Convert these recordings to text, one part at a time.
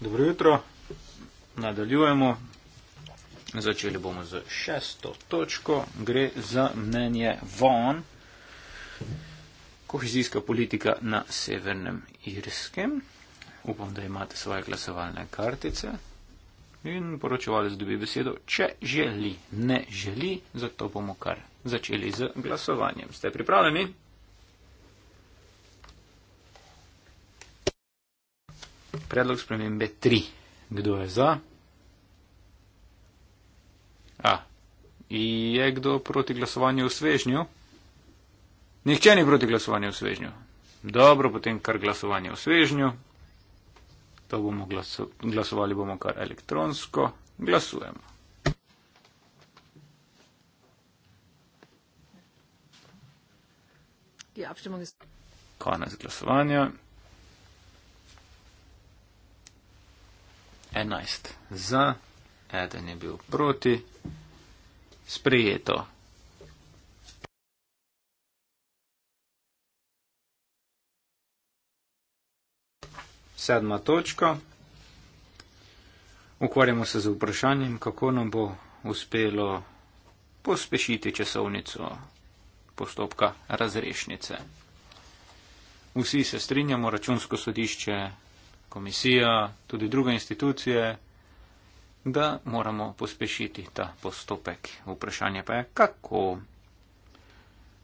Dobro jutro, nadaljujemo. Začeli bomo z šesto točko. Gre za mnenje von. Kohezijska politika na Severnem Irskem. Upam, da imate svoje glasovalne kartice. In poročevalec dobi besedo, če želi, ne želi, zato bomo kar začeli z glasovanjem. Ste pripravljeni? predlog spremembe 3. Kdo je za? A. Je kdo proti glasovanju v svežnju? Nihče ni proti glasovanju v svežnju. Dobro, potem kar glasovanje v svežnju. To bomo glaso glasovali bomo kar elektronsko. Glasujemo. Konec glasovanja. 11 za, 1 je bil proti, sprejeto. Sedma točka. Ukvarjamo se z vprašanjem, kako nam bo uspelo pospešiti časovnico postopka razrešnice. Vsi se strinjamo, računsko sodišče komisija, tudi druge institucije, da moramo pospešiti ta postopek. Vprašanje pa je, kako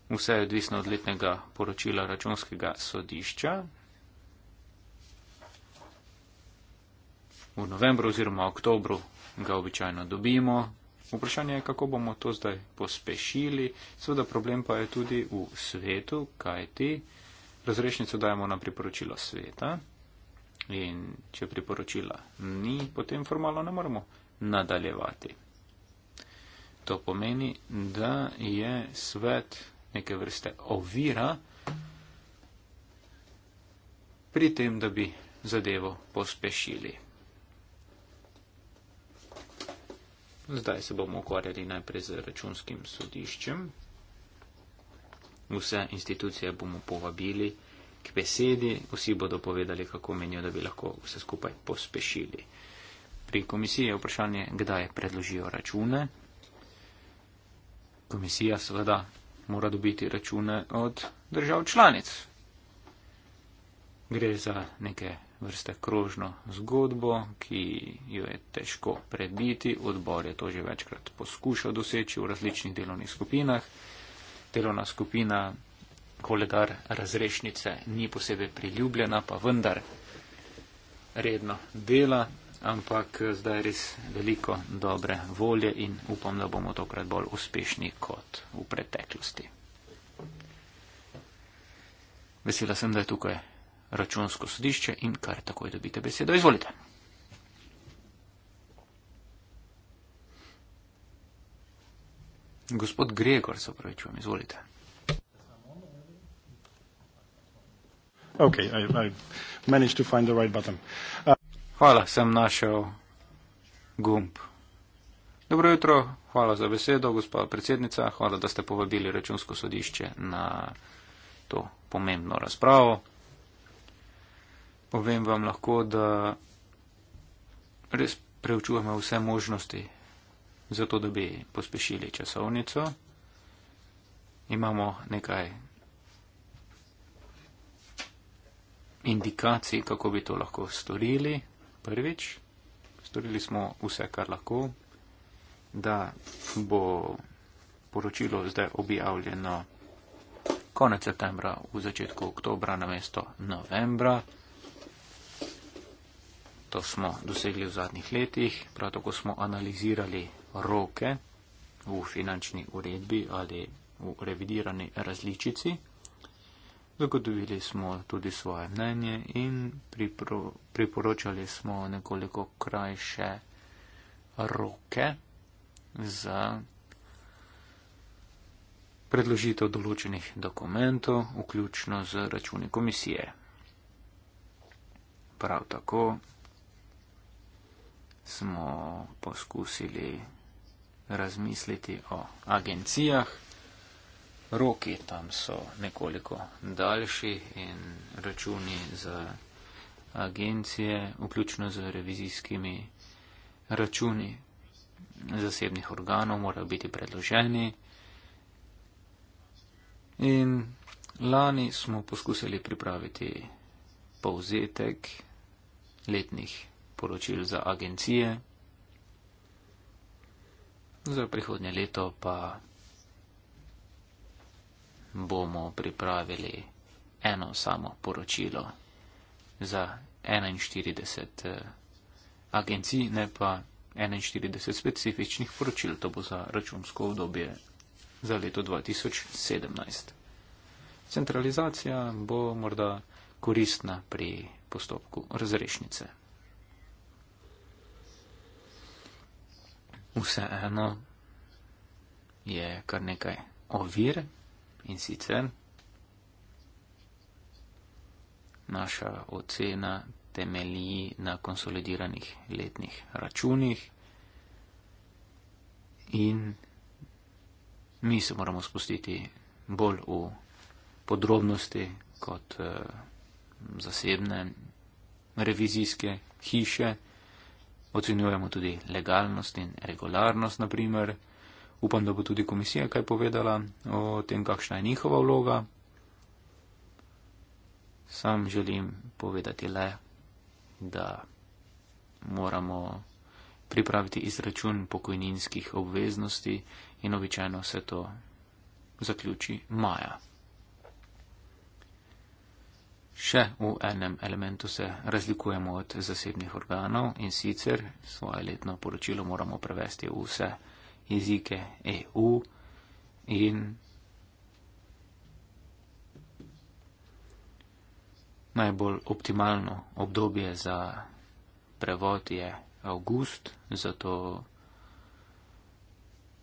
vse je odvisno od letnega poročila računskega sodišča. V novembru oziroma oktobru ga običajno dobimo. Vprašanje je, kako bomo to zdaj pospešili. Sveda problem pa je tudi v svetu, kaj ti. Razrešnico dajemo na priporočilo sveta. In če priporočila ni, potem formalno ne moremo nadaljevati. To pomeni, da je svet neke vrste ovira pri tem, da bi zadevo pospešili. Zdaj se bomo ukvarjali najprej z računskim sodiščem. Vse institucije bomo povabili k besedi, vsi bodo povedali, kako menijo, da bi lahko vse skupaj pospešili. Pri komisiji je vprašanje, kdaj predložijo račune. Komisija seveda mora dobiti račune od držav članic. Gre za neke vrste krožno zgodbo, ki jo je težko prebiti. Odbor je to že večkrat poskušal doseči v različnih delovnih skupinah. Delovna skupina kolegar razrešnice ni posebej priljubljena, pa vendar redno dela, ampak eh, zdaj res veliko dobre volje in upam, da bomo tokrat bolj uspešni kot v preteklosti. Vesela sem, da je tukaj računsko sodišče in kar takoj dobite besedo. Izvolite. Gospod Gregor, se opravičujem, izvolite. Ok, I, I managed to find the right button. Uh, hvala, sem našel gumb. Dobro jutro, hvala za besedo, gospa predsednica, hvala, da ste povabili računsko sodišče na to pomembno razpravo. Povem vam lahko, da res preučujemo vse možnosti za to, da bi pospešili časovnico. Imamo nekaj indikacij, kako bi to lahko storili. Prvič, storili smo vse, kar lahko, da bo poročilo zdaj objavljeno konec septembra, v začetku oktobra na mesto novembra. To smo dosegli v zadnjih letih, prav tako smo analizirali roke v finančni uredbi ali v revidirani različici. Zagotovili smo tudi svoje mnenje in pripro, priporočali smo nekoliko krajše roke za predložitev določenih dokumentov, vključno z računi komisije. Prav tako smo poskusili razmisliti o agencijah roki tam so nekoliko daljši in računi za agencije, vključno z revizijskimi računi zasebnih organov, morajo biti predloženi. In lani smo poskusili pripraviti povzetek letnih poročil za agencije. Za prihodnje leto pa bomo pripravili eno samo poročilo za 41 eh, agencij, ne pa 41 specifičnih poročil. To bo za računsko obdobje za leto 2017. Centralizacija bo morda koristna pri postopku razrešnice. Vseeno je kar nekaj ovir, In sicer naša ocena temelji na konsolidiranih letnih računih in mi se moramo spustiti bolj v podrobnosti kot eh, zasebne revizijske hiše. Ocenjujemo tudi legalnost in regularnost, naprimer. Upam, da bo tudi komisija kaj povedala o tem, kakšna je njihova vloga. Sam želim povedati le, da moramo pripraviti izračun pokojninskih obveznosti in običajno se to zaključi maja. Še v enem elementu se razlikujemo od zasebnih organov in sicer svoje letno poročilo moramo prevesti v vse jezike EU in najbolj optimalno obdobje za prevod je avgust, zato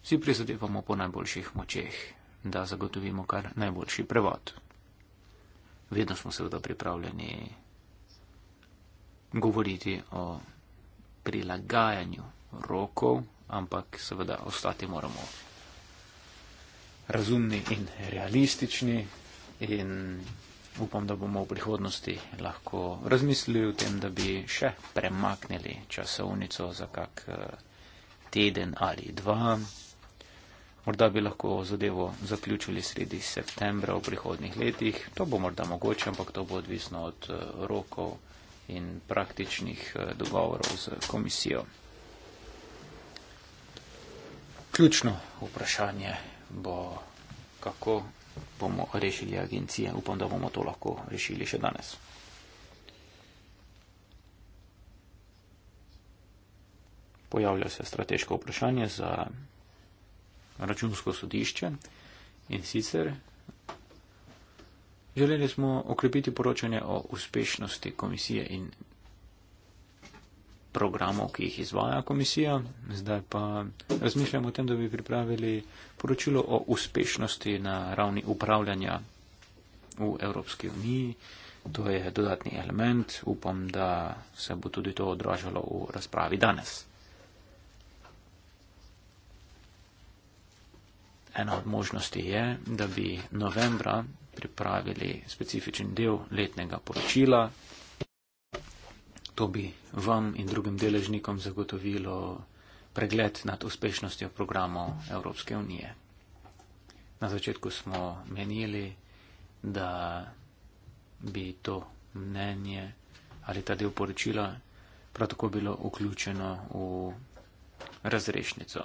si prizadevamo po najboljših močeh, da zagotovimo kar najboljši prevod. Vedno smo seveda pripravljeni govoriti o prilagajanju rokov ampak seveda ostati moramo razumni in realistični in upam, da bomo v prihodnosti lahko razmislili o tem, da bi še premaknili časovnico za kak eh, teden ali dva. Morda bi lahko zadevo zaključili sredi septembra v prihodnih letih. To bo morda mogoče, ampak to bo odvisno od eh, rokov in praktičnih eh, dogovorov z komisijo ključno vprašanje bo, kako bomo rešili agencije. Upam, da bomo to lahko rešili še danes. Pojavlja se strateško vprašanje za računsko sodišče in sicer želeli smo okrepiti poročanje o uspešnosti komisije in programov, ki jih izvaja komisija. Zdaj pa razmišljamo o tem, da bi pripravili poročilo o uspešnosti na ravni upravljanja v Evropski uniji. To je dodatni element. Upam, da se bo tudi to odražalo v razpravi danes. Ena od možnosti je, da bi novembra pripravili specifičen del letnega poročila, to bi vam in drugim deležnikom zagotovilo pregled nad uspešnostjo programov Evropske unije. Na začetku smo menili, da bi to mnenje ali ta del poročila prav tako bilo vključeno v razrešnico.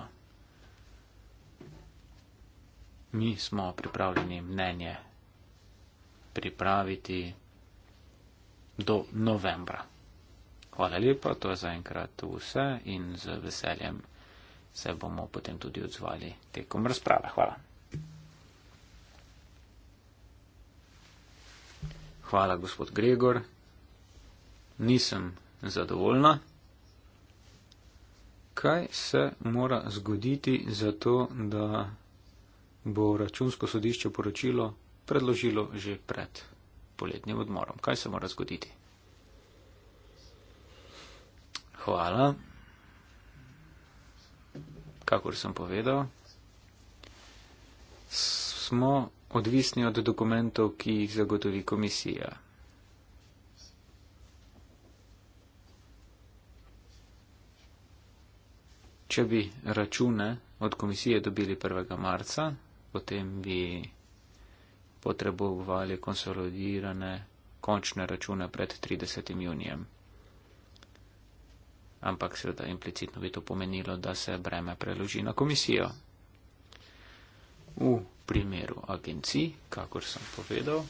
Mi smo pripravljeni mnenje pripraviti do novembra. Hvala lepa, to je zaenkrat vse in z veseljem se bomo potem tudi odzvali tekom razprave. Hvala. Hvala, gospod Gregor. Nisem zadovoljna. Kaj se mora zgoditi za to, da bo računsko sodišče poročilo predložilo že pred poletnim odmorom? Kaj se mora zgoditi? Hvala. Kakor sem povedal, smo odvisni od dokumentov, ki jih zagotovi komisija. Če bi račune od komisije dobili 1. marca, potem bi potrebovali konsolidirane končne račune pred 30. junijem ampak seveda implicitno bi to pomenilo, da se breme preloži na komisijo. V primeru agencij, kakor sem povedal,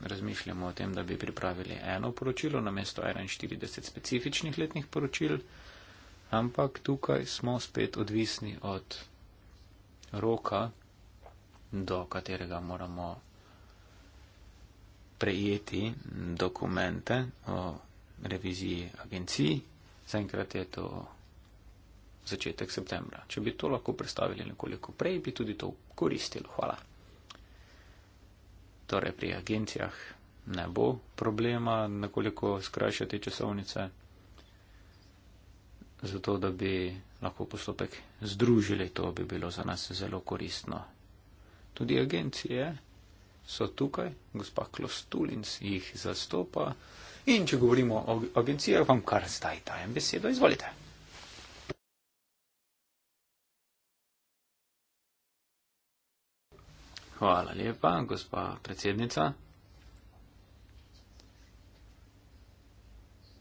razmišljamo o tem, da bi pripravili eno poročilo na mesto 41 specifičnih letnih poročil, ampak tukaj smo spet odvisni od roka, do katerega moramo prejeti dokumente o reviziji agencij. Zaenkrat je to začetek septembra. Če bi to lahko predstavili nekoliko prej, bi tudi to koristilo. Hvala. Torej, pri agencijah ne bo problema nekoliko skrajšati časovnice, zato da bi lahko postopek združili, to bi bilo za nas zelo koristno. Tudi agencije so tukaj, gospa Klostulins jih zastopa. In če govorimo o agencijah, vam kar zdaj dajem besedo. Izvolite. Hvala lepa, gospa predsednica.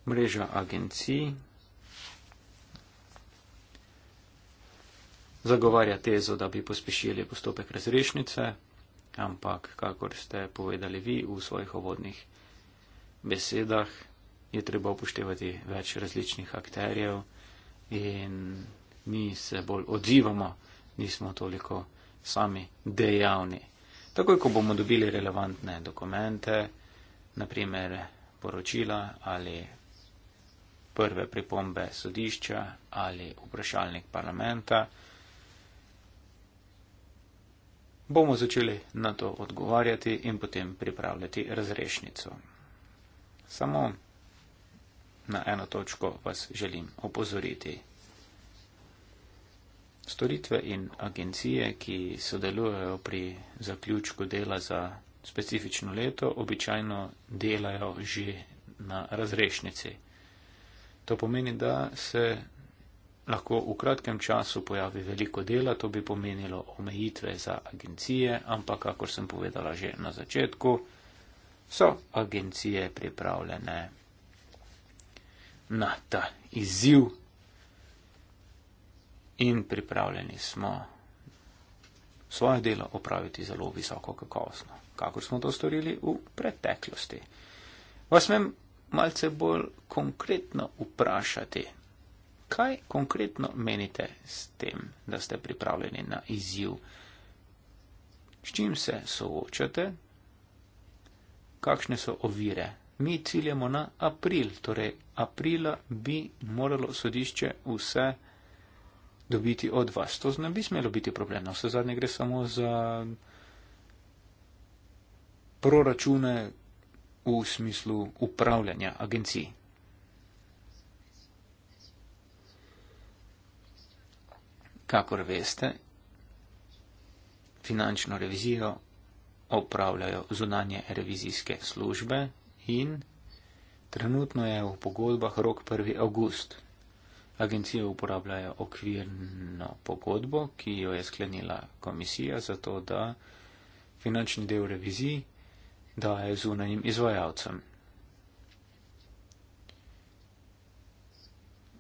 Mreža agencij zagovarja tezo, da bi pospešili postopek razrešnice, ampak, kakor ste povedali vi v svojih ovodnih besedah je treba upoštevati več različnih akterjev in mi se bolj odzivamo, nismo toliko sami dejavni. Takoj, ko bomo dobili relevantne dokumente, naprimer poročila ali prve pripombe sodišča ali vprašalnik parlamenta, bomo začeli na to odgovarjati in potem pripravljati razrešnico. Samo na eno točko vas želim opozoriti. Storitve in agencije, ki sodelujejo pri zaključku dela za specifično leto, običajno delajo že na razrešnici. To pomeni, da se lahko v kratkem času pojavi veliko dela, to bi pomenilo omejitve za agencije, ampak, kako sem povedala že na začetku, so agencije pripravljene na ta izziv in pripravljeni smo svoje delo opraviti zelo visoko kakovostno, kakor smo to storili v preteklosti. Vas vem malce bolj konkretno vprašati, kaj konkretno menite s tem, da ste pripravljeni na izziv, s čim se soočate, kakšne so ovire. Mi ciljamo na april, torej aprila bi moralo sodišče vse dobiti od vas. To ne bi smelo biti problemno. Vse zadnje gre samo za proračune v smislu upravljanja agencij. Kakor veste, finančno revizijo opravljajo zunanje revizijske službe in trenutno je v pogodbah rok 1. august. Agencije uporabljajo okvirno pogodbo, ki jo je sklenila komisija, zato da finančni del revizij daje zunanjim izvajalcem.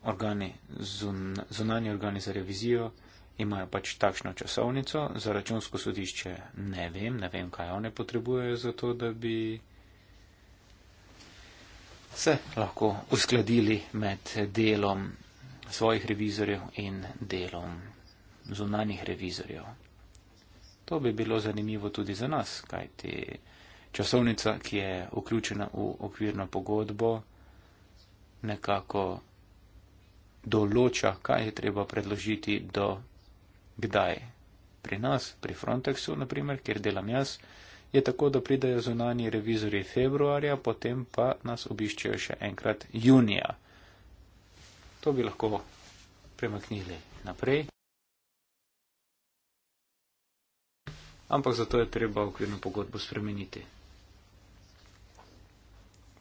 Organi, zun, zunanje organi za revizijo imajo pač takšno časovnico, za računsko sodišče ne vem, ne vem, kaj one potrebujejo za to, da bi se lahko uskladili med delom svojih revizorjev in delom zunanjih revizorjev. To bi bilo zanimivo tudi za nas, kajti časovnica, ki je vključena v okvirno pogodbo, nekako določa, kaj je treba predložiti do kdaj. Pri nas, pri Frontexu, naprimer, kjer delam jaz, je tako, da pridajo zunani revizori februarja, potem pa nas obiščejo še enkrat junija. To bi lahko premaknili naprej. Ampak zato je treba okvirno pogodbo spremeniti.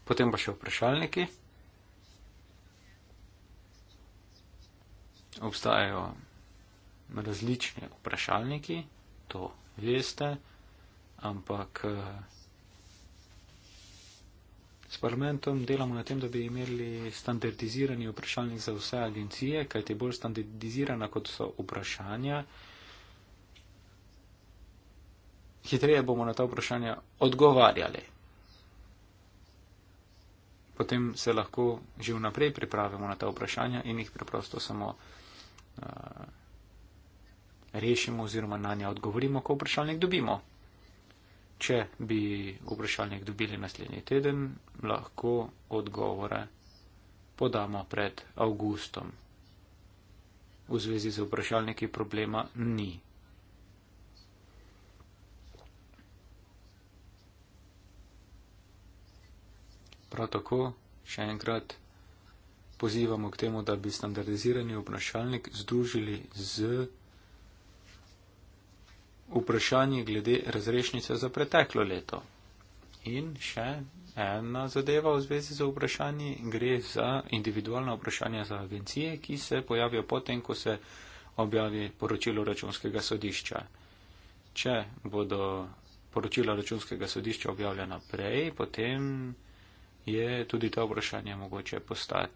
Potem pa še vprašalniki. Obstajajo različni vprašalniki, to veste, ampak eh, s parlamentom delamo na tem, da bi imeli standardizirani vprašalnik za vse agencije, kajti bolj standardizirana kot so vprašanja, hitreje bomo na ta vprašanja odgovarjali. Potem se lahko že vnaprej pripravimo na ta vprašanja in jih preprosto samo uh, rešimo oziroma na nje odgovorimo, ko vprašalnik dobimo. Če bi vprašalnik dobili naslednji teden, lahko odgovore podamo pred avgustom. V zvezi z vprašalniki problema ni. Prav tako, še enkrat, pozivamo k temu, da bi standardizirani vprašalnik združili z vprašanje glede razrešnice za preteklo leto. In še ena zadeva v zvezi z vprašanji gre za individualna vprašanja za agencije, ki se pojavijo potem, ko se objavi poročilo računskega sodišča. Če bodo poročila računskega sodišča objavljena prej, potem je tudi ta vprašanje mogoče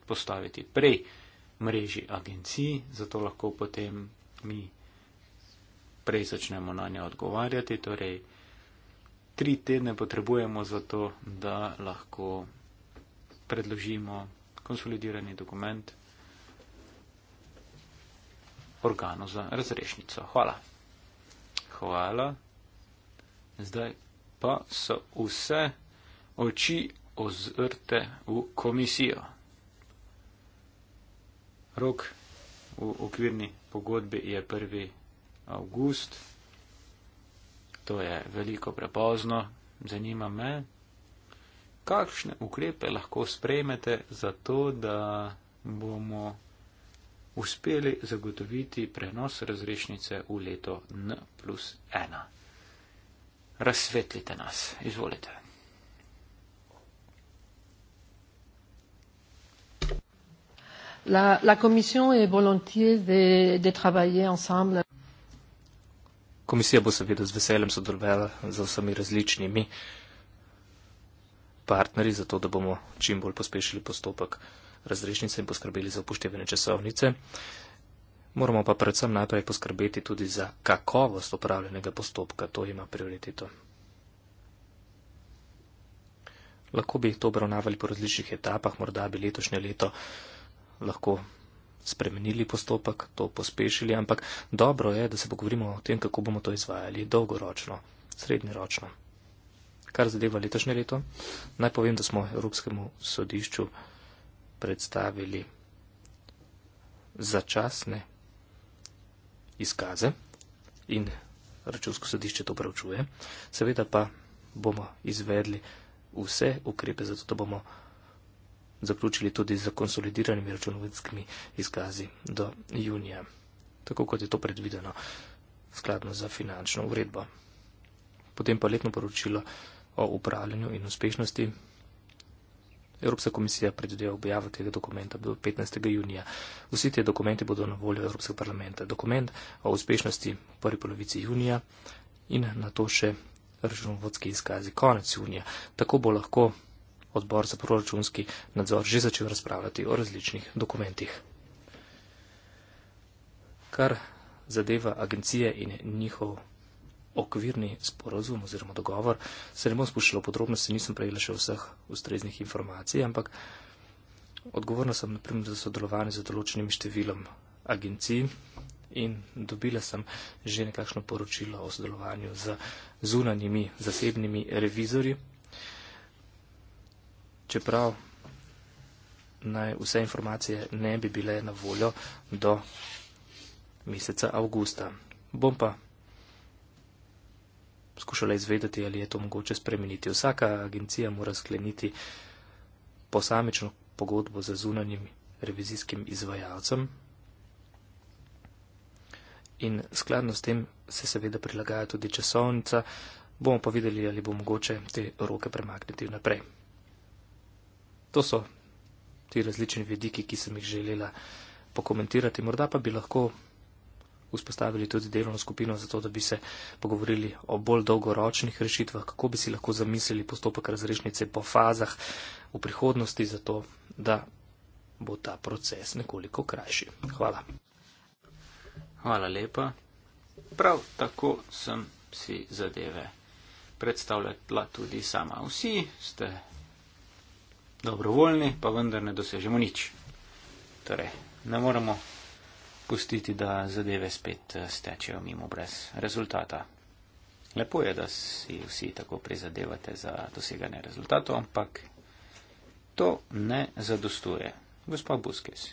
postaviti prej mreži agencij, zato lahko potem mi prej začnemo na nje odgovarjati. Torej, tri tedne potrebujemo za to, da lahko predložimo konsolidirani dokument organu za razrešnico. Hvala. Hvala. Zdaj pa so vse oči ozrte v komisijo. Rok v okvirni pogodbi je 1 avgust. To je veliko prepozno. Zanima me, kakšne ukrepe lahko sprejmete za to, da bomo uspeli zagotoviti prenos razrešnice v leto N plus 1. Razsvetlite nas, izvolite. La, la commission est volontiers de, de travailler ensemble. Komisija bo seveda z veseljem sodelovala z vsemi različnimi partnerji, zato da bomo čim bolj pospešili postopek razrešnice in poskrbeli za upoštevene časovnice. Moramo pa predvsem najprej poskrbeti tudi za kakovost upravljenega postopka, to ima prioriteto. Lahko bi to obravnavali po različnih etapah, morda bi letošnje leto lahko spremenili postopek, to pospešili, ampak dobro je, da se pogovorimo o tem, kako bomo to izvajali dolgoročno, srednjeročno. Kar zadeva letošnje leto, naj povem, da smo Evropskemu sodišču predstavili začasne izkaze in računsko sodišče to preučuje. Seveda pa bomo izvedli vse ukrepe, zato da bomo zaključili tudi z konsolidiranimi računovodskimi izkazi do junija, tako kot je to predvideno skladno za finančno uredbo. Potem pa letno poročilo o upravljanju in uspešnosti. Evropska komisija predvideva objavo tega dokumenta do 15. junija. Vsi te dokumenti bodo na voljo Evropskega parlamenta. Dokument o uspešnosti v prvi polovici junija in na to še računovodski izkazi konec junija. Tako bo lahko odbor za proračunski nadzor že začel razpravljati o različnih dokumentih. Kar zadeva agencije in njihov okvirni sporozum oziroma dogovor, se ne bom spuščal podrobno, se nisem prejela še vseh ustreznih informacij, ampak odgovorna sem naprimer za sodelovanje z določenim številom agencij in dobila sem že nekakšno poročilo o sodelovanju z zunanjimi zasebnimi revizorji čeprav naj vse informacije ne bi bile na voljo do meseca avgusta. Bom pa skušala izvedeti, ali je to mogoče spremeniti. Vsaka agencija mora skleniti posamično pogodbo za zunanjim revizijskim izvajalcem in skladno s tem se seveda prilagaja tudi časovnica. Bomo pa videli, ali bo mogoče te roke premakniti naprej. To so ti različni vidiki, ki sem jih želela pokomentirati. Morda pa bi lahko vzpostavili tudi delovno skupino za to, da bi se pogovorili o bolj dolgoročnih rešitvah, kako bi si lahko zamislili postopek razrešnice po fazah v prihodnosti, zato da bo ta proces nekoliko krajši. Hvala. Hvala lepa. Prav tako sem si zadeve predstavljala tudi sama. Vsi ste dobrovoljni, pa vendar ne dosežemo nič. Torej, ne moramo pustiti, da zadeve spet eh, stečejo mimo brez rezultata. Lepo je, da si vsi tako prizadevate za doseganje rezultatov, ampak to ne zadostuje. Gospod Buskes,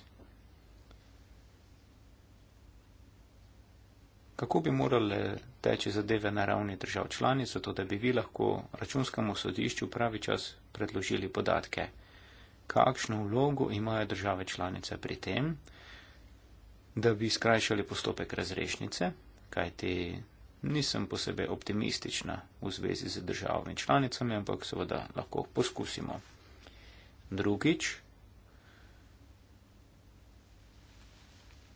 Kako bi morale teči zadeve na ravni držav članic, zato da bi vi lahko računskemu sodišču pravi čas predložili podatke? Kakšno vlogo imajo države članice pri tem, da bi skrajšali postopek razrešnice, kajti nisem posebej optimistična v zvezi z državami članicami, ampak seveda lahko poskusimo. Drugič,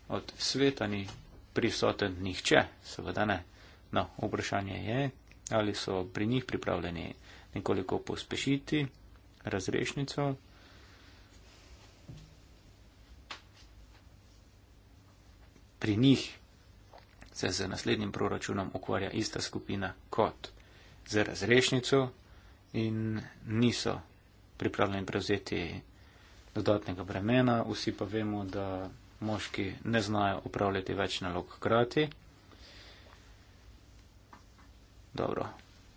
od sveta ni prisoten nihče, seveda ne. No, vprašanje je, ali so pri njih pripravljeni nekoliko pospešiti razrešnico. Pri njih se z naslednjim proračunom ukvarja ista skupina kot z razrešnico in niso pripravljeni prevzeti dodatnega bremena. Vsi pa vemo, da moški ne znajo upravljati več nalog hkrati. Dobro,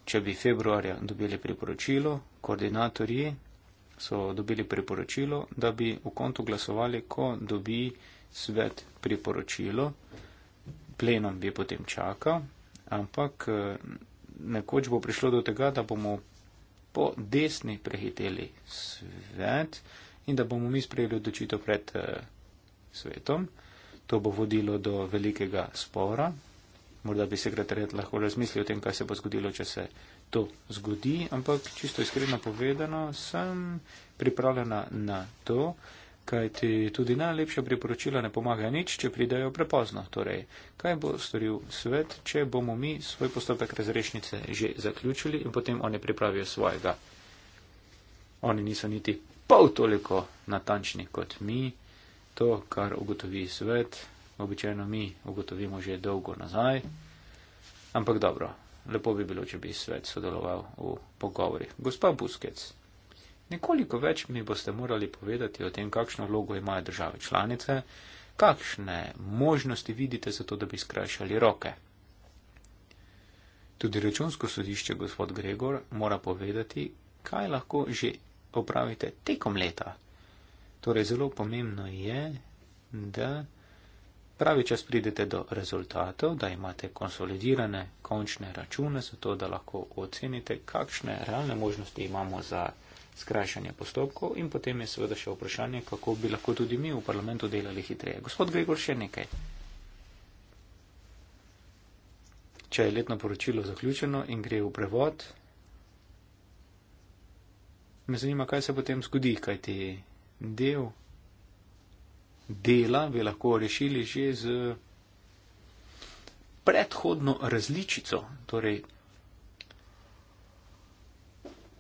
če bi februarja dobili priporočilo, koordinatorji so dobili priporočilo, da bi v kontu glasovali, ko dobi svet priporočilo. Plenom bi potem čakal, ampak eh, nekoč bo prišlo do tega, da bomo po desni prehiteli svet in da bomo mi sprejeli odločitev pred eh, svetom. To bo vodilo do velikega spora. Morda bi sekretarjat lahko razmislil o tem, kaj se bo zgodilo, če se to zgodi, ampak čisto iskreno povedano, sem pripravljena na to, kajti tudi najlepša priporočila ne pomaga nič, če pridejo prepozno. Torej, kaj bo storil svet, če bomo mi svoj postopek razrešnice že zaključili in potem oni pripravijo svojega. Oni niso niti pol toliko natančni kot mi to, kar ugotovi svet, običajno mi ugotovimo že dolgo nazaj. Ampak dobro, lepo bi bilo, če bi svet sodeloval v pogovorih. Gospa Buskec, nekoliko več mi boste morali povedati o tem, kakšno vlogo imajo države članice, kakšne možnosti vidite za to, da bi skrajšali roke. Tudi računsko sodišče, gospod Gregor, mora povedati, kaj lahko že opravite tekom leta. Torej, zelo pomembno je, da pravi čas pridete do rezultatov, da imate konsolidirane končne račune, zato da lahko ocenite, kakšne realne možnosti imamo za skrajšanje postopkov in potem je seveda še vprašanje, kako bi lahko tudi mi v parlamentu delali hitreje. Gospod Gregor, še nekaj. Če je letno poročilo zaključeno in gre v prevod, me zanima, kaj se potem zgodi, kaj ti. Te del dela bi lahko rešili že z predhodno različico. Torej,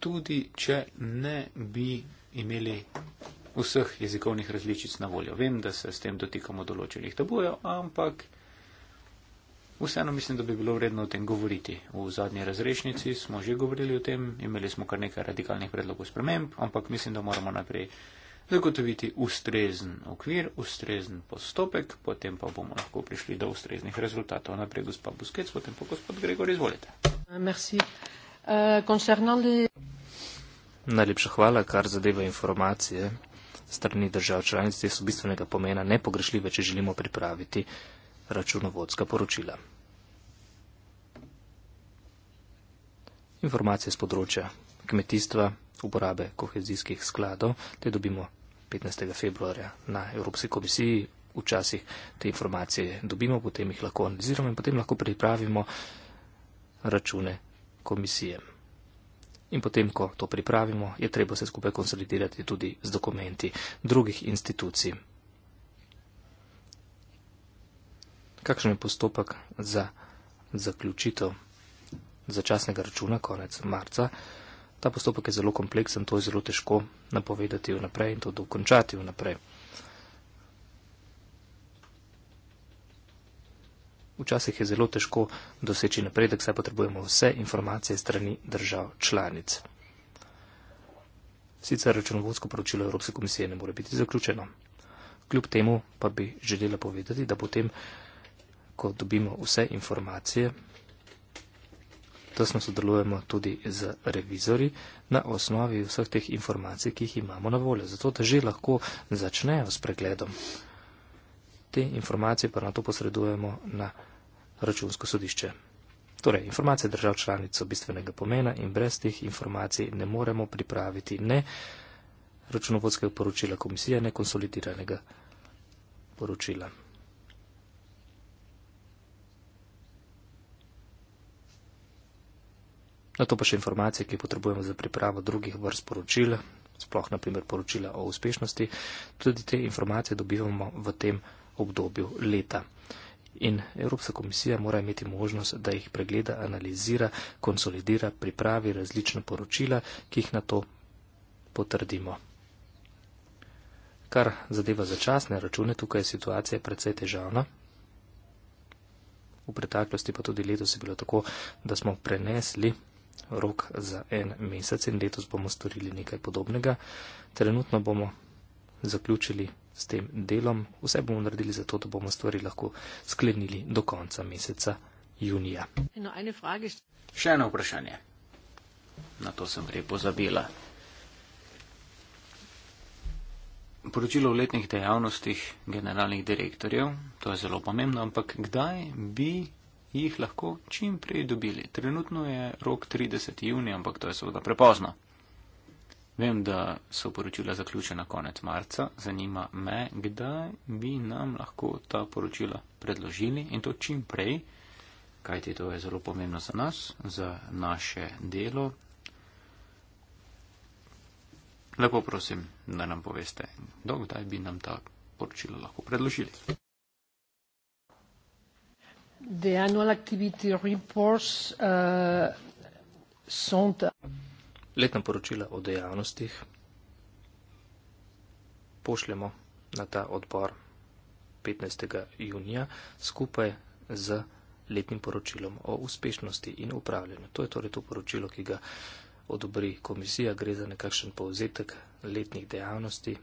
tudi če ne bi imeli vseh jezikovnih različic na voljo. Vem, da se s tem dotikamo določenih tabujev, ampak vseeno mislim, da bi bilo vredno o tem govoriti. V zadnji razrešnici smo že govorili o tem, imeli smo kar nekaj radikalnih predlogov sprememb, ampak mislim, da moramo naprej zagotoviti ustrezen okvir, ustrezen postopek, potem pa bomo lahko prišli do ustreznih rezultatov. Najprej gospod Buskec, potem pa gospod Gregor, izvolite. Uh, li... Najlepša hvala, kar zadeva informacije strani držav članic, te so bistvenega pomena nepogrešljive, če želimo pripraviti računovodska poročila. Informacije z področja kmetijstva, uporabe kohezijskih skladov, te dobimo 15. februarja na Evropski komisiji. Včasih te informacije dobimo, potem jih lahko analiziramo in potem lahko pripravimo račune komisije. In potem, ko to pripravimo, je treba se skupaj konsolidirati tudi z dokumenti drugih institucij. Kakšen je postopek za zaključitev začasnega računa konec marca? Ta postopek je zelo kompleksen, to je zelo težko napovedati vnaprej in to dokončati vnaprej. Včasih je zelo težko doseči napredek, saj potrebujemo vse informacije strani držav članic. Sicer računovodsko poročilo Evropske komisije ne more biti zaključeno. Kljub temu pa bi želela povedati, da potem, ko dobimo vse informacije, tesno sodelujemo tudi z revizori na osnovi vseh teh informacij, ki jih imamo na voljo, zato da že lahko začnejo s pregledom. Te informacije pa na to posredujemo na računsko sodišče. Torej, informacije držav članic so bistvenega pomena in brez teh informacij ne moremo pripraviti ne računovodskega poročila komisije, ne konsolidiranega poročila. Na to pa še informacije, ki jih potrebujemo za pripravo drugih vrst poročil, sploh naprimer poročila o uspešnosti. Tudi te informacije dobivamo v tem obdobju leta. In Evropska komisija mora imeti možnost, da jih pregleda, analizira, konsolidira, pripravi različna poročila, ki jih na to potrdimo. Kar zadeva začasne račune, tukaj je situacija precej težavna. V preteklosti pa tudi letos je bilo tako, da smo prenesli rok za en mesec in letos bomo storili nekaj podobnega. Trenutno bomo zaključili s tem delom. Vse bomo naredili zato, da bomo stvari lahko sklenili do konca meseca junija. No, še eno vprašanje. Na to sem prej pozabila. Poročilo o letnih dejavnostih generalnih direktorjev, to je zelo pomembno, ampak kdaj bi jih lahko čim prej dobili. Trenutno je rok 30. junija, ampak to je seveda prepozno. Vem, da so poročila zaključena konec marca, zanima me, kdaj bi nam lahko ta poročila predložili in to čim prej, kajti to je zelo pomembno za nas, za naše delo. Lepo prosim, da nam poveste, dokdaj bi nam ta poročilo lahko predložili. The annual activity reports uh, sont Letna poročila o dejavnostih pošljemo na ta odbor 15. junija skupaj z letnim poročilom o uspešnosti in upravljanju. To je torej to poročilo, ki ga odobri komisija. Gre za nekakšen povzetek letnih dejavnosti,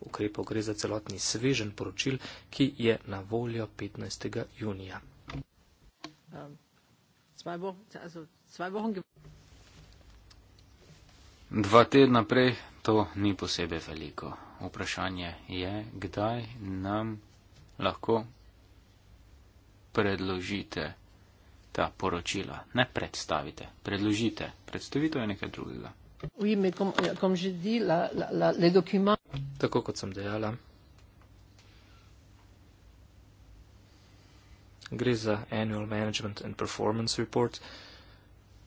ukrepov, gre za celotni svežen poročil, ki je na voljo 15. junija. Ähm, zwei Wochen, also zwei Wochen Dva tedna prej to ni posebej veliko. Vprašanje je, kdaj nam lahko predložite ta poročila. Ne predstavite, predložite. Predstavitev je nekaj drugega. Tako kot sem dejala, gre za Annual Management and Performance Report.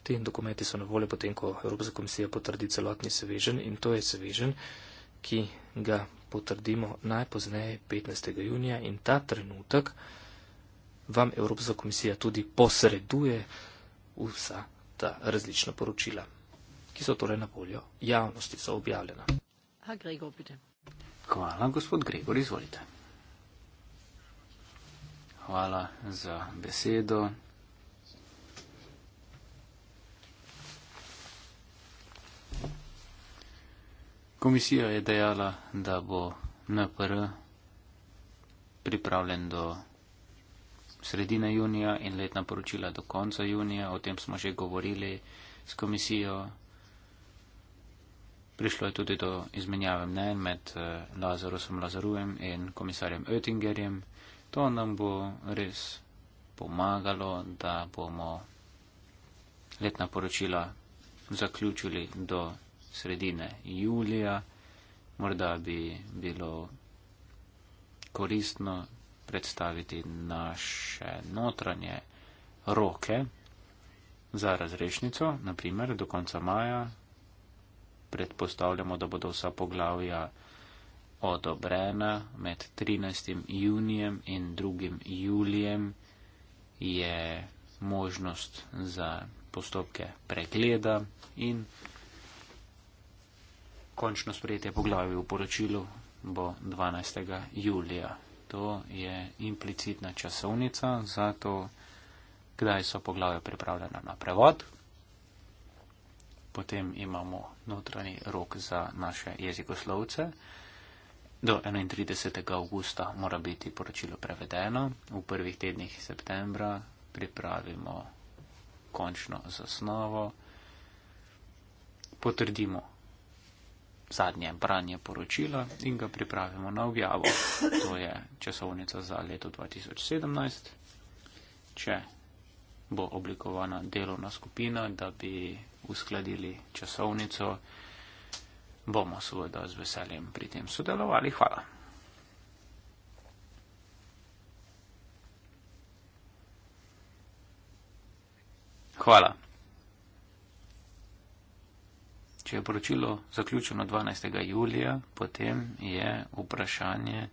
Ti dokumenti so na voljo potem, ko Evropska komisija potrdi celotni svežen in to je svežen, ki ga potrdimo najpozneje 15. junija in ta trenutek vam Evropska komisija tudi posreduje vsa ta različna poročila, ki so torej na voljo javnosti, so objavljena. Ha, Gregor, Hvala, gospod Gregor, izvolite. Hvala za besedo. Komisija je dejala, da bo NPR pripravljen do sredine junija in letna poročila do konca junija. O tem smo že govorili s komisijo. Prišlo je tudi do izmenjave mnen med eh, Lazarusom Lazarujem in komisarjem Oettingerjem. To nam bo res pomagalo, da bomo letna poročila zaključili do sredine julija. Morda bi bilo koristno predstaviti naše notranje roke za razrešnico, naprimer do konca maja. Predpostavljamo, da bodo vsa poglavja odobrena med 13. junijem in 2. julijem, je možnost za postopke pregleda in končno sprejetje poglavi v poročilu bo 12. julija. To je implicitna časovnica za to, kdaj so poglavje pripravljena na prevod. Potem imamo notranji rok za naše jezikoslovce. Do 31. avgusta mora biti poročilo prevedeno, v prvih tednih septembra pripravimo končno zasnovo, potrdimo zadnje branje poročila in ga pripravimo na objavo. To je časovnica za leto 2017. Če bo oblikovana delovna skupina, da bi uskladili časovnico, bomo seveda z veseljem pri tem sodelovali. Hvala. Hvala. Če je poročilo zaključeno 12. julija, potem je vprašanje,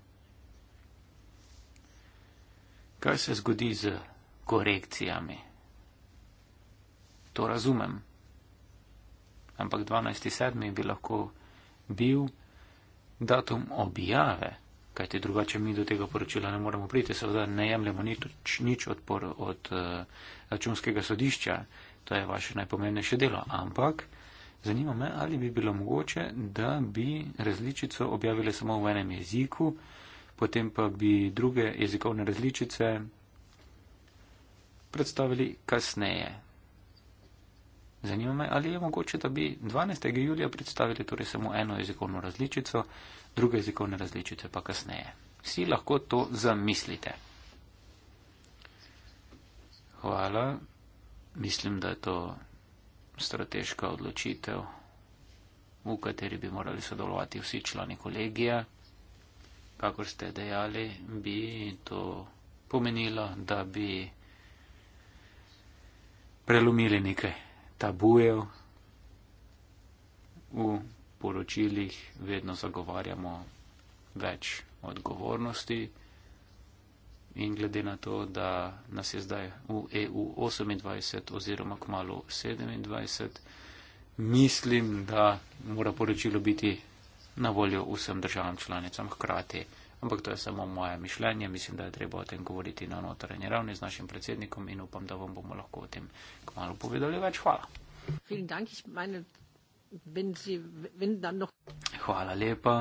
kaj se zgodi z korekcijami. To razumem. Ampak 12.7. bi lahko bil datum objave, kajte drugače mi do tega poročila ne moremo priti, seveda ne jemljemo nič, nič odpor od eh, računskega sodišča, to je vaše najpomembnejše delo, ampak zanima me, ali bi bilo mogoče, da bi različico objavili samo v enem jeziku, potem pa bi druge jezikovne različice predstavili kasneje, Zanima me, ali je mogoče, da bi 12. julija predstavili torej samo eno jezikovno različico, druge jezikovne različice pa kasneje. Vsi lahko to zamislite. Hvala. Mislim, da je to strateška odločitev, v kateri bi morali sodelovati vsi člani kolegija. Kakor ste dejali, bi to pomenilo, da bi prelomili nekaj tabujev v poročilih vedno zagovarjamo več odgovornosti in glede na to, da nas je zdaj v EU 28 oziroma kmalo 27, mislim, da mora poročilo biti na voljo vsem državam članicam hkrati ampak to je samo moje mišljenje. Mislim, da je treba o tem govoriti na notranji ravni z našim predsednikom in upam, da vam bomo lahko o tem kmalo povedali več. Hvala. Hvala lepa.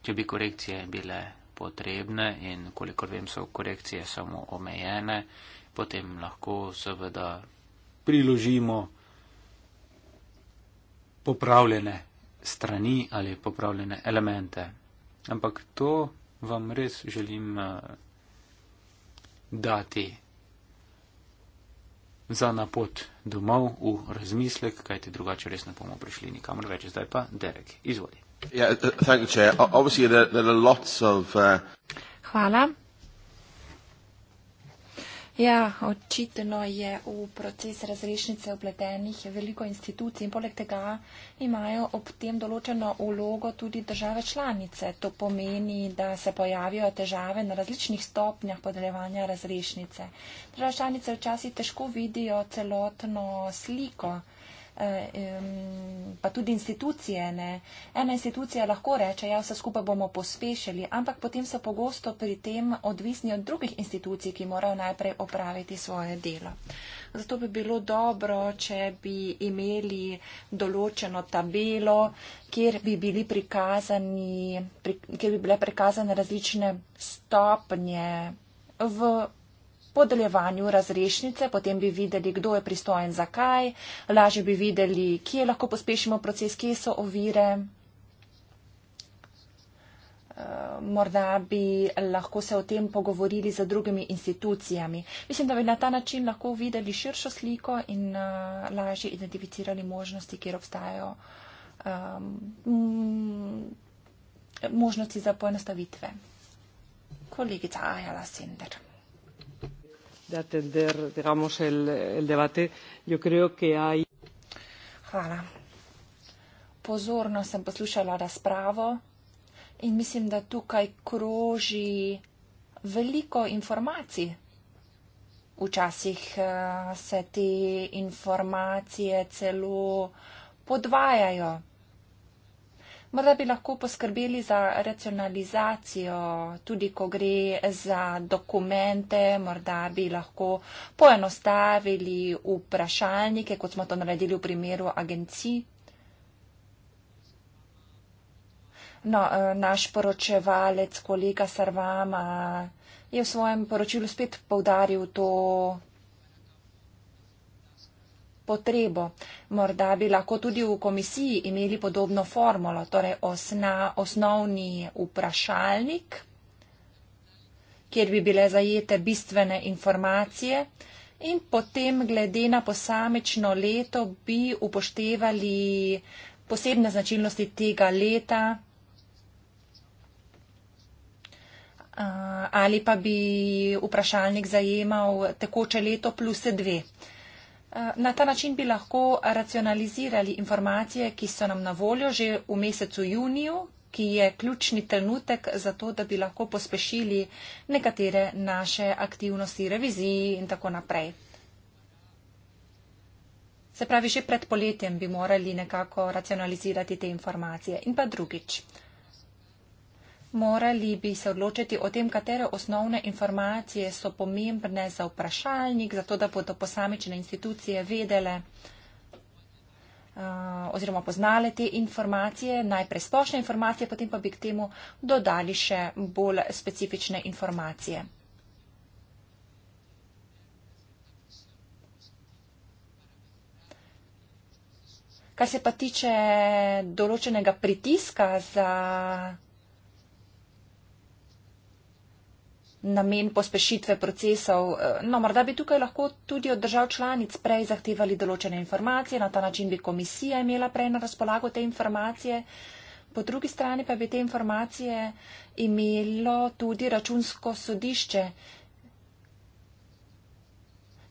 Če bi korekcije bile potrebne in kolikor vem, so korekcije samo omejene, potem lahko seveda priložimo popravljene strani ali popravljene elemente. Ampak to vam res želim uh, dati za napot domov v razmislek, kajte drugače res ne bomo prišli nikamor več. Zdaj pa Derek, izvoli. Yeah, uh, thank you, Chair. Obviously, there, there are lots of. Uh... Hvala. Ja, očitno je v proces razrešnice obletenih veliko institucij in poleg tega imajo ob tem določeno ulogo tudi države članice. To pomeni, da se pojavijo težave na različnih stopnjah podeljevanja razrešnice. Države članice včasih težko vidijo celotno sliko. Eh, pa tudi institucije. Ne. Ena institucija lahko reče, ja, vse skupaj bomo pospešili, ampak potem so pogosto pri tem odvisni od drugih institucij, ki morajo najprej opraviti svoje delo. Zato bi bilo dobro, če bi imeli določeno tabelo, kjer bi, bili prikazani, pri, kjer bi bile prikazane različne stopnje v podeljevanju razrešnice, potem bi videli, kdo je pristojen za kaj, lažje bi videli, kje lahko pospešimo proces, kje so ovire. Eh, morda bi lahko se o tem pogovorili z drugimi institucijami. Mislim, da bi na ta način lahko videli širšo sliko in uh, lažje identificirali možnosti, kjer obstajajo um, možnosti za poenostavitve. Kolegica Ajala Sender de atender, digamos, el, el debate. Yo creo que hay. Hvala. Pozorno sem poslušala razpravo in mislim, da tukaj kroži veliko informacij. Včasih eh, se te informacije celo podvajajo. Morda bi lahko poskrbeli za racionalizacijo, tudi ko gre za dokumente, morda bi lahko poenostavili vprašalnike, kot smo to naredili v primeru agencij. No, eh, naš poročevalec, kolega Sarvama, je v svojem poročilu spet povdaril to potrebo. Morda bi lahko tudi v komisiji imeli podobno formulo, torej osna, osnovni vprašalnik, kjer bi bile zajete bistvene informacije in potem glede na posamečno leto bi upoštevali posebne značilnosti tega leta. Ali pa bi vprašalnik zajemal tekoče leto plus dve. Eh, na ta način bi lahko racionalizirali informacije, ki so nam na voljo že v mesecu juniju, ki je ključni trenutek za to, da bi lahko pospešili nekatere naše aktivnosti, reviziji in tako naprej. Se pravi, že pred poletjem bi morali nekako racionalizirati te informacije. In pa drugič. Morali bi se odločiti o tem, katere osnovne informacije so pomembne za vprašalnik, zato da bodo posamične institucije vedele eh, oziroma poznale te informacije, najprej splošne informacije, potem pa bi k temu dodali še bolj specifične informacije. Kar se pa tiče določenega pritiska za namen pospešitve procesov. Eh, no, morda bi tukaj lahko tudi od držav članic prej zahtevali določene informacije, na ta način bi komisija imela prej na razpolago te informacije. Po drugi strani pa bi te informacije imelo tudi računsko sodišče,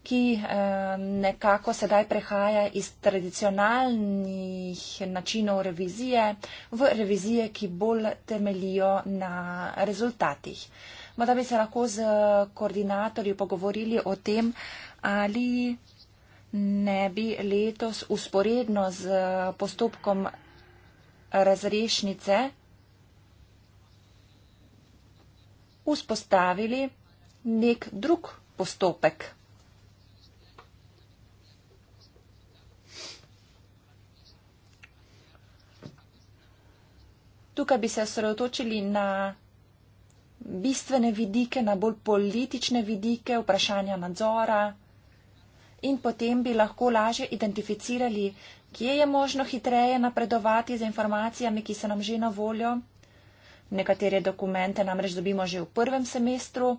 ki eh, nekako sedaj prehaja iz tradicionalnih načinov revizije v revizije, ki bolj temelijo na rezultatih. Ma da bi se lahko z koordinatorji pogovorili o tem, ali ne bi letos usporedno z postopkom razrešnice vzpostavili nek drug postopek. Tukaj bi se osredotočili na bistvene vidike, na bolj politične vidike vprašanja nadzora in potem bi lahko lažje identificirali, kje je možno hitreje napredovati z informacijami, ki so nam že na voljo. Nekatere dokumente namreč dobimo že v prvem semestru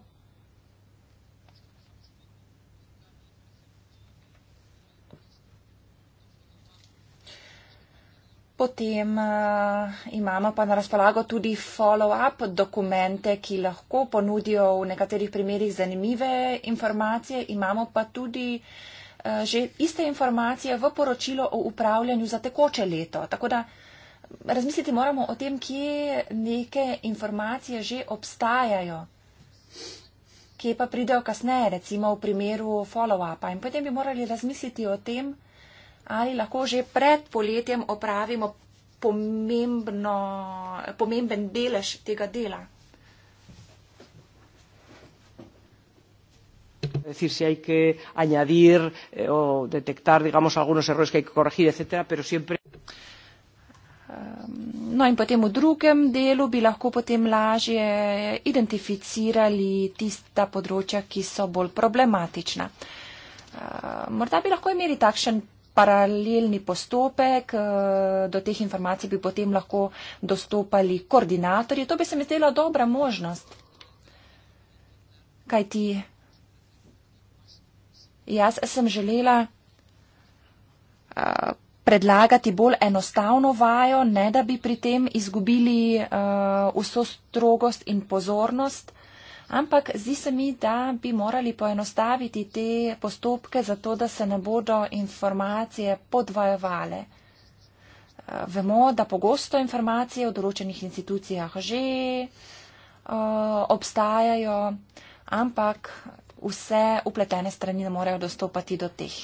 Potem uh, imamo pa na razpolago tudi follow-up dokumente, ki lahko ponudijo v nekaterih primerjih zanimive informacije. Imamo pa tudi uh, že iste informacije v poročilo o upravljanju za tekoče leto. Tako da razmisliti moramo o tem, kje neke informacije že obstajajo, kje pa pridejo kasneje, recimo v primeru follow-upa. In potem bi morali razmisliti o tem, ali lahko že pred poletjem opravimo pomembno, pomemben delež tega dela. Es decir, si hay que añadir eh, o detectar, digamos, algunos errores que hay que corregir, etcétera, pero siempre. Um, no in potem v drugem delu bi lahko potem lažje identificirali tista področja, ki so bolj problematična. Uh, morda bi lahko imeli takšen paralelni postopek, eh, do teh informacij bi potem lahko dostopali koordinatorji. To bi se mi zdela dobra možnost. Kaj ti? Jaz sem želela eh, predlagati bolj enostavno vajo, ne da bi pri tem izgubili eh, vso strogost in pozornost. Ampak zdi se mi, da bi morali poenostaviti te postopke, zato da se ne bodo informacije podvajevale. Eh, vemo, da pogosto informacije v določenih institucijah že uh, obstajajo, ampak vse upletene strani ne morejo dostopati do teh.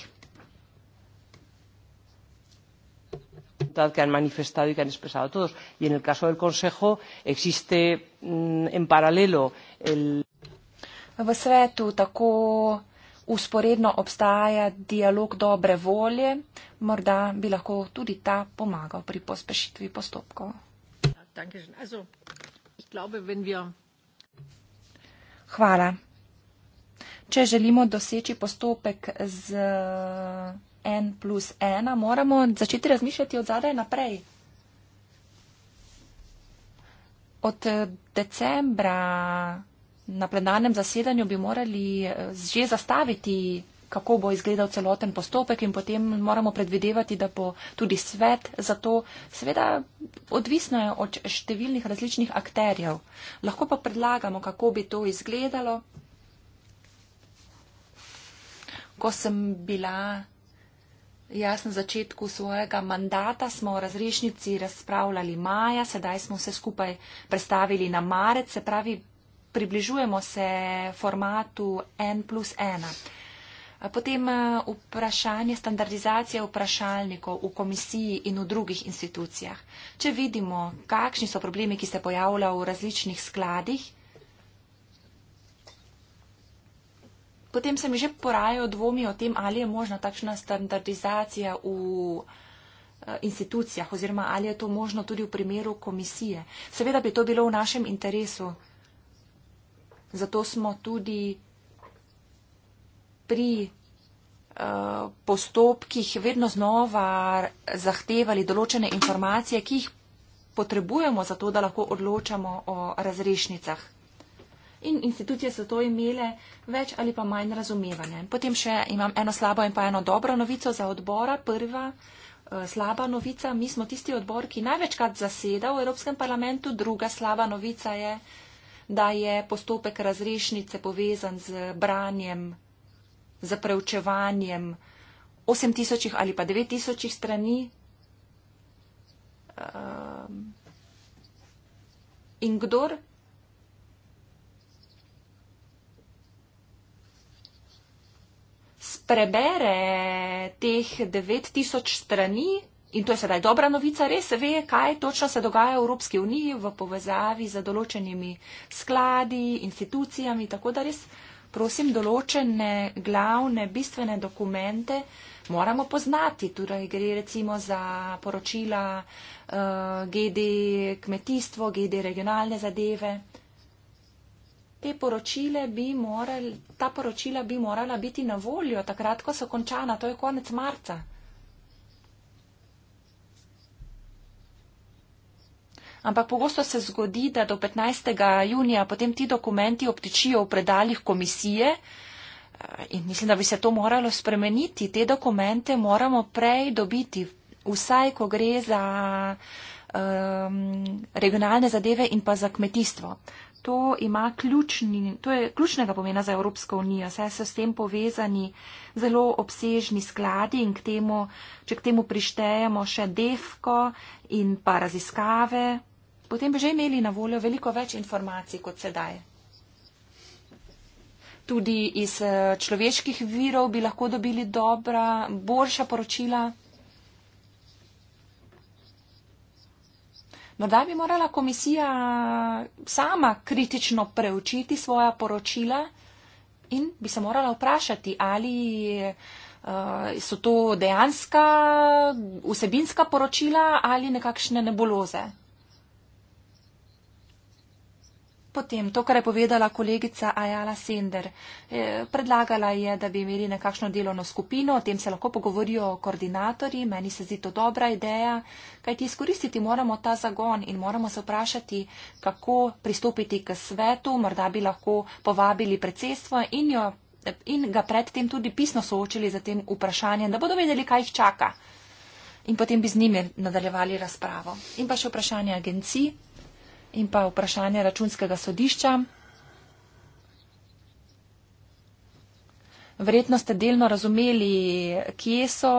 voluntad que han manifestado y que han expresado todos. Y en el caso del Consejo existe mm, en paralelo el. V svetu tako usporedno obstaja dialog dobre volje, morda bi lahko tudi ta pomagal pri pospešitvi postopkov. Hvala. Če želimo doseči postopek z en plus ena, moramo začeti razmišljati od zadaj naprej. Od eh, decembra na plenarnem zasedanju bi morali eh, že zastaviti, kako bo izgledal celoten postopek in potem moramo predvidevati, da bo tudi svet za to seveda odvisno od številnih različnih akterjev. Lahko pa predlagamo, kako bi to izgledalo. Ko sem bila Jaz na začetku svojega mandata smo o razrešnici razpravljali maja, sedaj smo vse skupaj predstavili na marec, se pravi, približujemo se formatu N plus 1. Potem eh, vprašanje standardizacije vprašalnikov v komisiji in v drugih institucijah. Če vidimo, kakšni so problemi, ki se pojavljajo v različnih skladih, potem se mi že porajajo dvomi o tem, ali je možna takšna standardizacija v eh, institucijah oziroma ali je to možno tudi v primeru komisije. Seveda bi to bilo v našem interesu. Zato smo tudi pri uh, postopkih vedno znova zahtevali določene informacije, ki jih potrebujemo za to, da lahko odločamo o razrešnicah in institucije so to imele več ali pa manj razumevanje. Potem še imam eno slabo in pa eno dobro novico za odbora. Prva eh, slaba novica, mi smo tisti odbor, ki največkrat zaseda v Evropskem parlamentu. Druga slaba novica je, da je postopek razrešnice povezan z branjem, z preučevanjem 8000 ali pa 9000 strani. Um, in kdor sprebere teh 9000 strani in to je sedaj dobra novica, res ve, kaj točno se dogaja v Evropski uniji v povezavi z določenimi skladi, institucijami, tako da res prosim, določene glavne, bistvene dokumente moramo poznati. Torej gre recimo za poročila uh, eh, GD kmetijstvo, GD regionalne zadeve te poročile bi morali, ta poročila bi morala biti na voljo takrat, ko so končana, to je konec marca. Ampak pogosto se zgodi, da do 15. junija potem ti dokumenti obtičijo v predaljih komisije eh, in mislim, da bi se to moralo spremeniti. Te dokumente moramo prej dobiti, vsaj ko gre za um, regionalne zadeve in pa za kmetijstvo to, ključni, to je ključnega pomena za Evropsko unijo. Saj so s tem povezani zelo obsežni skladi in k temu, če k temu prištejemo še defko in pa raziskave, potem bi že imeli na voljo veliko več informacij kot sedaj. Tudi iz eh, človeških virov bi lahko dobili dobra, boljša poročila. Morda bi morala komisija sama kritično preučiti svoja poročila in bi se morala vprašati, ali eh, so to dejanska vsebinska poročila ali nekakšne nebuloze. potem to, kar je povedala kolegica Ajala Sender. E, predlagala je, da bi imeli nekakšno delovno skupino, o tem se lahko pogovorijo koordinatorji, meni se zdi to dobra ideja, kajti izkoristiti moramo ta zagon in moramo se vprašati, kako pristopiti k svetu, morda bi lahko povabili predsedstvo in, jo, in ga predtem tudi pisno soočili za tem vprašanjem, da bodo vedeli, kaj jih čaka. In potem bi z njimi nadaljevali razpravo. In pa še vprašanje agenciji in pa vprašanje računskega sodišča. Verjetno ste delno razumeli, kje so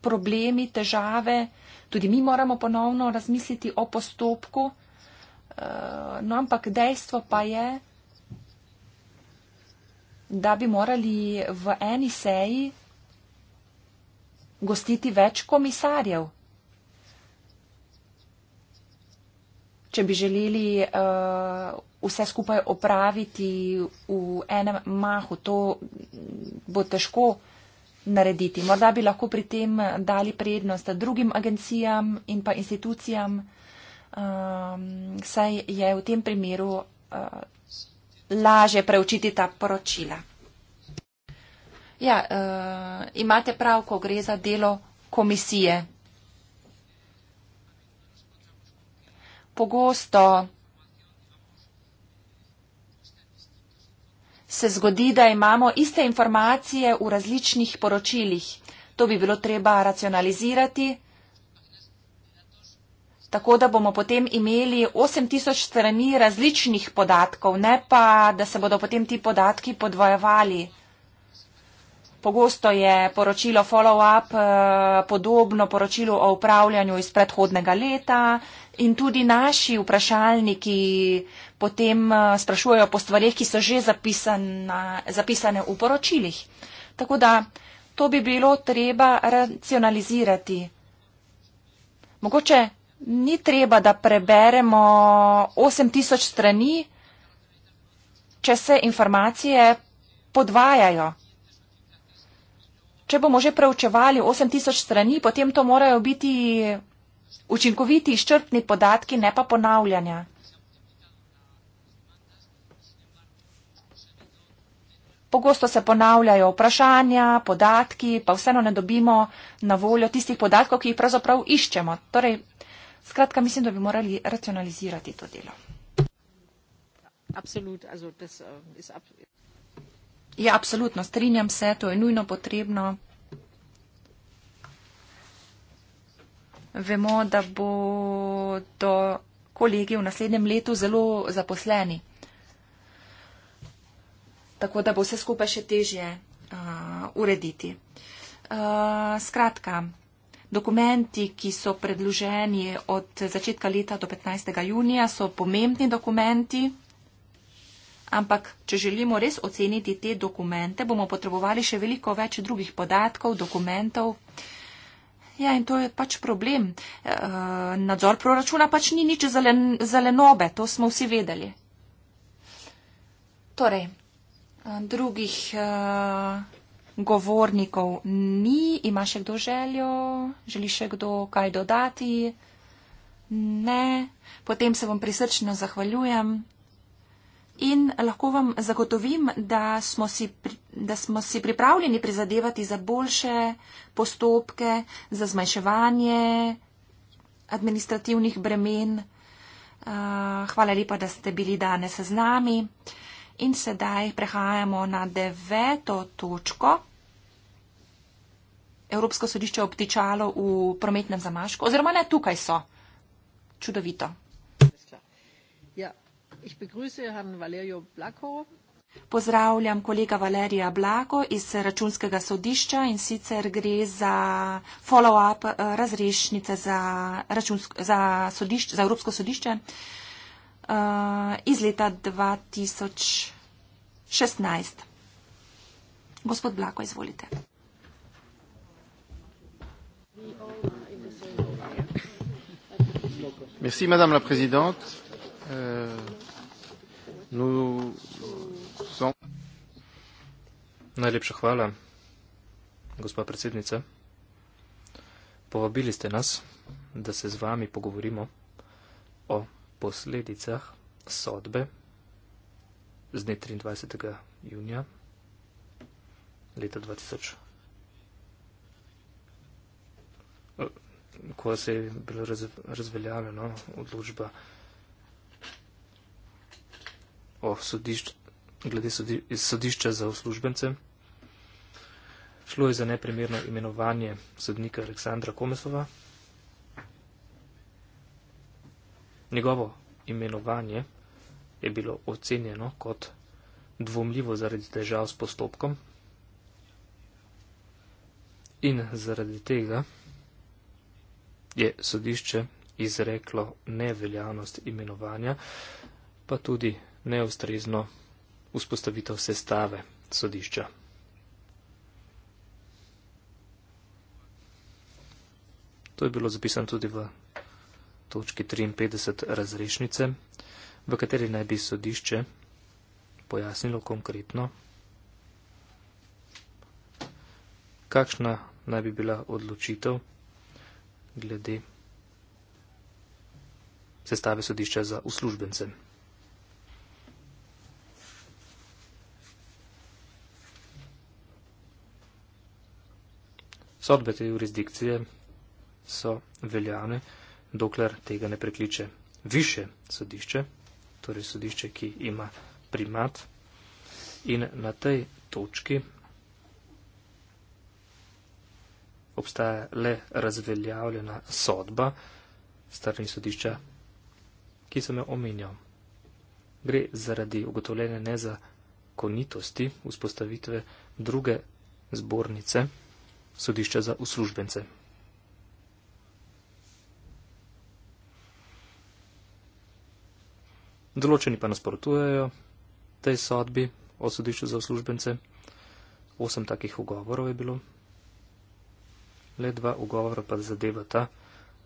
problemi, težave. Tudi mi moramo ponovno razmisliti o postopku. Eh, no, ampak dejstvo pa je, da bi morali v eni seji gostiti več komisarjev. če bi želeli uh, vse skupaj opraviti v enem mahu, to bo težko narediti. Morda bi lahko pri tem dali prednost drugim agencijam in pa institucijam, um, saj je v tem primeru uh, eh, laže preučiti ta poročila. Ja, uh, imate prav, ko gre za delo komisije. pogosto se zgodi, da imamo iste informacije v različnih poročilih. To bi bilo treba racionalizirati, tako da bomo potem imeli 8000 strani različnih podatkov, ne pa, da se bodo potem ti podatki podvojevali. Pogosto je poročilo follow-up eh, podobno poročilu o upravljanju iz predhodnega leta, In tudi naši vprašalniki potem eh, sprašujejo po stvarih, ki so že zapisana, zapisane v poročilih. Tako da to bi bilo treba racionalizirati. Mogoče ni treba, da preberemo 8000 strani, če se informacije podvajajo. Če bomo že preučevali 8000 strani, potem to morajo biti učinkoviti izčrpni podatki, ne pa ponavljanja. Pogosto se ponavljajo vprašanja, podatki, pa vseeno ne dobimo na voljo tistih podatkov, ki jih pravzaprav iščemo. Torej, skratka, mislim, da bi morali racionalizirati to delo. Absolut, also, das, uh, ab ja, absolutno, strinjam se, to je nujno potrebno. vemo, da bodo kolegi v naslednjem letu zelo zaposleni. Tako da bo vse skupaj še težje uh, urediti. Uh, skratka, dokumenti, ki so predloženi od začetka leta do 15. junija, so pomembni dokumenti, ampak če želimo res oceniti te dokumente, bomo potrebovali še veliko več drugih podatkov, dokumentov. Uh, Ja, in to je pač problem. Eh, nadzor proračuna pač ni nič zelenobe, to smo vsi vedeli. Torej, eh, drugih eh, govornikov ni, ima še kdo željo, želi še kdo kaj dodati? Ne, potem se vam prisrčno zahvaljujem. In lahko vam zagotovim, da smo si pri, da smo si pripravljeni prizadevati za boljše postopke, za zmanjševanje administrativnih bremen. Uh, hvala lepa, da ste bili danes z nami. In sedaj prehajamo na deveto točko. Evropsko sodišče obtičalo v prometnem zamašku, oziroma ne, tukaj so. Čudovito. Ja, ich begrüße Herrn Valerio Blackow. Pozdravljam kolega Valerija Blago iz računskega sodišča in sicer gre za follow-up eh, razrešnice za, računsk, za, sodišč, za Evropsko sodišče uh, iz leta 2016. Gospod Blago, izvolite. Merci, madame la présidente. Uh, nous som. Najlepša hvala, gospa predsednica. Povabili ste nas, da se z vami pogovorimo o posledicah sodbe z dne 23. junija leta 2000. Ko se je bila raz, razveljavljena odločba o sodišču glede sodišča za uslužbence. Šlo je za neprimerno imenovanje sodnika Aleksandra Komesova. Njegovo imenovanje je bilo ocenjeno kot dvomljivo zaradi težav s postopkom in zaradi tega je sodišče izreklo neveljavnost imenovanja, pa tudi neustrezno vzpostavitev sestave sodišča. To je bilo zapisano tudi v točki 53 razrešnice, v kateri naj bi sodišče pojasnilo konkretno, kakšna naj bi bila odločitev glede sestave sodišča za uslužbence. Sodbe te jurisdikcije so veljane, dokler tega ne prekliče više sodišče, torej sodišče, ki ima primat. In na tej točki obstaja le razveljavljena sodba strani sodišča, ki sem jo omenjal. Gre zaradi ugotovljene nezakonitosti vzpostavitve druge zbornice sodišča za uslužbence. Določeni pa nasprotujejo tej sodbi o sodišču za uslužbence. Osem takih ugovorov je bilo. Le dva ugovora pa zadeva ta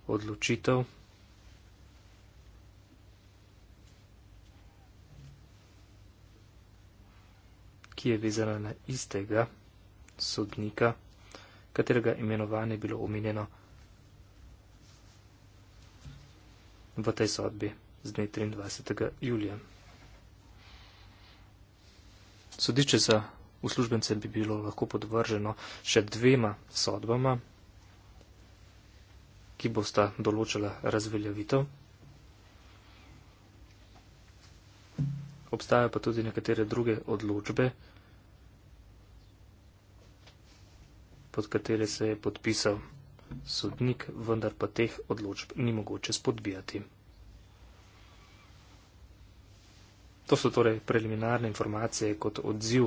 odločitev. ki je vezana na istega sodnika katerega imenovanje bilo omenjeno v tej sodbi z dne 23. julija. Sodišče za uslužbence bi bilo lahko podvrženo še dvema sodbama, ki bosta določila razveljavitev. Obstajajo pa tudi nekatere druge odločbe, pod katere se je podpisal sodnik, vendar pa teh odločb ni mogoče spodbijati. To so torej preliminarne informacije kot odziv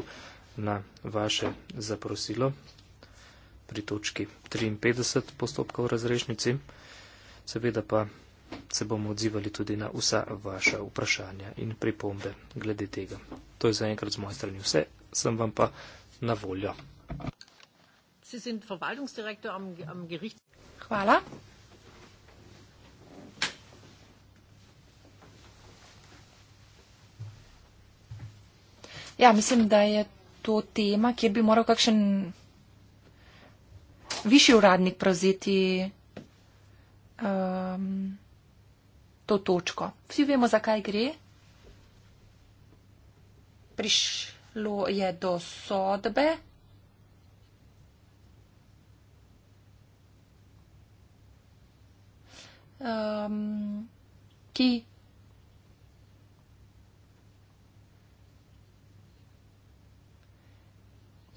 na vaše zaprosilo pri točki 53 postopka v razrešnici. Seveda pa se bomo odzivali tudi na vsa vaša vprašanja in pripombe glede tega. To je zaenkrat z moje strani vse, sem vam pa na voljo. Sie sind Verwaltungsdirektor am, am Gericht. Hvala. Ja, mislim, da je to tema, kjer bi moral kakšen višji uradnik prevzeti um, to točko. Vsi vemo, zakaj gre. Prišlo je do sodbe. um, ki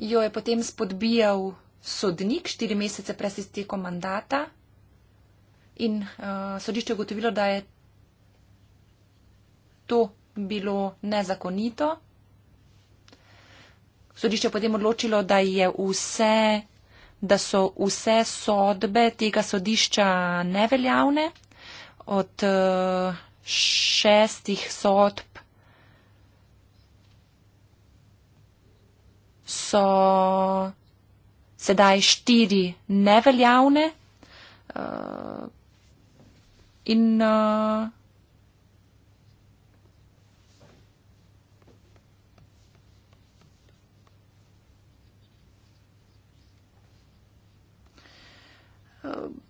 jo je potem spodbijal sodnik štiri mesece pred iztekom mandata in uh, sodišče ugotovilo, da je to bilo nezakonito. Sodišče je potem odločilo, da je vse da so vse sodbe tega sodišča neveljavne. Od eh, šestih sodb so sedaj štiri neveljavne. Eh, in uh,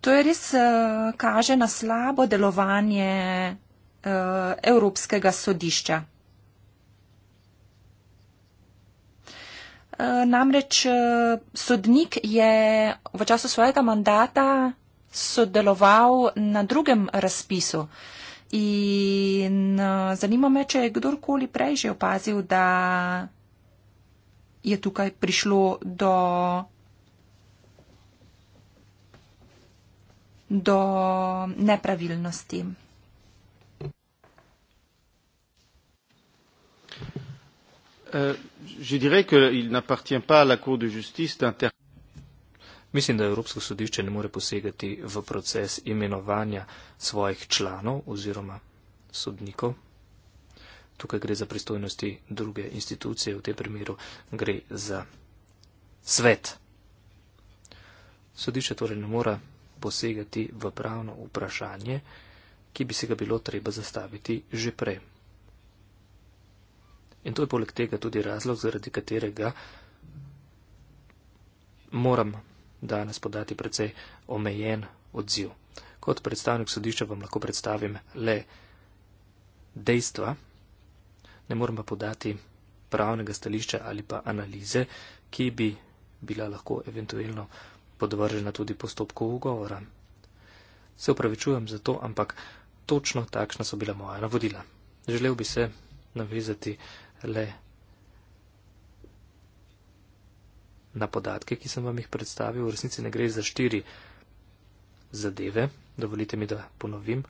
To je res eh, kaže na slabo delovanje eh, Evropskega sodišča. Eh, namreč sodnik je v času svojega mandata sodeloval na drugem razpisu. In zanima me, če je kdorkoli prej že opazil, da je tukaj prišlo do do nepravilnosti. Euh, Mislim, da Evropsko sodišče ne more posegati v proces imenovanja svojih članov oziroma sodnikov. Tukaj gre za pristojnosti druge institucije, v tem primeru gre za svet. Sodišče torej ne mora posegati v pravno vprašanje, ki bi se ga bilo treba zastaviti že prej. In to je poleg tega tudi razlog, zaradi katerega moram danes podati precej omejen odziv. Kot predstavnik sodišča vam lahko predstavim le dejstva, ne morem pa podati pravnega stališča ali pa analize, ki bi bila lahko eventualno podvržena tudi postopku ugovora. Se upravičujem za to, ampak točno takšna so bila moja navodila. Želel bi se navezati le na podatke, ki sem vam jih predstavil. V resnici ne gre za štiri zadeve. Dovolite mi, da ponovim.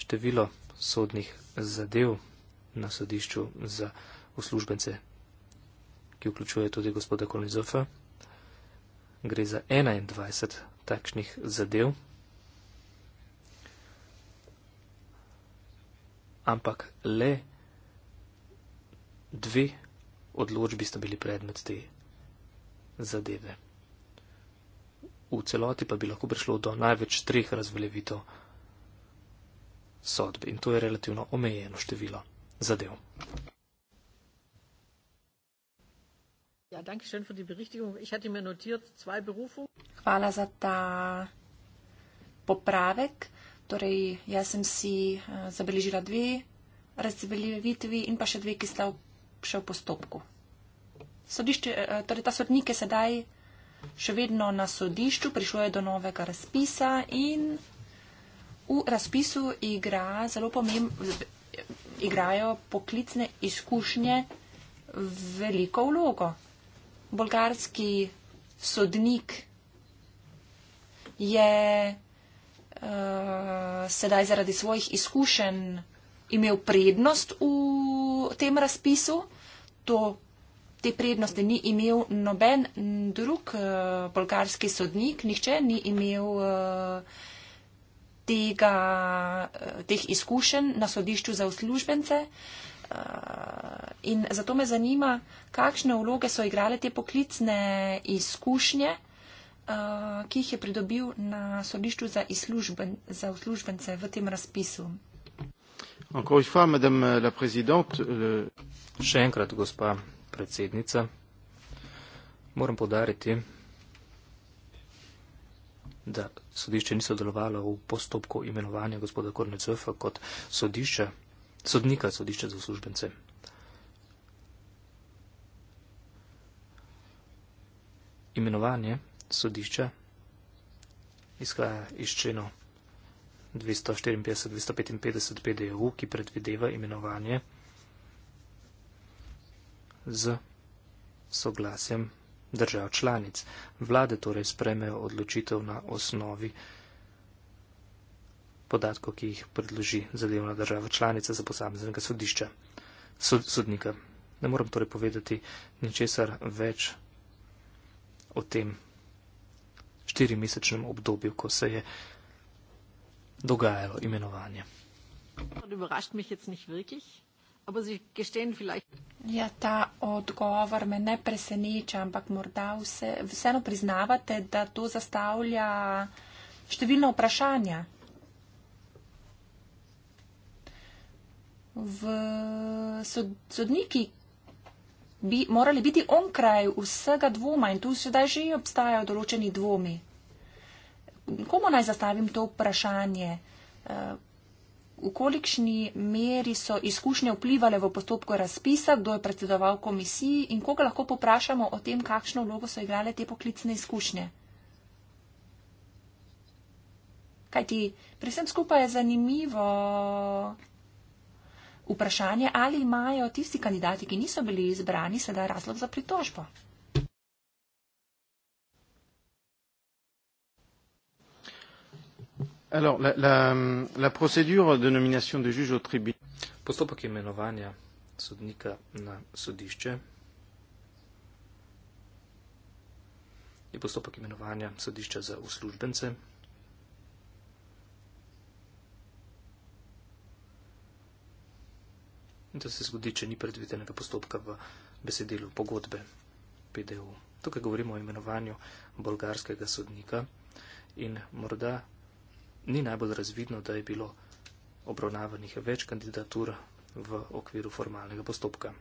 Število sodnih zadev na sodišču za uslužbence, ki vključuje tudi gospoda Kolnizofa, gre za 21 takšnih zadev. Ampak le dve odločbi sta bili predmet te zadeve. V celoti pa bi lahko prišlo do največ treh razveljavitev sodb in to je relativno omejeno število zadev. Ja, danke schön für die Berichtigung. Ich hatte mir notiert zwei Berufungen. Hvala za ta popravek. Torej, jaz sem si eh, zabeležila dve razveljavitvi in pa še dve, ki sta še v postopku. Sodišče, eh, torej, ta sodnik je sedaj še vedno na sodišču, prišlo je do novega razpisa in v razpisu igra zelo pomembno, igrajo poklicne izkušnje veliko vlogo bolgarski sodnik je uh, sedaj zaradi svojih izkušenj imel prednost v tem razpisu. To, te prednosti ni imel noben drug uh, bolgarski sodnik, nihče ni imel uh, tega, uh, teh izkušenj na sodišču za uslužbence. Uh, Eh, in zato me zanima, kakšne vloge so igrale te poklicne izkušnje, uh, ki jih je pridobil na sodišču za, izlužben, za uslužbence v tem razpisu. Fois, Še enkrat, gospa predsednica, moram podariti, da sodišče ni sodelovalo v postopku imenovanja gospoda Kornecefa kot sodišča sodnika, sodišča za službence. Imenovanje sodišča izhaja iz čeno 254-255 PDU, ki predvideva imenovanje z soglasjem držav članic. Vlade torej spremejo odločitev na osnovi podatkov, ki jih predloži zadevna država članica za posameznega sodišča, sod, sodnika. Ne moram torej povedati ničesar več o tem štirimesečnem obdobju, ko se je dogajalo imenovanje. Ja, ta odgovor me ne preseneča, ampak morda vse, vseeno priznavate, da to zastavlja številna vprašanja. v sod, sodniki bi morali biti onkraj vsega dvoma in tu sedaj že obstajajo določeni dvomi. Komu naj zastavim to vprašanje? Eh, v kolikšni meri so izkušnje vplivali v postopku razpisa, kdo je predsedoval komisiji in koga lahko poprašamo o tem, kakšno vlogo so igrale te poklicne izkušnje? Kaj ti, pri vsem skupaj je zanimivo Vprašanje, ali imajo tisti kandidati, ki niso bili izbrani, sedaj razlog za pritožbo? Alors, la, la, la procedure de nomination de juge au tribunal. Postopek imenovanja sodnika na sodišče je postopek imenovanja sodišča za uslužbence. da se zgodi, če ni predvidenega postopka v besedilu pogodbe PDU. Tukaj govorimo o imenovanju bolgarskega sodnika in morda ni najbolj razvidno, da je bilo obravnavanih več kandidatur v okviru formalnega postopka.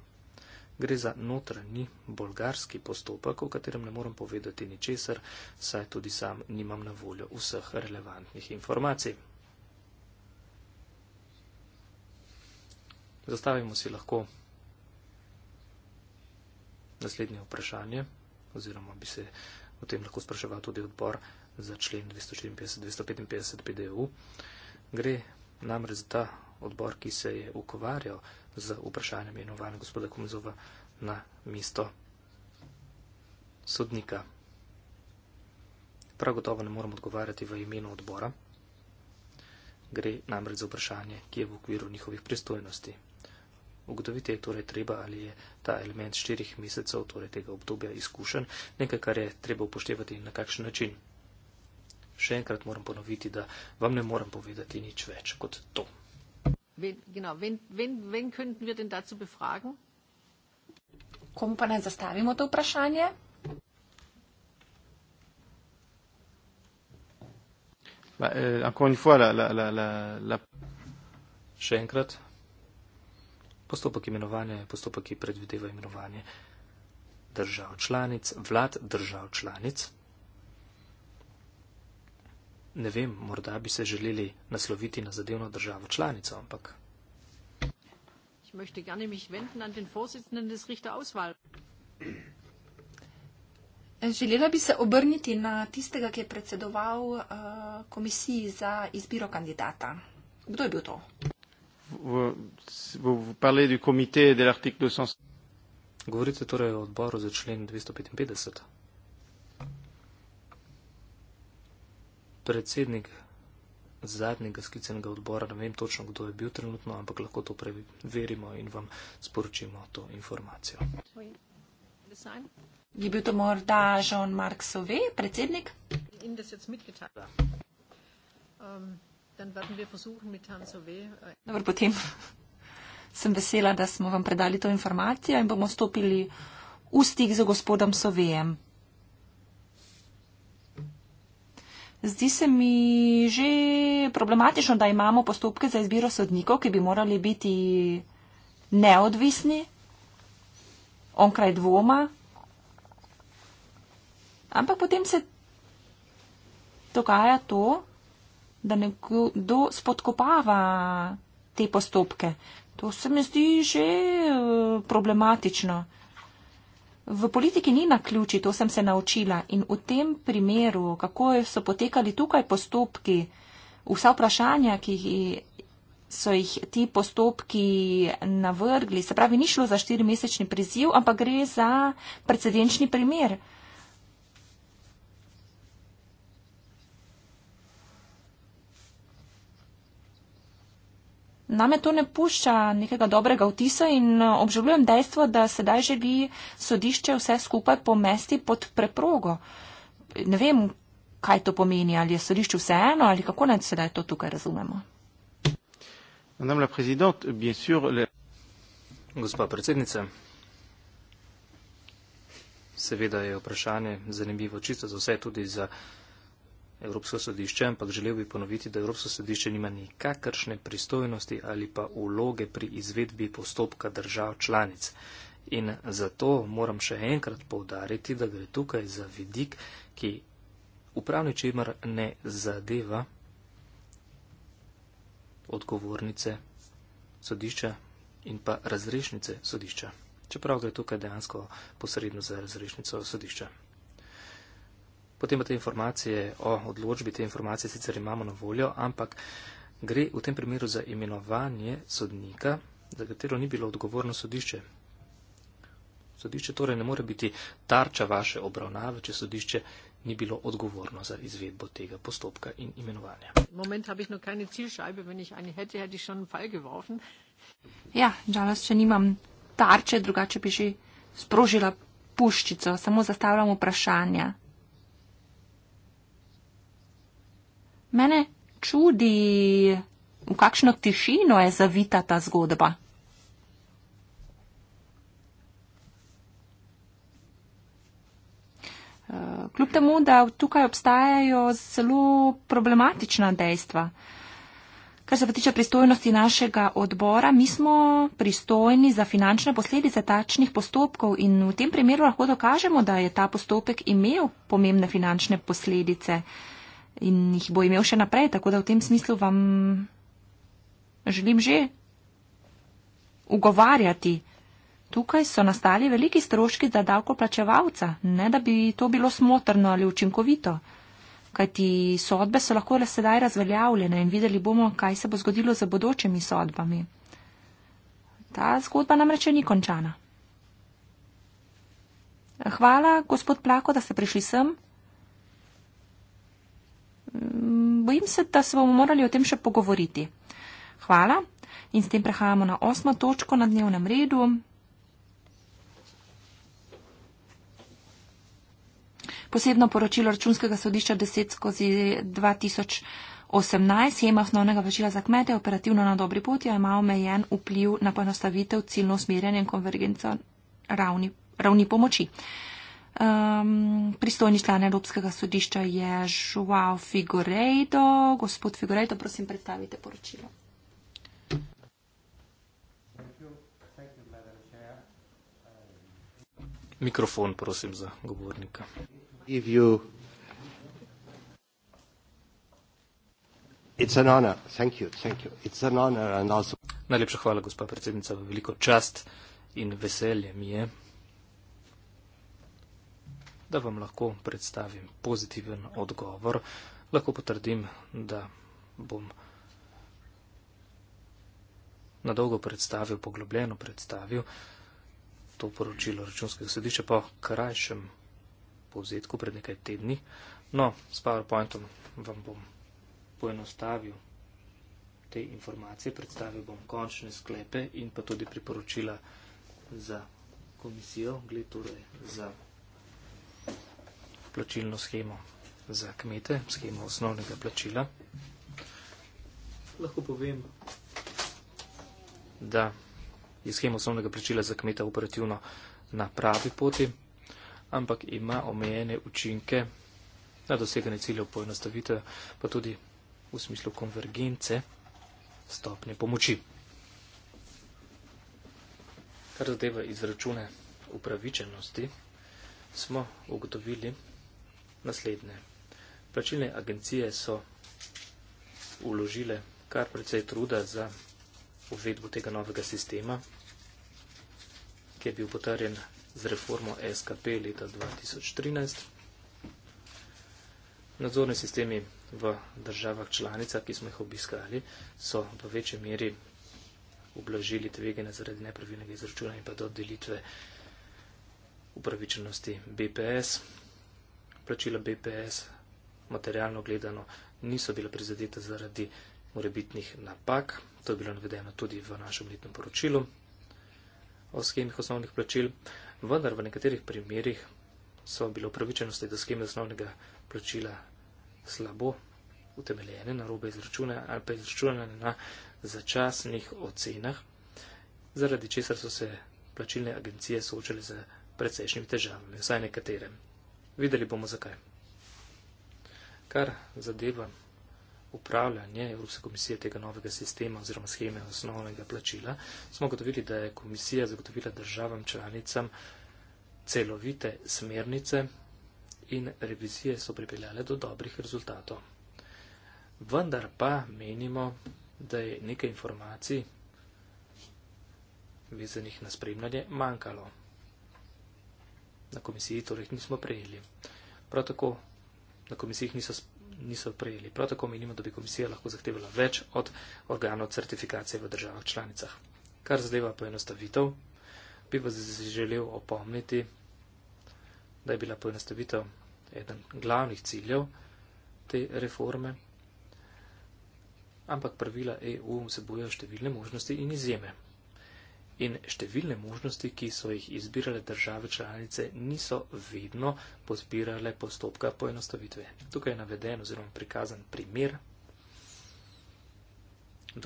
Gre za notranji bolgarski postopek, o katerem ne morem povedati ničesar, saj tudi sam nimam na voljo vseh relevantnih informacij. Zastavimo si lahko naslednje vprašanje, oziroma bi se o tem lahko spraševal tudi odbor za člen 254-255 PDU. E Gre namreč za ta odbor, ki se je ukvarjal z vprašanjem imenovanja gospoda Komizova na mesto sodnika. Prav gotovo ne moram odgovarjati v imenu odbora. Gre namreč za vprašanje, ki je v okviru njihovih pristojnosti ugotoviti, je torej treba ali je ta element štirih mesecev, torej tega obdobja izkušen, nekaj, kar je treba upoštevati in na kakšen način. Še enkrat moram ponoviti, da vam ne moram povedati nič več kot to. Komu pa naj zastavimo to vprašanje? Bah, euh, encore une fois, la, la, la, la... Še enkrat, Postopek imenovanja je postopek, ki predvideva imenovanje držav članic, vlad držav članic. Ne vem, morda bi se želeli nasloviti na zadevno državo članico, ampak. Eh, želela bi se obrniti na tistega, ki je predsedoval uh, komisiji za izbiro kandidata. Kdo je bil to? v, v, v paledu komite del artiklu 275. Govorite torej o odboru za člen 255. Predsednik zadnjega sklicenega odbora, ne vem točno, kdo je bil trenutno, ampak lahko to preverimo in vam sporočimo to informacijo. Je bil to morda Jean-Marc Sauvé, predsednik? In da se je smitke čakala. Um, Äh, Dobro, potem sem vesela, da smo vam predali to informacijo in bomo stopili v stik z gospodom Sovejem. Zdi se mi že problematično, da imamo postopke za izbiro sodnikov, ki bi morali biti neodvisni, onkraj dvoma. Ampak potem se dogaja to da nekdo spodkopava te postopke. To se mi zdi že eh, problematično. V politiki ni na ključi, to sem se naučila. In v tem primeru, kako so potekali tukaj postopki, vsa vprašanja, ki so jih ti postopki navrgli, se pravi, ni šlo za štirimesečni priziv, ampak gre za precedenčni primer. Name to ne pušča nekega dobrega vtisa in eh, obžalujem dejstvo, da sedaj želi sodišče vse skupaj pomesti pod preprogo. Ne vem, kaj to pomeni, ali je sodišče vseeno ali kako naj sedaj to tukaj razumemo. La bien sûr, le... Gospa predsednica, seveda je vprašanje zanimivo čisto za vse, tudi za. Evropsko sodišče, ampak želel bi ponoviti, da Evropsko sodišče nima nikakršne pristojnosti ali pa uloge pri izvedbi postopka držav članic. In zato moram še enkrat povdariti, da gre tukaj za vidik, ki upravni čimer ne zadeva odgovornice sodišča in pa razrešnice sodišča. Čeprav gre tukaj dejansko posredno za razrešnico sodišča. Potem pa te informacije o odločbi, te informacije sicer imamo na voljo, ampak gre v tem primeru za imenovanje sodnika, za katero ni bilo odgovorno sodišče. Sodišče torej ne more biti tarča vaše obravnave, če sodišče ni bilo odgovorno za izvedbo tega postopka in imenovanja. Moment, habe ich noch keine Zielscheibe, wenn ich eine hätte, hätte ich schon einen Fall geworfen. Ja, žalost, če nimam tarče, drugače bi že sprožila puščico, samo zastavljam vprašanja. Mene čudi, v kakšno tišino je zavita ta zgodba. Eh, kljub temu, da tukaj obstajajo zelo problematična dejstva. Kar se pa tiče pristojnosti našega odbora, mi smo pristojni za finančne posledice tačnih postopkov in v tem primeru lahko dokažemo, da je ta postopek imel pomembne finančne posledice. Uh, in jih bo imel še naprej, tako da v tem smislu vam želim že ugovarjati. Tukaj so nastali veliki stroški za davkoplačevalca, ne da bi to bilo smotrno ali učinkovito, kajti sodbe so lahko le sedaj razveljavljene in videli bomo, kaj se bo zgodilo z bodočimi sodbami. Ta zgodba namreč ni končana. Hvala, gospod Plako, da ste prišli sem. Mm, bojim se, da se bomo morali o tem še pogovoriti. Hvala. In s tem prehajamo na osmo točko na dnevnem redu. Posebno poročilo računskega sodišča 10 skozi 2018, jema osnovnega vršila za kmete, operativno na dobri poti, a ima omejen vpliv na ponostavitev ciljno usmerjanje in konvergenco ravni, ravni pomoči. Um, pristojni član Evropskega sodišča je Žuav Figurejdo. Gospod Figurejdo, prosim, predstavite poročilo. Mikrofon, prosim, za govornika. Najlepša hvala, gospa predsednica. Veliko čast in veselje mi je, da vam lahko predstavim pozitiven odgovor. Lahko potrdim, da bom na dolgo predstavil, poglobljeno predstavil to poročilo računskega sodišča po krajšem povzetku pred nekaj tedni. No, s PowerPointom vam bom poenostavil te informacije, predstavil bom končne sklepe in pa tudi priporočila za komisijo, gled torej za plačilno schemo za kmete, schemo osnovnega plačila. Lahko povem, da je schema osnovnega plačila za kmeta operativno na pravi poti, ampak ima omejene učinke na doseganje ciljev poenostavitve, pa tudi v smislu konvergence stopnje pomoči. Kar zadeva izračune upravičenosti, smo ugotovili, naslednje. Plačilne agencije so uložile kar precej truda za uvedbo tega novega sistema, ki je bil potrjen z reformo SKP leta 2013. Nadzorni sistemi v državah članicah, ki smo jih obiskali, so v večji meri oblažili tvegene zaradi nepravilnega izračuna in pa do delitve upravičenosti BPS, plačila BPS, materialno gledano, niso bila prizadeta zaradi morebitnih napak. To je bilo navedeno tudi v našem letnem poročilu o schemih osnovnih plačil, vendar v nekaterih primerjih so bile upravičenosti do scheme osnovnega plačila slabo utemeljene na robe izračune ali pa izračunane na začasnih ocenah, zaradi česar so se plačilne agencije soočale z precejšnjimi težavami, vsaj nekaterim. Videli bomo zakaj. Kar zadeva upravljanje Evropske komisije tega novega sistema oziroma scheme osnovnega plačila, smo gotovili, da je komisija zagotovila državam članicam celovite smernice in revizije so pripeljale do dobrih rezultatov. Vendar pa menimo, da je nekaj informacij vezanih na spremljanje manjkalo na komisiji torej nismo prejeli. Prav tako na komisijih niso, niso prejeli. Prav tako menimo, da bi komisija lahko zahtevala več od organov certifikacije v državah članicah. Kar zadeva poenostavitev, bi vas želel opomniti, da je bila poenostavitev eden glavnih ciljev te reforme, ampak pravila EU vsebujejo številne možnosti in izjeme in številne možnosti, ki so jih izbirale države članice, niso vedno pozbirale postopka poenostavitve. Tukaj je naveden oziroma prikazan primer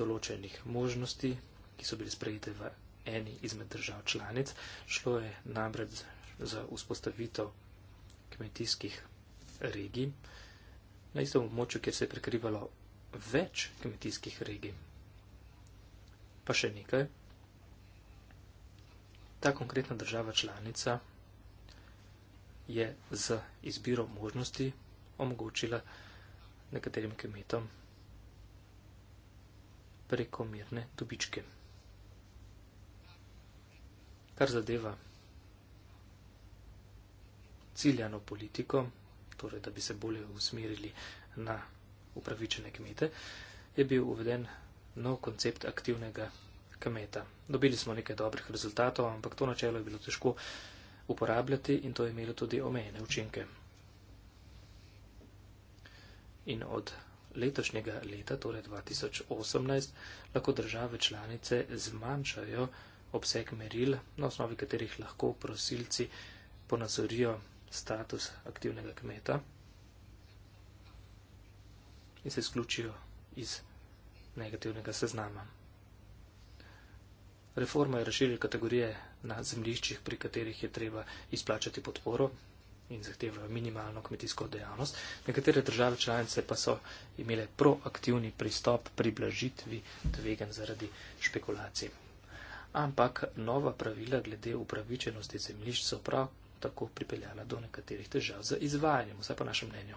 določenih možnosti, ki so bile sprejete v eni izmed držav članic. Šlo je namreč za vzpostavitev kmetijskih regij na istem območju, kjer se je prekrivalo več kmetijskih regij. Pa še nekaj ta konkretna država članica je z izbiro možnosti omogočila nekaterim kmetom prekomerne dobičke. Kar zadeva ciljano politiko, torej da bi se bolje usmerili na upravičene kmete, je bil uveden nov koncept aktivnega kmeta. Dobili smo nekaj dobrih rezultatov, ampak to načelo je bilo težko uporabljati in to je imelo tudi omejene učinke. In od letošnjega leta, torej 2018, lahko države članice zmanjšajo obseg meril, na osnovi katerih lahko prosilci ponazorijo status aktivnega kmeta in se izključijo iz negativnega seznama. Reforma je razširila kategorije na zemljiščih, pri katerih je treba izplačati podporo in zahtevajo minimalno kmetijsko dejavnost. Nekatere države članice pa so imele proaktivni pristop pri blažitvi tvegan zaradi špekulacij. Ampak nova pravila glede upravičenosti zemljišč so prav tako pripeljala do nekaterih težav z izvajanjem, vsaj po našem mnenju.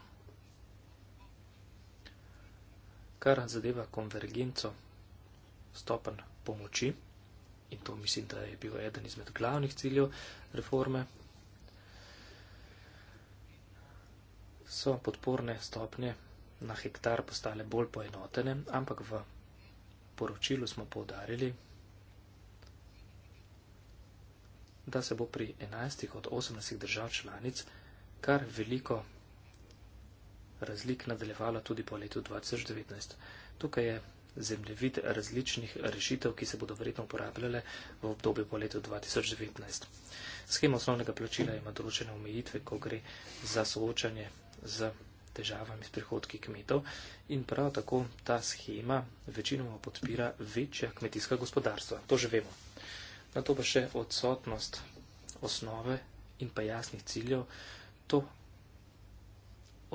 Kar zadeva konvergenco stopen pomoči, in to mislim, da je bil eden izmed glavnih ciljev reforme, so podporne stopnje na hektar postale bolj poenotene, ampak v poročilu smo povdarili, da se bo pri 11 od 18 držav članic kar veliko razlik nadaljevalo tudi po letu 2019. Tukaj je zemljevid različnih rešitev, ki se bodo verjetno uporabljale v obdobju po letu 2019. Schema osnovnega plačila ima določene omejitve, ko gre za soočanje z težavami s prihodki kmetov in prav tako ta schema večinoma podpira večja kmetijska gospodarstva. To že vemo. Na to pa še odsotnost osnove in pa jasnih ciljev, to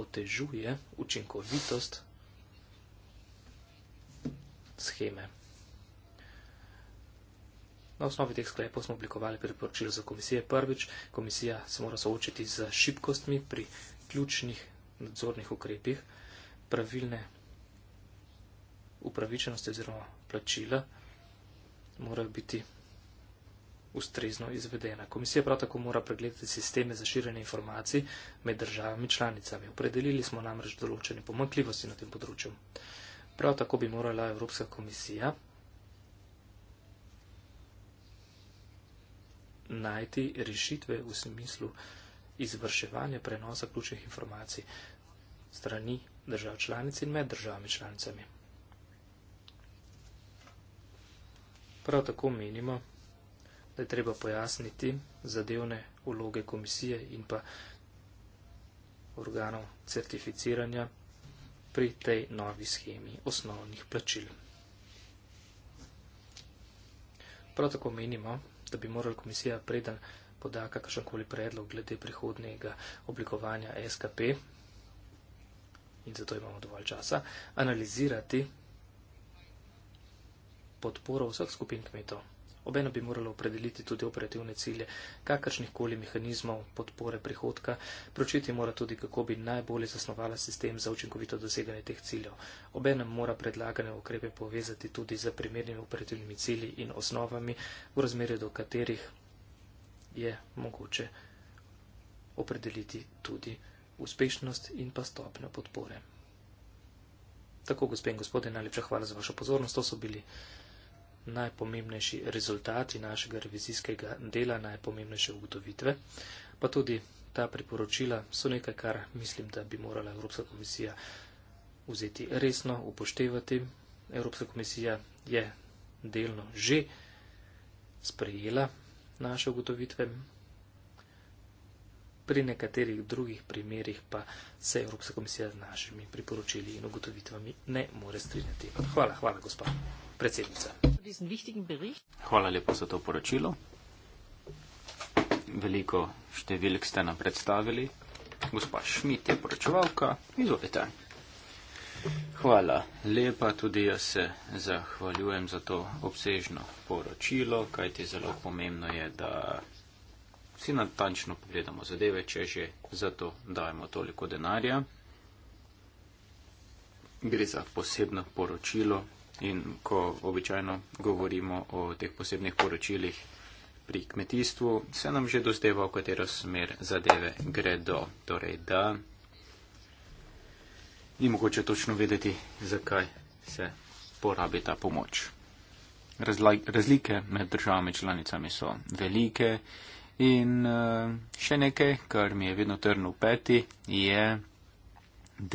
otežuje učinkovitost scheme. Na osnovi teh sklepov smo oblikovali priporočilo za komisije. Prvič, komisija se mora soočiti z šibkostmi pri ključnih nadzornih ukrepih, pravilne upravičenosti oziroma plačila morajo biti ustrezno izvedena. Komisija prav tako mora pregledati sisteme za širjenje informacij med državami članicami. Opredelili smo namreč določene pomankljivosti na tem področju. Prav tako bi morala Evropska komisija najti rešitve v smislu izvrševanja prenosa ključnih informacij strani držav članic in med državami članicami. Prav tako menimo, da je treba pojasniti zadevne vloge komisije in pa organov certificiranja pri tej novi schemi osnovnih plačil. Prav tako menimo, da bi morala komisija preden poda kakršenkoli predlog glede prihodnega oblikovanja SKP in zato imamo dovolj časa, analizirati podporo vseh skupin kmetov Obeno bi moralo opredeliti tudi operativne cilje, kakršnih koli mehanizmov podpore prihodka, pročiti mora tudi, kako bi najbolje zasnovala sistem za učinkovito doseganje teh ciljev. Obeno mora predlagane ukrepe povezati tudi z primernimi operativnimi cilji in osnovami, v razmerju do katerih je mogoče opredeliti tudi uspešnost in pa stopnjo podpore. Tako, gospe in gospode, najlepša hvala za vašo pozornost. To so bili najpomembnejši rezultati našega revizijskega dela, najpomembnejše ugotovitve, pa tudi ta priporočila so nekaj, kar mislim, da bi morala Evropska komisija vzeti resno, upoštevati. Evropska komisija je delno že sprejela naše ugotovitve. Pri nekaterih drugih primerjih pa se Evropska komisija z našimi priporočili in ugotovitvami ne more strinjati. Hvala, hvala, gospod predsednica. Hvala lepa za to poročilo. Veliko številk ste nam predstavili. Gospa Šmit je poročevalka. Izvolite. Hvala lepa, tudi jaz se zahvaljujem za to obsežno poročilo, kajti zelo pomembno je, da si natančno pogledamo zadeve, če že zato dajemo toliko denarja. Gre za posebno poročilo, In ko običajno govorimo o teh posebnih poročilih pri kmetijstvu, se nam že dozdeva, v katero smer zadeve gredo. Torej, da ni mogoče točno vedeti, zakaj se porabi ta pomoč. Razlike med državami članicami so velike in eh, še nekaj, kar mi je vedno trn v peti, je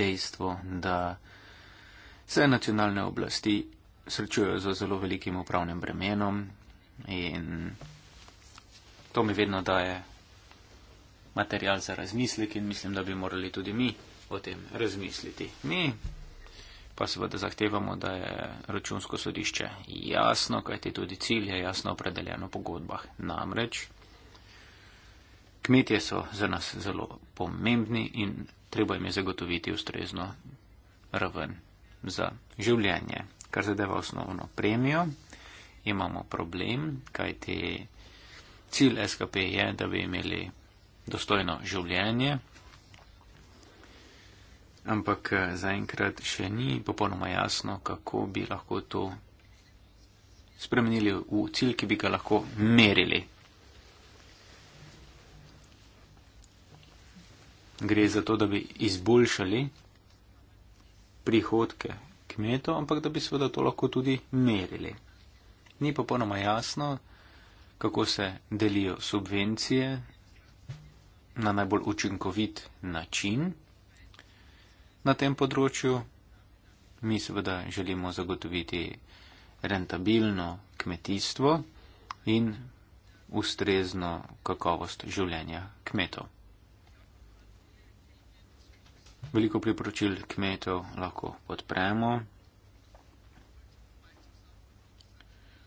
dejstvo, da se nacionalne oblasti srečujejo z zelo velikim upravnim bremenom in to mi vedno daje material za razmislek in mislim, da bi morali tudi mi o tem razmisliti. Mi pa seveda zahtevamo, da je računsko sodišče jasno, kajti tudi cilj je jasno opredeljen v pogodbah. Namreč kmetje so za nas zelo pomembni in treba jim je zagotoviti ustrezno raven za življenje kar zadeva osnovno premijo, imamo problem, kaj ti cilj SKP je, da bi imeli dostojno življenje, ampak eh, zaenkrat še ni popolnoma jasno, kako bi lahko to spremenili v cilj, ki bi ga lahko merili. Gre za to, da bi izboljšali prihodke kmetov, ampak da bi seveda to lahko tudi merili. Ni popolnoma jasno, kako se delijo subvencije na najbolj učinkovit način na tem področju. Mi seveda želimo zagotoviti rentabilno kmetijstvo in ustrezno kakovost življenja kmetov veliko priporočil kmetov lahko podpremo,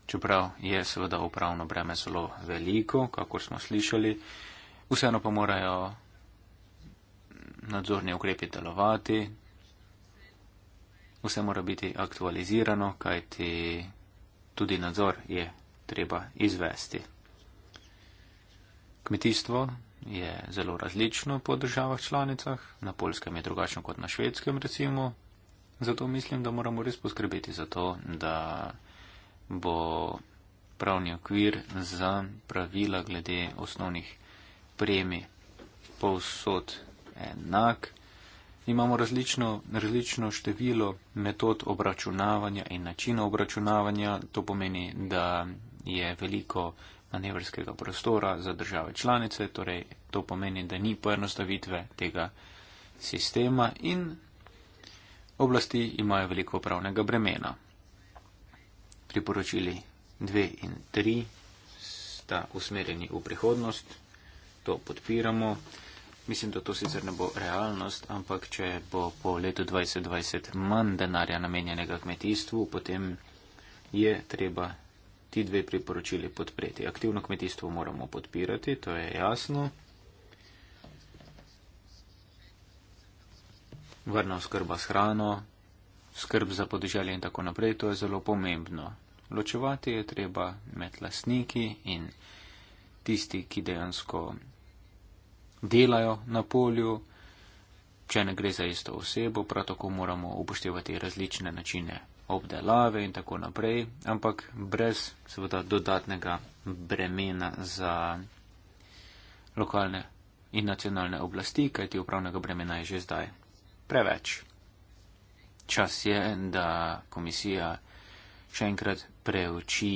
čeprav je seveda upravno breme zelo veliko, kako smo slišali, vseeno pa morajo nadzorni ukrepi delovati, vse mora biti aktualizirano, kajti tudi nadzor je treba izvesti. Kmetijstvo je zelo različno po državah članicah, na polskem je drugačno kot na švedskem recimo. Zato mislim, da moramo res poskrbeti za to, da bo pravni okvir za pravila glede osnovnih premij povsod enak. Imamo različno, različno število metod obračunavanja in načina obračunavanja. To pomeni, da je veliko manevrskega prostora za države članice, torej to pomeni, da ni poenostavitve tega sistema in oblasti imajo veliko upravnega bremena. Priporočili 2 in 3 sta usmerjeni v prihodnost, to podpiramo. Mislim, da to sicer ne bo realnost, ampak če bo po letu 2020 manj denarja namenjenega kmetijstvu, potem je treba ti dve priporočili podpreti. Aktivno kmetijstvo moramo podpirati, to je jasno. Varna oskrba s hrano, skrb za podeželje in tako naprej, to je zelo pomembno. Ločevati je treba med lasniki in tisti, ki dejansko delajo na polju. Če ne gre za isto osebo, prav tako moramo upoštevati različne načine obdelave in tako naprej, ampak brez seveda dodatnega bremena za lokalne in nacionalne oblasti, kajti upravnega bremena je že zdaj preveč. Čas je, da komisija še enkrat preuči,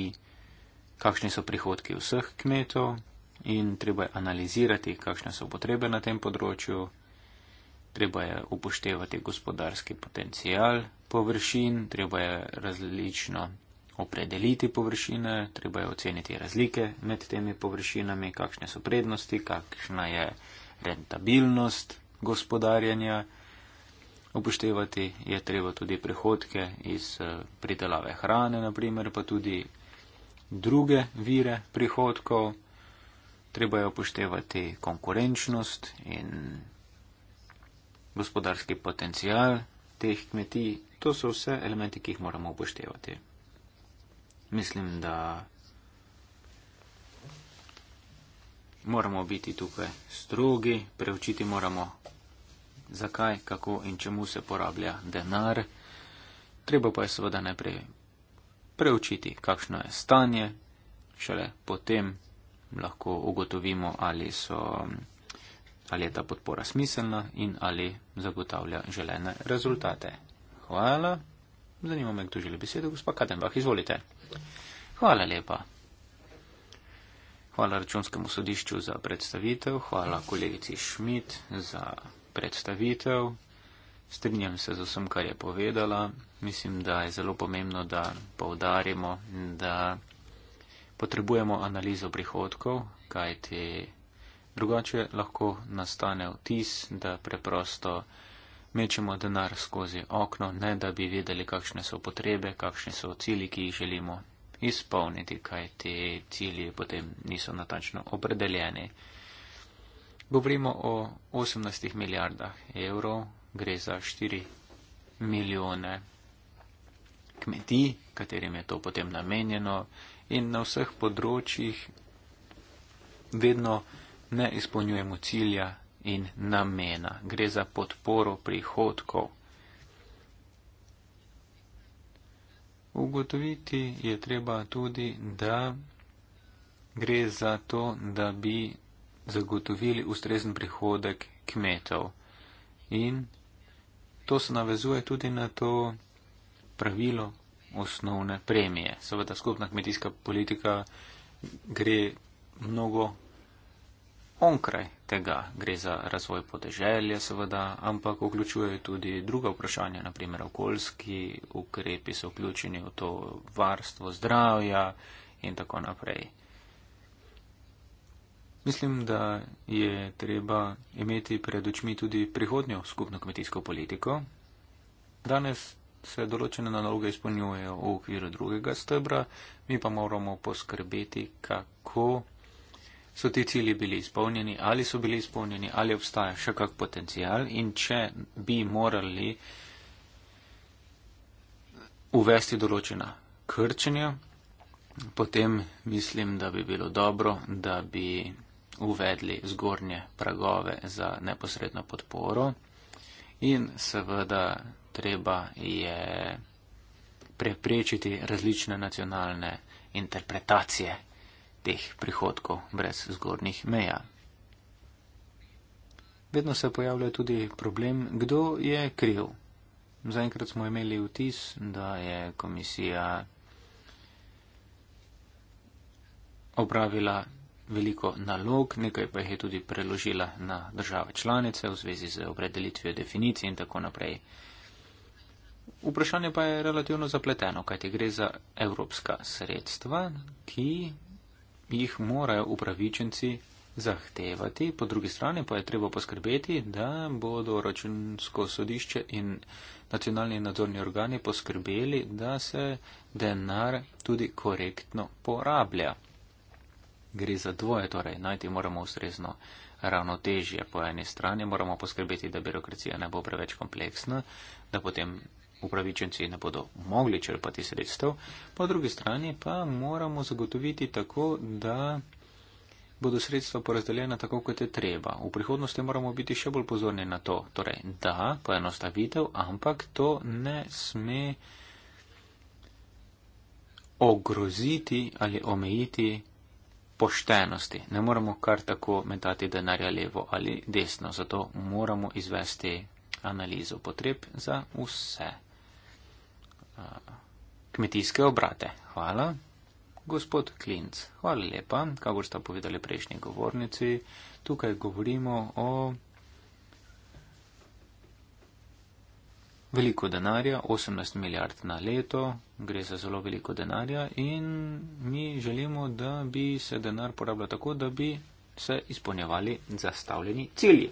kakšni so prihodki vseh kmetov in treba je analizirati, kakšne so potrebe na tem področju, treba je upoštevati gospodarski potencial površin, treba je različno opredeliti površine, treba je oceniti razlike med temi površinami, kakšne so prednosti, kakšna je rentabilnost gospodarjanja. Upoštevati je treba tudi prihodke iz eh, pridelave hrane, naprimer, pa tudi druge vire prihodkov. Treba je upoštevati konkurenčnost in gospodarski potencial teh kmetij, to so vse elementi, ki jih moramo upoštevati. Mislim, da moramo biti tukaj strogi, preučiti moramo, zakaj, kako in čemu se porablja denar. Treba pa je seveda najprej preučiti, kakšno je stanje, šele potem lahko ugotovimo, ali so ali je ta podpora smiselna in ali zagotavlja želene rezultate. Hvala. Zanima me, kdo želi besedo, gospa Kadenbach, izvolite. Hvala lepa. Hvala računskemu sodišču za predstavitev, hvala kolegici Šmit za predstavitev. Strinjam se z vsem, kar je povedala. Mislim, da je zelo pomembno, da povdarimo, da potrebujemo analizo prihodkov, kajti. Drugače lahko nastane vtis, da preprosto mečemo denar skozi okno, ne da bi vedeli, kakšne so potrebe, kakšne so cili, ki jih želimo izpolniti, kaj te cilje potem niso natančno opredeljeni. Govorimo o 18 milijardah evrov, gre za 4 milijone kmetij, katerim je to potem namenjeno in na vseh področjih vedno ne izpolnjujemo cilja in namena. Gre za podporo prihodkov. Ugotoviti je treba tudi, da gre za to, da bi zagotovili ustrezen prihodek kmetov. In to se navezuje tudi na to pravilo osnovne premije. Seveda skupna kmetijska politika gre mnogo onkraj tega gre za razvoj podeželja, seveda, ampak vključujejo tudi druga vprašanja, naprimer okoljski ukrepi so vključeni v to varstvo zdravja in tako naprej. Mislim, da je treba imeti pred očmi tudi prihodnjo skupno kmetijsko politiko. Danes se določene naloge izpolnjujejo v okviru drugega stebra, mi pa moramo poskrbeti, kako so ti cilji bili izpolnjeni, ali so bili izpolnjeni, ali obstaja še kak potencial in če bi morali uvesti določena krčenja, potem mislim, da bi bilo dobro, da bi uvedli zgornje pragove za neposredno podporo in seveda treba je preprečiti različne nacionalne interpretacije teh prihodkov brez zgornjih meja. Vedno se pojavlja tudi problem, kdo je kriv. Zaenkrat smo imeli vtis, da je komisija opravila veliko nalog, nekaj pa jih je tudi preložila na države članice v zvezi z opredelitvijo definicij in tako naprej. Vprašanje pa je relativno zapleteno, kajti gre za evropska sredstva, ki jih morajo upravičenci zahtevati, po drugi strani pa je treba poskrbeti, da bodo računsko sodišče in nacionalni nadzorni organi poskrbeli, da se denar tudi korektno porablja. Gre za dvoje, torej najti moramo ustrezno ravnotežje. Po eni strani moramo poskrbeti, da birokracija ne bo preveč kompleksna, da potem upravičenci ne bodo mogli črpati sredstev, po drugi strani pa moramo zagotoviti tako, da bodo sredstva porazdeljena tako, kot je treba. V prihodnosti moramo biti še bolj pozorni na to. Torej, da, poenostavitev, ampak to ne sme ogroziti ali omejiti poštenosti. Ne moramo kar tako metati denarja levo ali desno, zato moramo izvesti analizo potreb za vse kmetijske obrate. Hvala. Gospod Klinc, hvala lepa. Kako ste povedali prejšnji govornici, tukaj govorimo o veliko denarja, 18 milijard na leto, gre za zelo veliko denarja in mi želimo, da bi se denar porabljal tako, da bi se izpolnjevali zastavljeni cilji.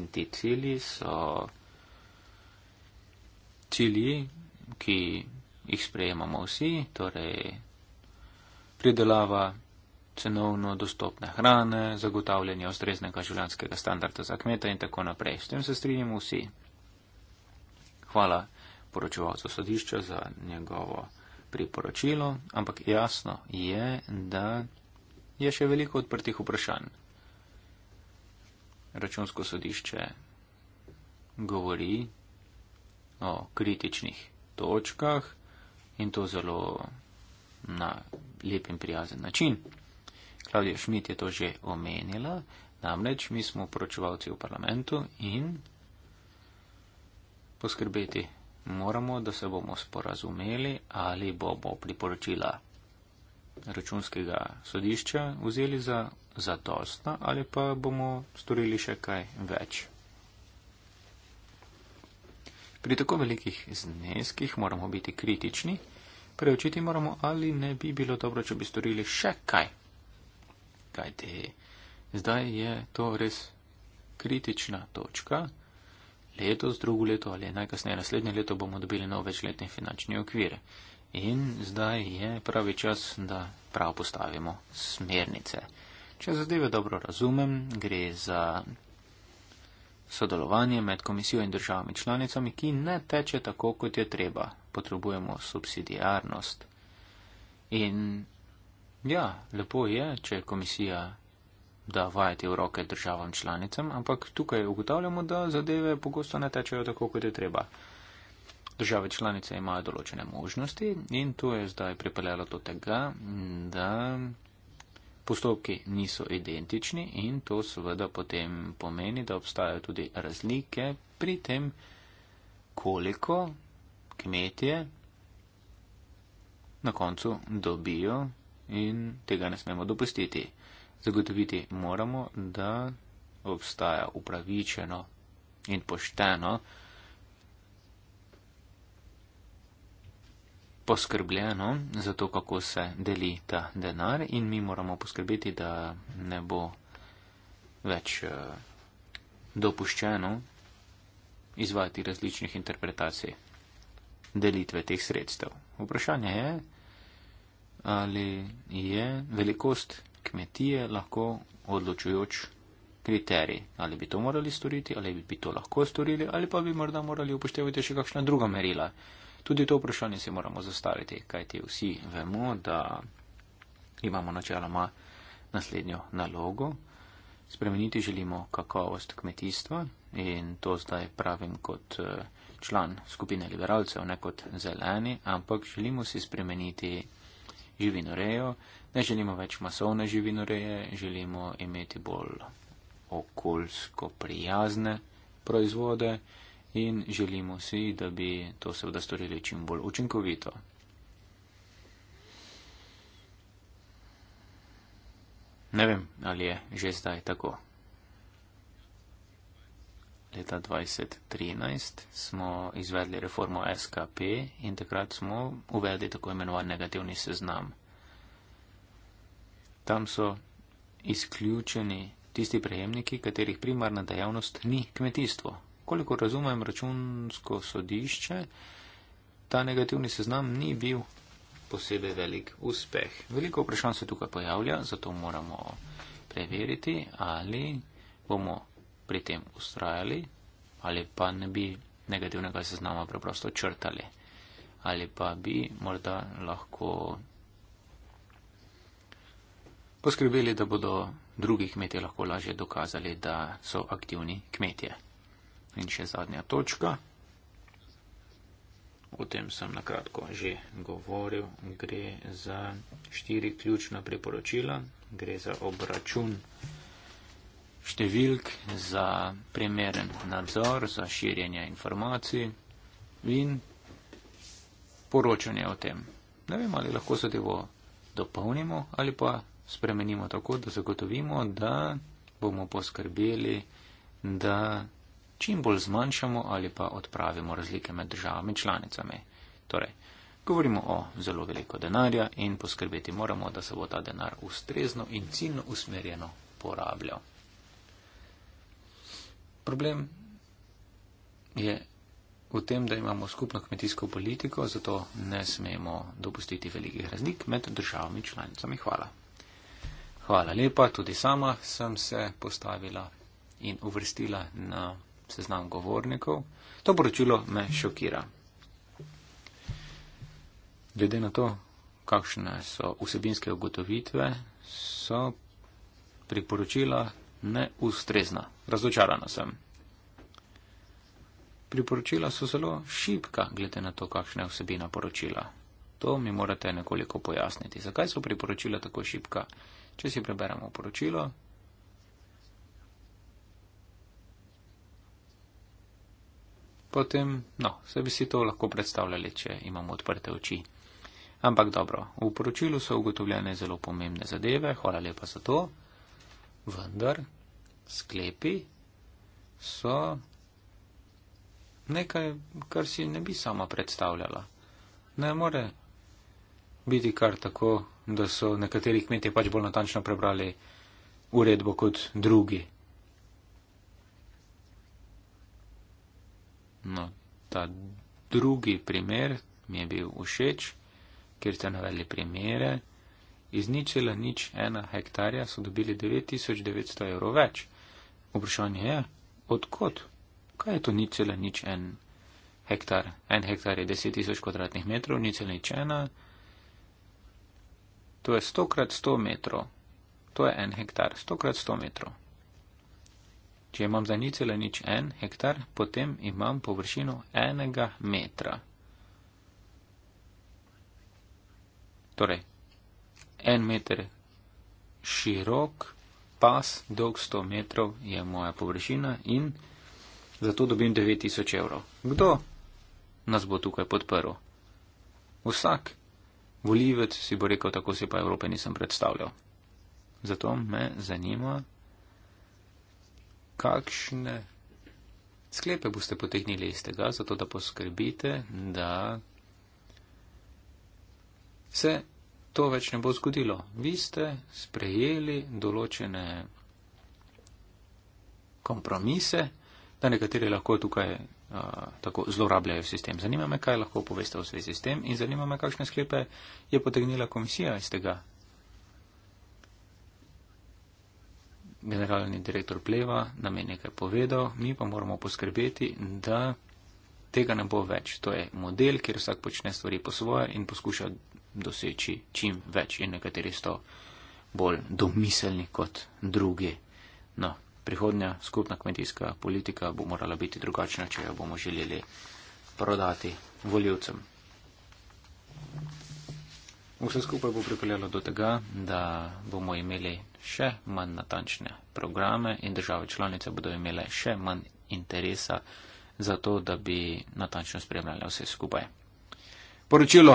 In ti cilji so cilji, ki jih sprejemamo vsi, torej pridelava cenovno dostopne hrane, zagotavljanje ustreznega življanskega standarda za kmeta in tako naprej. S tem se strinjamo vsi. Hvala poročevalcu sodišča za njegovo priporočilo, ampak jasno je, da je še veliko odprtih vprašanj. Računsko sodišče govori o kritičnih točkah in to zelo na lep in prijazen način. Klaudija Šmit je to že omenila, namreč mi smo poročevalci v parlamentu in poskrbeti moramo, da se bomo sporazumeli ali bomo priporočila računskega sodišča vzeli za zadostna ali pa bomo storili še kaj več. Pri tako velikih zneskih moramo biti kritični, preučiti moramo, ali ne bi bilo dobro, če bi storili še kaj. Kaj te? Zdaj je to res kritična točka. Letos, drugo leto ali najkasneje naslednje leto bomo dobili nov večletni finančni okvir. In zdaj je pravi čas, da prav postavimo smernice. Če zadeve dobro razumem, gre za Sodelovanje med komisijo in državami članicami, ki ne teče tako, kot je treba. Potrebujemo subsidijarnost. In ja, lepo je, če komisija da vajeti v roke državam članicam, ampak tukaj ugotavljamo, da zadeve pogosto ne tečejo tako, kot je treba. Države članice imajo določene možnosti in to je zdaj pripeljalo do tega, da postopki niso identični in to seveda potem pomeni, da obstajajo tudi razlike pri tem, koliko kmetje na koncu dobijo in tega ne smemo dopustiti. Zagotoviti moramo, da obstaja upravičeno in pošteno poskrbljeno za to, kako se deli ta denar in mi moramo poskrbeti, da ne bo več eh, dopuščeno izvajati različnih interpretacij delitve teh sredstev. Vprašanje je, ali je velikost kmetije lahko odločujoč kriterij, ali bi to morali storiti, ali bi to lahko storili, ali pa bi morda morali upoštevati še kakšna druga merila. Tudi to vprašanje si moramo zastaviti, kajti vsi vemo, da imamo načeloma naslednjo nalogo. Spremeniti želimo kakovost kmetijstva in to zdaj pravim kot eh, član skupine liberalcev, ne kot zeleni, ampak želimo si spremeniti živinorejo, ne želimo več masovne živinoreje, želimo imeti bolj okoljsko prijazne proizvode in želimo si, da bi to seveda storili čim bolj učinkovito. Ne vem, ali je že zdaj tako. Leta 2013 smo izvedli reformo SKP in takrat smo uvedli tako imenovan negativni seznam. Tam so izključeni tisti prejemniki, katerih primarna dejavnost ni kmetijstvo, koliko razumem računsko sodišče, ta negativni seznam ni bil posebej velik uspeh. Veliko vprašanj se tukaj pojavlja, zato moramo preveriti, ali bomo pri tem ustrajali, ali pa ne bi negativnega seznama preprosto črtali, ali pa bi morda lahko poskrbeli, da bodo drugi kmetje lahko lažje dokazali, da so aktivni kmetje. In še zadnja točka. O tem sem nakratko že govoril. Gre za štiri ključna priporočila. Gre za obračun številk, za primeren nadzor, za širjenje informacij in poročanje o tem. Ne vem, ali lahko zadevo dopolnimo ali pa spremenimo tako, da zagotovimo, da bomo poskrbeli, da čim bolj zmanjšamo ali pa odpravimo razlike med državami članicami. Torej, govorimo o zelo veliko denarja in poskrbeti moramo, da se bo ta denar ustrezno in ciljno usmerjeno porabljal. Problem je v tem, da imamo skupno kmetijsko politiko, zato ne smemo dopustiti velikih razlik med državami članicami. Hvala. Hvala lepa, tudi sama sem se postavila in uvrstila na seznam govornikov. To poročilo me šokira. Glede na to, kakšne so vsebinske ugotovitve, so priporočila neustrezna. Razočarana sem. Priporočila so zelo šipka, glede na to, kakšna je vsebina poročila. To mi morate nekoliko pojasniti. Zakaj so priporočila tako šipka? Če si preberemo poročilo, potem, no, se bi si to lahko predstavljali, če imamo odprte oči. Ampak dobro, v poročilu so ugotovljene zelo pomembne zadeve, hvala lepa za to, vendar sklepi so nekaj, kar si ne bi sama predstavljala. Ne more biti kar tako, da so nekateri kmetje pač bolj natančno prebrali uredbo kot drugi. No, ta drugi primer mi je bil všeč, ker ste navedli primere. Iz ničela nič ena hektarja so dobili 9900 evrov več. Vprašanje je, odkot? Kaj je to ničela nič en hektar? En hektar je 10 tisoč kvadratnih metrov, ničela nič ena. To je 100 krat 100 metrov. To je en hektar, 100 krat 100 metrov. Če imam za nič le nič en hektar, potem imam površino enega metra. Torej, en meter širok pas, dolg 100 metrov je moja površina in zato dobim 9000 evrov. Kdo nas bo tukaj podprl? Vsak volivec si bo rekel, tako si pa Evrope nisem predstavljal. Zato me zanima, kakšne sklepe boste potegnili iz tega, zato da poskrbite, da se to več ne bo zgodilo. Vi ste sprejeli določene kompromise, da nekateri lahko tukaj a, tako zlorabljajo sistem. Zanima me, kaj lahko poveste v svoj sistem in zanima me, kakšne sklepe je potegnila komisija iz tega. generalni direktor Pleva nam je nekaj povedal, mi pa moramo poskrbeti, da tega ne bo več. To je model, kjer vsak počne stvari po svoje in poskuša doseči čim več in nekateri so bolj domiselni kot drugi. No, prihodnja skupna kmetijska politika bo morala biti drugačna, če jo bomo želeli prodati voljivcem. Vse skupaj bo pripeljalo do tega, da bomo imeli še manj natančne programe in države članice bodo imele še manj interesa za to, da bi natančno spremljali vse skupaj. Poročilo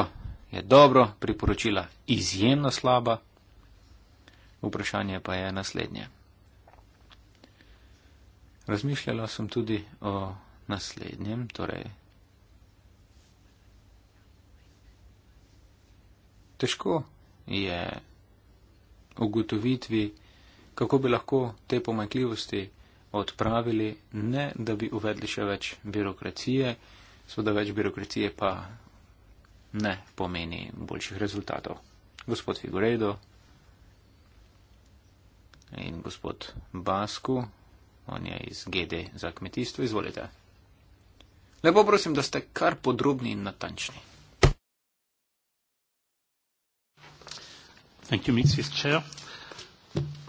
je dobro, priporočila izjemno slaba. Vprašanje pa je naslednje. Razmišljala sem tudi o naslednjem, torej težko je ugotoviti, kako bi lahko te pomankljivosti odpravili, ne da bi uvedli še več birokracije, seveda več birokracije pa ne pomeni boljših rezultatov. Gospod Figuredo in gospod Basku, on je iz GD za kmetijstvo, izvolite. Lepo prosim, da ste kar podrobni in natančni. Thank you, Mrs. Chair.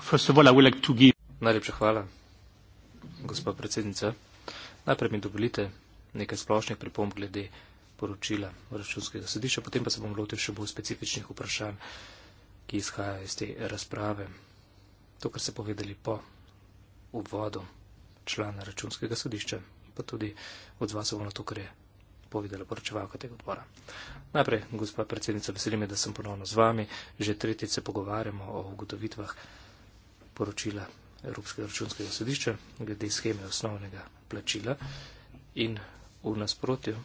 First of all, I would like to give... Najlepša hvala, gospa predsednica. Najprej mi dovolite nekaj splošnih pripomb glede poročila računskega sodišča, potem pa se bom lotil še bolj specifičnih vprašanj, ki izhajajo iz te razprave. To, kar ste povedali po uvodu člana računskega sodišča, pa tudi od vas bom na to, kar je napovedi laboračevalka tega odbora. Najprej, gospa predsednica, veselim me, da sem ponovno z vami. Že tretjič se pogovarjamo o ugotovitvah poročila Evropskega računskega sodišča glede scheme osnovnega plačila in v nasprotju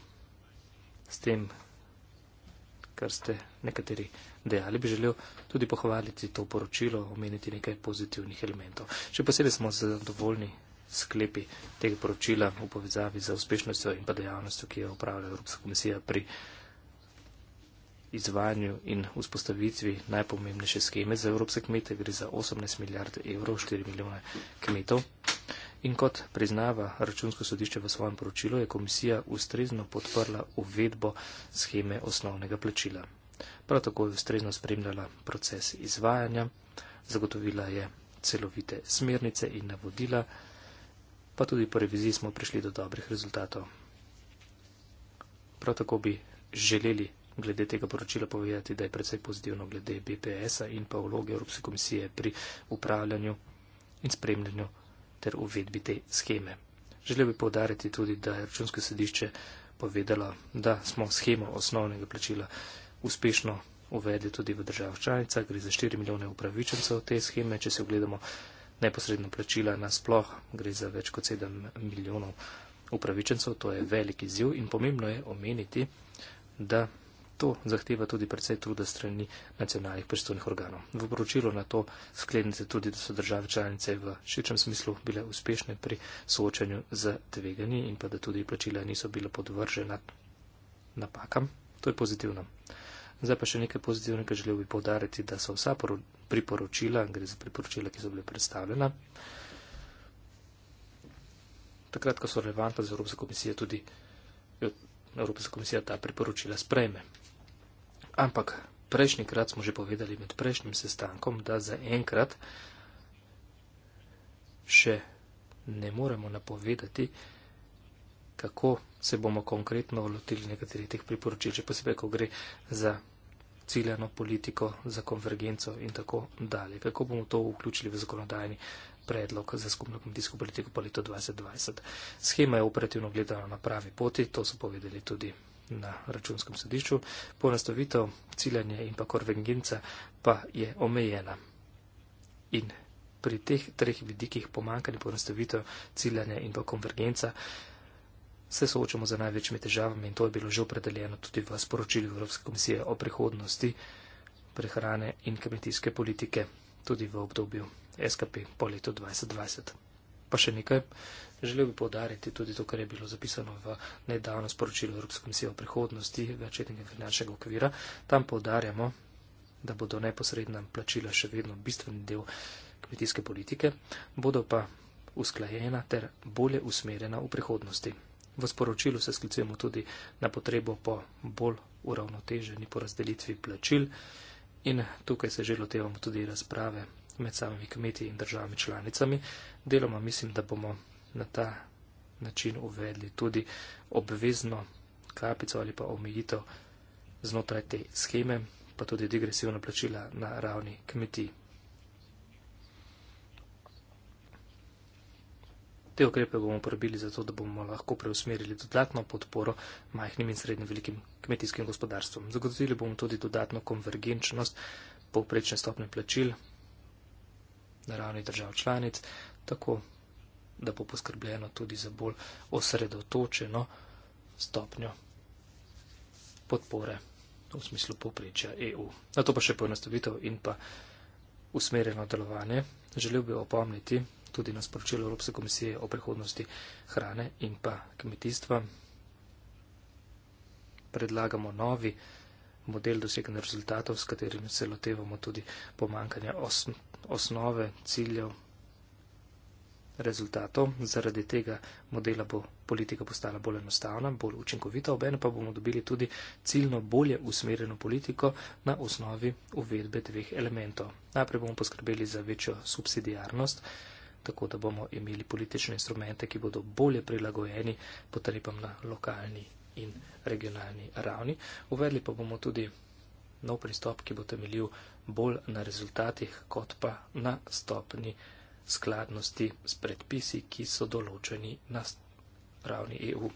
s tem, kar ste nekateri dejali, bi želel tudi pohvaliti to poročilo, omeniti nekaj pozitivnih elementov. Še posebej smo zadovoljni sklepi tega poročila v povezavi z uspešnostjo in pa dejavnostjo, ki jo upravlja Evropska komisija pri izvajanju in vzpostavitvi najpomembnejše skeme za evropske kmete, gre za 18 milijard evrov, 4 milijone kmetov. In kot priznava računsko sodišče v svojem poročilu, je komisija ustrezno podprla uvedbo scheme osnovnega plačila. Prav tako je ustrezno spremljala proces izvajanja, zagotovila je celovite smernice in navodila, pa tudi po reviziji smo prišli do dobrih rezultatov. Prav tako bi želeli glede tega poročila povedati, da je predvsej pozitivno glede BPS-a in pa vloge Evropske komisije pri upravljanju in spremljanju ter uvedbi te scheme. Želel bi povdariti tudi, da je računsko sodišče povedalo, da smo schemo osnovnega plačila uspešno uvedli tudi v državah članica, gre za 4 milijone upravičencev te scheme, če se ogledamo neposredno plačila nasploh, gre za več kot 7 milijonov upravičencev, to je velik izziv in pomembno je omeniti, da to zahteva tudi predvsej truda strani nacionalnih pristojnih organov. V poročilu na to sklenite tudi, da so države članice v širšem smislu bile uspešne pri soočanju z tveganji in pa da tudi plačila niso bila podvržena napakam. To je pozitivno. Zdaj pa še nekaj pozitivnega želel bi povdariti, da so vsa priporočila, gre za priporočila, ki so bile predstavljena. Takrat, ko so relevantna za Evropsko komisijo, tudi Evropska komisija ta priporočila sprejme. Ampak prejšnji krat smo že povedali med prejšnjim sestankom, da za enkrat še ne moremo napovedati, kako se bomo konkretno lotili nekaterih teh priporočil, še posebej, ko gre za ciljeno politiko za konvergenco in tako dalje. Kako bomo to vključili v zakonodajni predlog za skupno kmetijsko politiko po letu 2020? Schema je operativno gledana na pravi poti, to so povedali tudi na računskem sodišču. Ponastavitev ciljanje in pa konvergenca pa je omejena. In pri teh treh vidikih pomankanje ponastavitev ciljanje in pa konvergenca se soočamo z največjimi težavami in to je bilo že opredeljeno tudi v sporočilju Evropske komisije o prihodnosti prehrane in kmetijske politike tudi v obdobju SKP po letu 2020. Pa še nekaj, želel bi podariti tudi to, kar je bilo zapisano v nedavno sporočilo Evropske komisije o prihodnosti večetnega finančnega okvira. Tam podarjamo, da bodo neposredna plačila še vedno bistveni del kmetijske politike, bodo pa usklajena ter bolje usmerjena v prihodnosti. V sporočilu se sklicujemo tudi na potrebo po bolj uravnoteženi porazdelitvi plačil in tukaj se že lotevamo tudi razprave med samimi kmeti in državami članicami. Deloma mislim, da bomo na ta način uvedli tudi obvezno kapico ali pa omejitev znotraj te scheme, pa tudi digresivna plačila na ravni kmetij. Te ukrepe bomo uporabili zato, da bomo lahko preusmerili dodatno podporo majhnim in srednjim velikim kmetijskim gospodarstvom. Zagotovili bomo tudi dodatno konvergenčnost povprečne stopne plačil na ravni držav članic, tako da bo poskrbljeno tudi za bolj osredotočeno stopnjo podpore v smislu povprečja EU. Na to pa še poenostavitev in pa usmerjeno delovanje. Želel bi opomniti, tudi na sporočilo Evropske komisije o prihodnosti hrane in pa kmetijstva. Predlagamo novi model doseganja rezultatov, s katerim se lotevamo tudi pomankanja os osnove ciljev rezultatov. Zaradi tega modela bo politika postala bolj enostavna, bolj učinkovita, obene pa bomo dobili tudi ciljno bolje usmerjeno politiko na osnovi uvedbe dveh elementov. Najprej bomo poskrbeli za večjo subsidijarnost tako da bomo imeli politične instrumente, ki bodo bolje prilagojeni potrebam na lokalni in regionalni ravni. Uvedli pa bomo tudi nov pristop, ki bo temeljil bolj na rezultatih, kot pa na stopni skladnosti s predpisi, ki so določeni na ravni EU.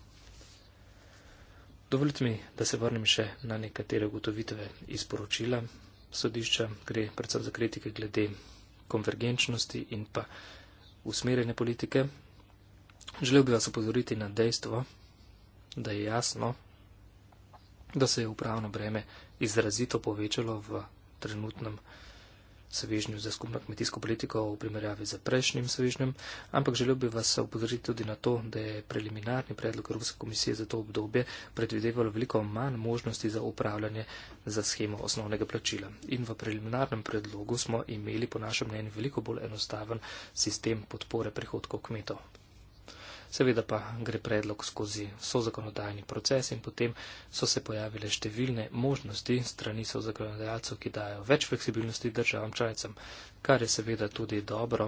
Dovolite mi, da se vrnem še na nekatere ugotovitve iz poročila. Sodišča gre predvsem za kritike glede konvergenčnosti in pa usmerjene politike. Želel bi vas upozoriti na dejstvo, da je jasno, da se je upravno breme izrazito povečalo v trenutnem času svežnju za skupno kmetijsko politiko v primerjavi z prejšnjim svežnjem, ampak želel bi vas upozoriti tudi na to, da je preliminarni predlog Evropske komisije za to obdobje predvidevalo veliko manj možnosti za upravljanje za schemo osnovnega plačila. In v preliminarnem predlogu smo imeli po našem mnenju veliko bolj enostaven sistem podpore prihodkov kmetov. Seveda pa gre predlog skozi so zakonodajni proces in potem so se pojavile številne možnosti strani so zakonodajalcev, ki dajo več fleksibilnosti državam članicam, kar je seveda tudi dobro,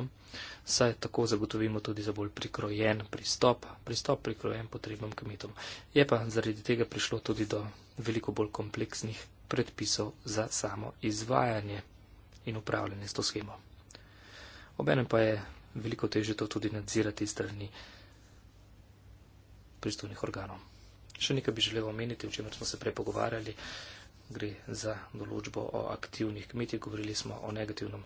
saj tako zagotovimo tudi za bolj prikrojen pristop, pristop prikrojen potrebam kmetom. Je pa zaradi tega prišlo tudi do veliko bolj kompleksnih predpisov za samo izvajanje in upravljanje s to schemo. Obenem pa je veliko teže to tudi nadzirati strani pristojnih organov. Še nekaj bi želel omeniti, o čemer smo se prej pogovarjali, gre za določbo o aktivnih kmetih, govorili smo o negativnem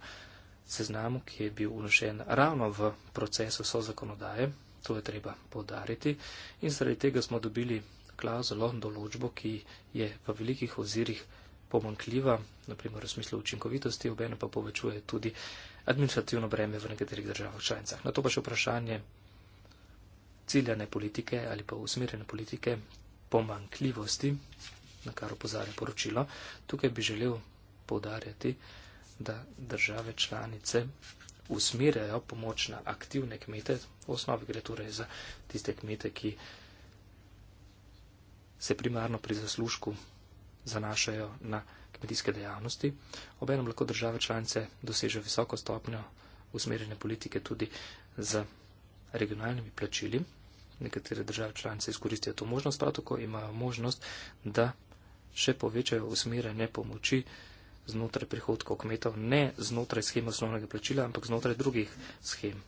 seznamu, ki je bil unošen ravno v procesu so zakonodaje, to je treba podariti in zaradi tega smo dobili klauzulo določbo, ki je v velikih ozirih pomankljiva, naprimer v smislu učinkovitosti, obene pa povečuje tudi administrativno breme v nekaterih državah članicah. Na to pa še vprašanje ciljane politike ali pa usmerjene politike pomankljivosti, na kar opozarja poročilo. Tukaj bi želel povdarjati, da države članice usmerjajo pomoč na aktivne kmete. V osnovi gre torej za tiste kmete, ki se primarno pri zaslužku zanašajo na kmetijske dejavnosti. Obenem lahko države članice dosežejo visoko stopnjo usmerjene politike tudi z regionalnimi plačili, nekatere države članice izkoristijo to možnost, prav tako imajo možnost, da še povečajo usmerjanje pomoči znotraj prihodkov kmetov, ne znotraj scheme osnovnega plačila, ampak znotraj drugih schem.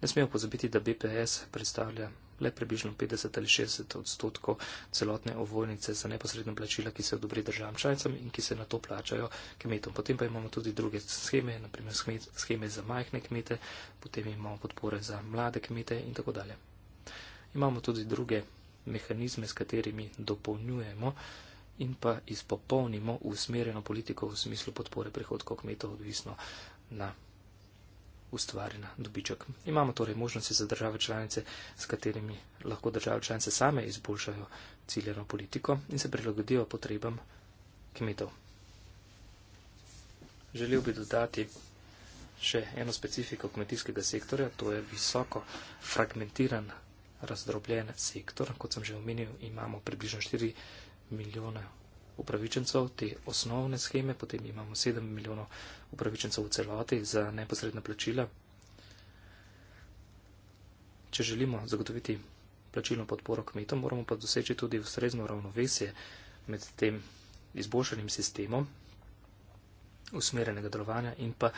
Ne smemo pozabiti, da BPS predstavlja le približno 50 ali 60 odstotkov celotne ovojnice za neposredno plačila, ki se odobri državam članicam in ki se na to plačajo kmetom. Potem pa imamo tudi druge scheme, naprimer scheme za majhne kmete, potem imamo podpore za mlade kmete in tako dalje. Imamo tudi druge mehanizme, s katerimi dopolnjujemo in pa izpopolnimo usmerjeno politiko v smislu podpore prihodkov kmetov, odvisno na ustvarjena dobiček. Imamo torej možnosti za države članice, s katerimi lahko države članice same izboljšajo ciljeno politiko in se prilagodijo potrebam kmetov. Želel bi dodati še eno specifiko kmetijskega sektorja, to je visoko fragmentiran razdrobljen sektor. Kot sem že omenil, imamo približno 4 milijone upravičencev te osnovne scheme, potem imamo 7 milijonov upravičencev v celoti za neposredna plačila. Če želimo zagotoviti plačilno podporo kmetom, moramo pa doseči tudi ustrezno ravnovesje med tem izboljšanim sistemom usmerjenega delovanja in pa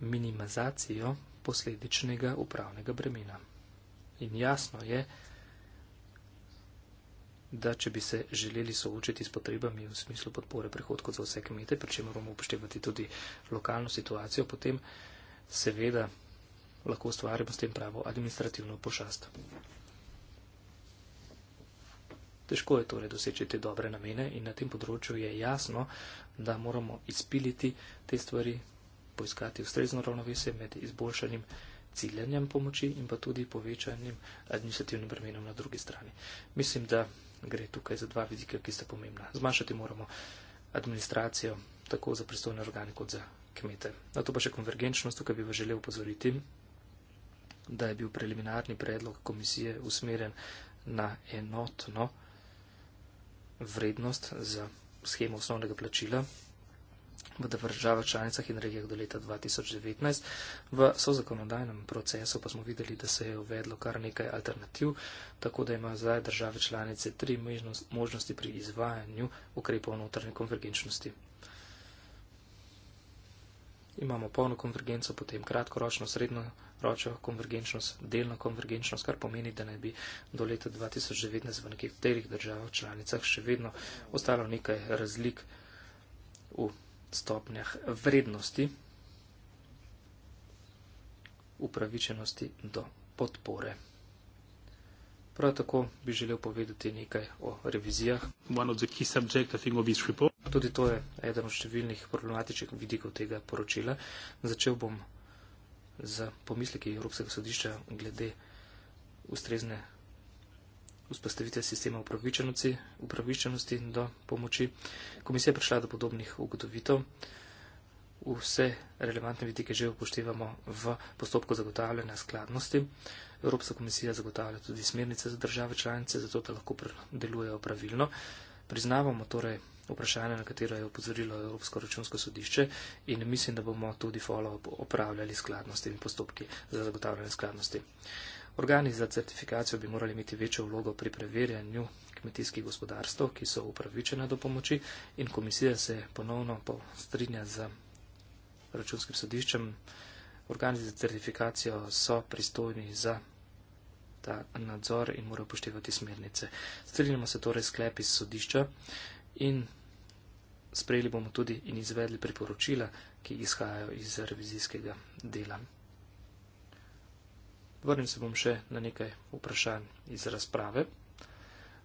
minimizacijo posledičnega upravnega bremena. In jasno je, da če bi se želeli soočiti s potrebami v smislu podpore prihodkov za vse kmete, pri čemer moramo upoštevati tudi lokalno situacijo, potem seveda lahko ustvarjamo s tem pravo administrativno pošast. Težko je torej doseči te dobre namene in na tem področju je jasno, da moramo izpiliti te stvari, poiskati ustrezno ravnovesje med izboljšanjem ciljanjem pomoči in pa tudi povečanjem administrativnim bremenom na drugi strani. Mislim, da gre tukaj za dva vidika, ki sta pomembna. Zmanjšati moramo administracijo tako za pristojne organe kot za kmete. Na to pa še konvergenčnost, tukaj bi vas želel upozoriti, da je bil preliminarni predlog komisije usmerjen na enotno vrednost za schemo osnovnega plačila, v državah članicah in regijah do leta 2019. V sozakonodajnem procesu pa smo videli, da se je uvedlo kar nekaj alternativ, tako da ima zdaj države članice tri možnosti pri izvajanju ukrepov notranje konvergenčnosti. Imamo polno konvergenco, potem kratkoročno, srednjoročno konvergenčnost, delno konvergenčnost, kar pomeni, da naj bi do leta 2019 v nekaterih državah članicah še vedno ostalo nekaj razlik v stopnjah vrednosti upravičenosti do podpore. Prav tako bi želel povedati nekaj o revizijah. Tudi to je eden od številnih problematičnih vidikov tega poročila. Začel bom z pomisleki Evropskega sodišča glede ustrezne vzpostavitve sistema upravičenosti, upravičenosti do pomoči. Komisija je prišla do podobnih ugotovitev. Vse relevantne vidike že upoštevamo v postopku zagotavljanja skladnosti. Evropska komisija zagotavlja tudi smernice za države članice, zato da lahko delujejo pravilno. Priznavamo torej vprašanje, na katero je upozorilo Evropsko računsko sodišče in mislim, da bomo tudi follow-up opravljali skladnosti in postopki za zagotavljanje skladnosti. Organi za certifikacijo bi morali imeti večjo vlogo pri preverjanju kmetijskih gospodarstv, ki so upravičena do pomoči in komisija se ponovno postrinja z računskim sodiščem. Organi za certifikacijo so pristojni za ta nadzor in morajo upoštevati smernice. Strinjamo se torej sklep iz sodišča in sprejeli bomo tudi in izvedli priporočila, ki izhajajo iz revizijskega dela. Vrnil se bom še na nekaj vprašanj iz razprave.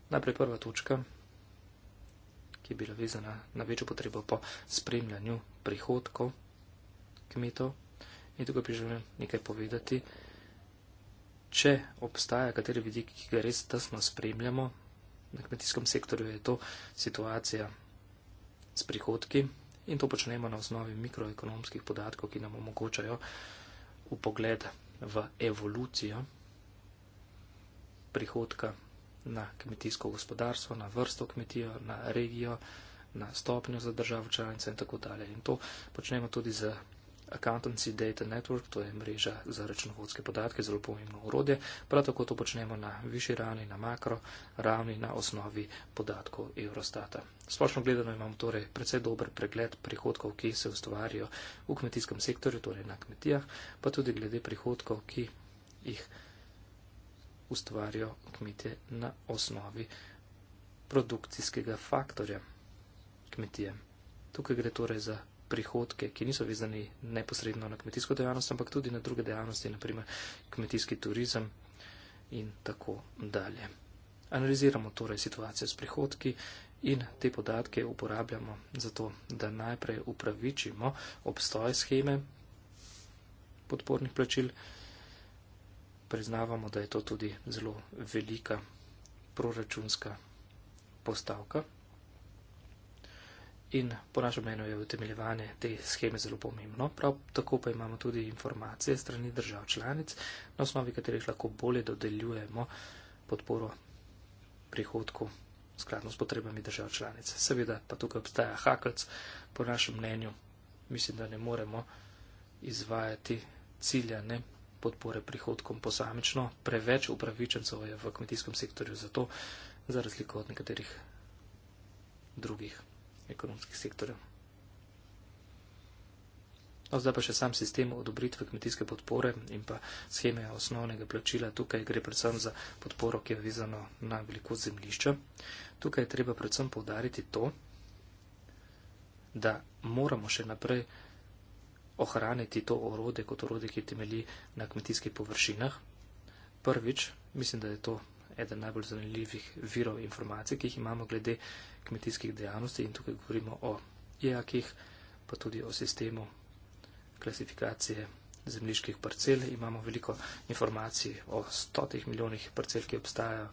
Najprej prva točka, ki je bila vezana na večjo potrebo po spremljanju prihodkov kmetov. In tukaj bi želel nekaj povedati. Če obstaja kateri vidik, ki ga res tesno spremljamo, na kmetijskem sektorju je to situacija s prihodki in to počnemo na osnovi mikroekonomskih podatkov, ki nam omogočajo upogled v evolucijo prihodka na kmetijsko gospodarstvo, na vrsto kmetijo, na regijo, na stopnjo za državo članice in tako dalje. In to počnemo tudi z Accountancy Data Network, to je mreža za računovodske podatke, zelo pomembno urodje. Prav tako to počnemo na višji ravni, na makro ravni, na osnovi podatkov Eurostata. Splošno gledano imamo torej predvsej dober pregled prihodkov, ki se ustvarjajo v kmetijskem sektorju, torej na kmetijah, pa tudi glede prihodkov, ki jih ustvarjajo kmetije na osnovi produkcijskega faktorja kmetije. Tukaj gre torej za prihodke, ki niso vezani neposredno na kmetijsko dejavnost, ampak tudi na druge dejavnosti, naprimer kmetijski turizem in tako dalje. Analiziramo torej situacijo s prihodki in te podatke uporabljamo zato, da najprej upravičimo obstoj scheme podpornih plačil. Priznavamo, da je to tudi zelo velika proračunska postavka. In po našem menu je utemeljevanje te scheme zelo pomembno, prav tako pa imamo tudi informacije strani držav članic, na osnovi katerih lahko bolje dodeljujemo podporo prihodku skladno s potrebami držav članic. Seveda pa tukaj obstaja hakec, po našem mnenju mislim, da ne moremo izvajati ciljane podpore prihodkom posamično. Preveč upravičencov je v kmetijskem sektorju za to, za razliko od nekaterih drugih ekonomskih sektorjev. No, zdaj pa še sam sistem odobritve kmetijske podpore in pa scheme osnovnega plačila. Tukaj gre predvsem za podporo, ki je vezano na veliko zemljišča. Tukaj je treba predvsem povdariti to, da moramo še naprej ohraniti to orode kot orode, ki temelji na kmetijskih površinah. Prvič, mislim, da je to eden najbolj zanimljivih virov informacij, ki jih imamo glede kmetijskih dejavnosti in tukaj govorimo o jakih, pa tudi o sistemu klasifikacije zemljiških parcel. Imamo veliko informacij o stotih milijonih parcel, ki obstajajo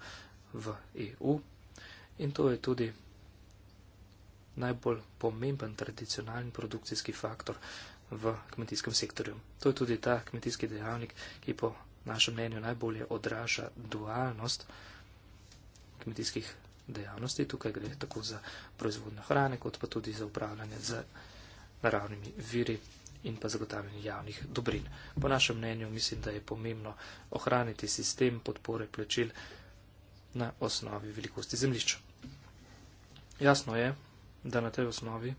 v EU in to je tudi najbolj pomemben tradicionalni produkcijski faktor v kmetijskem sektorju. To je tudi ta kmetijski dejavnik, ki po našem mnenju najbolje odraža dualnost kmetijskih dejavnosti. Tukaj gre tako za proizvodno hrane, kot pa tudi za upravljanje z naravnimi viri in pa zagotavljanje javnih dobrin. Po našem mnenju mislim, da je pomembno ohraniti sistem podpore plačil na osnovi velikosti zemljišča. Jasno je, da na tej osnovi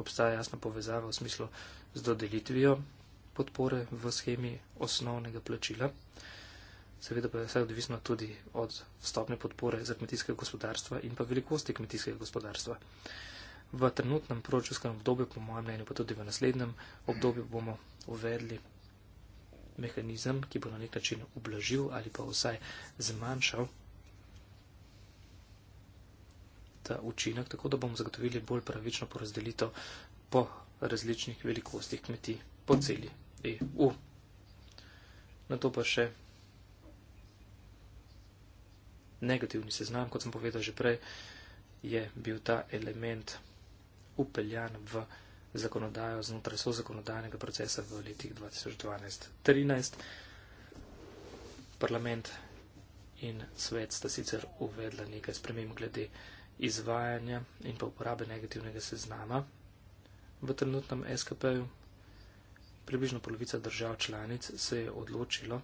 obstaja jasna povezava v smislu z dodelitvijo podpore v schemi osnovnega plačila. Seveda pa je vse odvisno tudi od stopne podpore za kmetijske gospodarstva in pa velikosti kmetijskega gospodarstva. V trenutnem proračunskem obdobju, po mojem mnenju, pa tudi v naslednjem obdobju bomo uvedli mehanizem, ki bo na nek način ublažil ali pa vsaj zmanjšal ta učinek, tako da bomo zagotovili bolj pravično porazdelitev po različnih velikostih kmetij po celi EU. Na to pa še negativni seznam, kot sem povedal že prej, je bil ta element upeljan v zakonodajo znotraj so zakonodajnega procesa v letih 2012-2013. Parlament in svet sta sicer uvedla nekaj sprememb glede izvajanja in pa uporabe negativnega seznama v trenutnem SKP-ju. Približno polovica držav članic se je odločilo,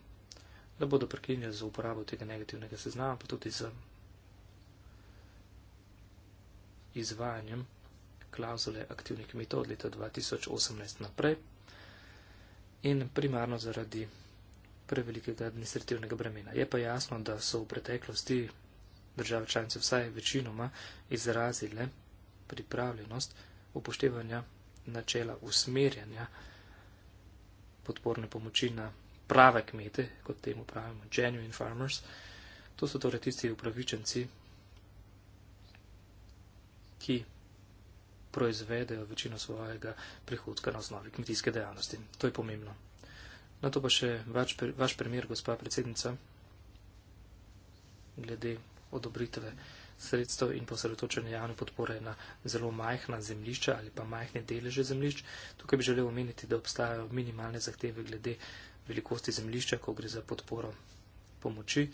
da bodo prekinjali za uporabo tega negativnega seznama, pa tudi z izvajanjem klauzule aktivnih metod leta 2018 naprej in primarno zaradi prevelikega administrativnega bremena. Je pa jasno, da so v preteklosti države članice vsaj večinoma izrazile pripravljenost upoštevanja načela usmerjanja podporne pomoči na prave kmete, kot temu pravimo, genuine farmers, to so torej tisti upravičenci, ki proizvedejo večino svojega prihodka na osnovi kmetijske dejavnosti. To je pomembno. Na to pa še vaš, vaš primer, gospa predsednica, glede odobritve sredstev in posredotočene javne podpore na zelo majhna zemlišča ali pa majhne deleže zemlišč. Tukaj bi želel omeniti, da obstajajo minimalne zahteve glede uh, velikosti zemljišča, ko gre za podporo pomoči.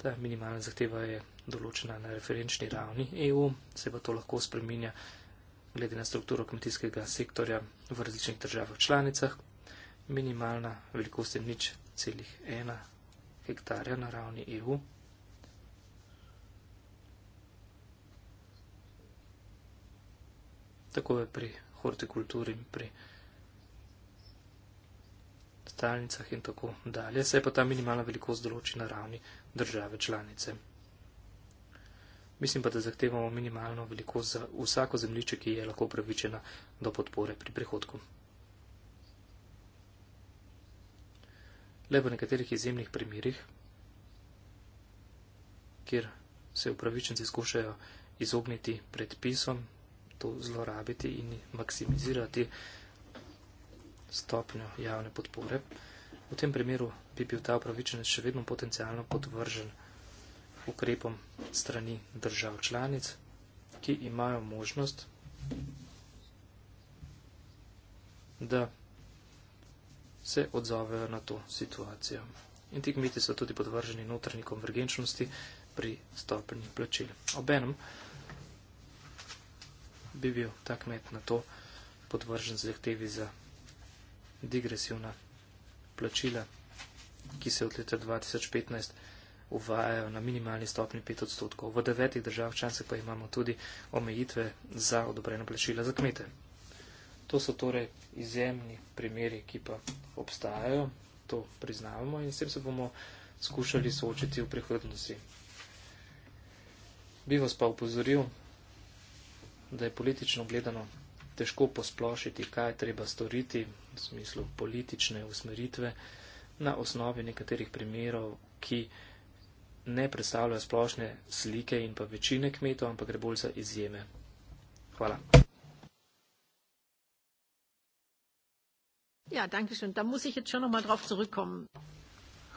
Ta minimalna zahteva je določena na referenčni ravni EU, se pa to lahko spreminja glede na strukturo kmetijskega sektorja v različnih državah članicah. Minimalna velikost je nič celih ena hektarja na ravni EU. Tako je pri hortikulturi in pri detaljnicah in tako dalje, se je pa ta minimalna velikost določi na ravni države članice. Mislim pa, da zahtevamo minimalno velikost za vsako zemljišče, ki je lahko upravičena do podpore pri prihodku. Le v nekaterih izjemnih primerjih, kjer se upravičenci skušajo izogniti predpisom, to zlorabiti in maksimizirati stopnjo javne podpore. V tem primeru bi bil ta upravičenec še vedno potencijalno podvržen ukrepom strani držav članic, ki imajo možnost, da se odzovejo na to situacijo. In ti kmeti so tudi podvrženi notrni konvergenčnosti pri stopnji plačil. Obenem bi bil ta kmet na to podvržen zahtevi za digresivna plačila, ki se od leta 2015 uvajajo na minimalni stopni 5 odstotkov. V devetih državah članice pa imamo tudi omejitve za odobreno plačila za kmete. To so torej izjemni primeri, ki pa obstajajo, to priznavamo in s tem se bomo skušali soočiti v prihodnosti. Bi vas pa upozoril, da je politično gledano težko posplošiti, kaj je treba storiti v smislu politične usmeritve na osnovi nekaterih primerov, ki ne predstavljajo splošne slike in pa večine kmetov, ampak gre bolj za izjeme. Hvala. Ja, danke schön. Da muss ich jetzt schon nochmal drauf zurückkommen.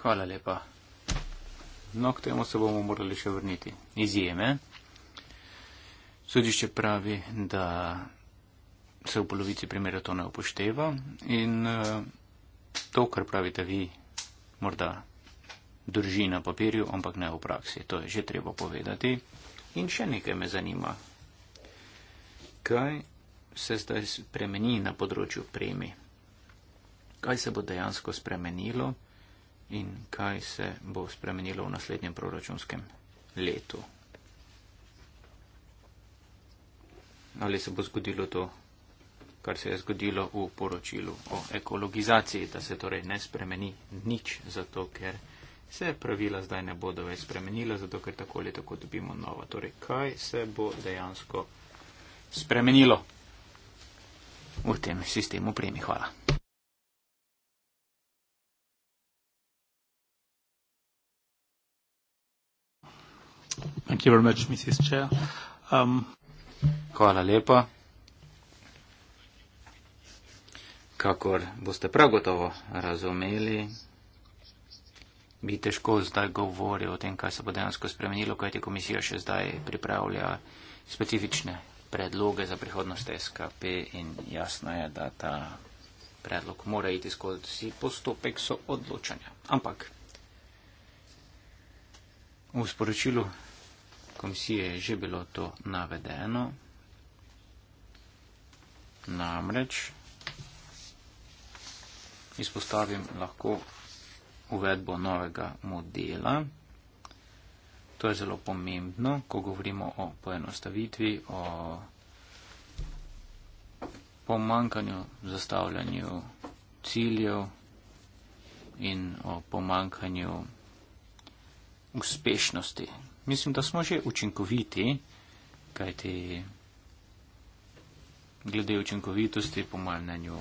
Hvala lepa. No, k temu se bomo morali še vrniti. Izjeme. Sodišče pravi, da se v polovici primera to ne upošteva in eh, to, kar pravite vi, morda drži na papirju, ampak ne v praksi. To je že treba povedati. In še nekaj me zanima. Kaj se zdaj spremeni na področju premi? Kaj se bo dejansko spremenilo in kaj se bo spremenilo v naslednjem proračunskem letu? Ali se bo zgodilo to kar se je zgodilo v poročilu o ekologizaciji, da se torej ne spremeni nič, zato ker se pravila zdaj ne bodo več spremenila, zato ker tako ali tako dobimo nova. Torej, kaj se bo dejansko spremenilo v tem sistemu premi? Hvala. Um, Hvala lepa. kakor boste prav gotovo razumeli, bi težko zdaj govoril o tem, kaj se bo dejansko spremenilo, kajti komisija še zdaj pripravlja specifične predloge za prihodnost SKP in jasno je, da ta predlog mora iti skozi postopek so odločanja. Ampak v sporočilu komisije je že bilo to navedeno. Namreč izpostavim lahko uvedbo novega modela. To je zelo pomembno, ko govorimo o poenostavitvi, o pomankanju zastavljanju ciljev in o pomankanju uspešnosti. Mislim, da smo že učinkoviti, kajti glede učinkovitosti, po mojem mnenju,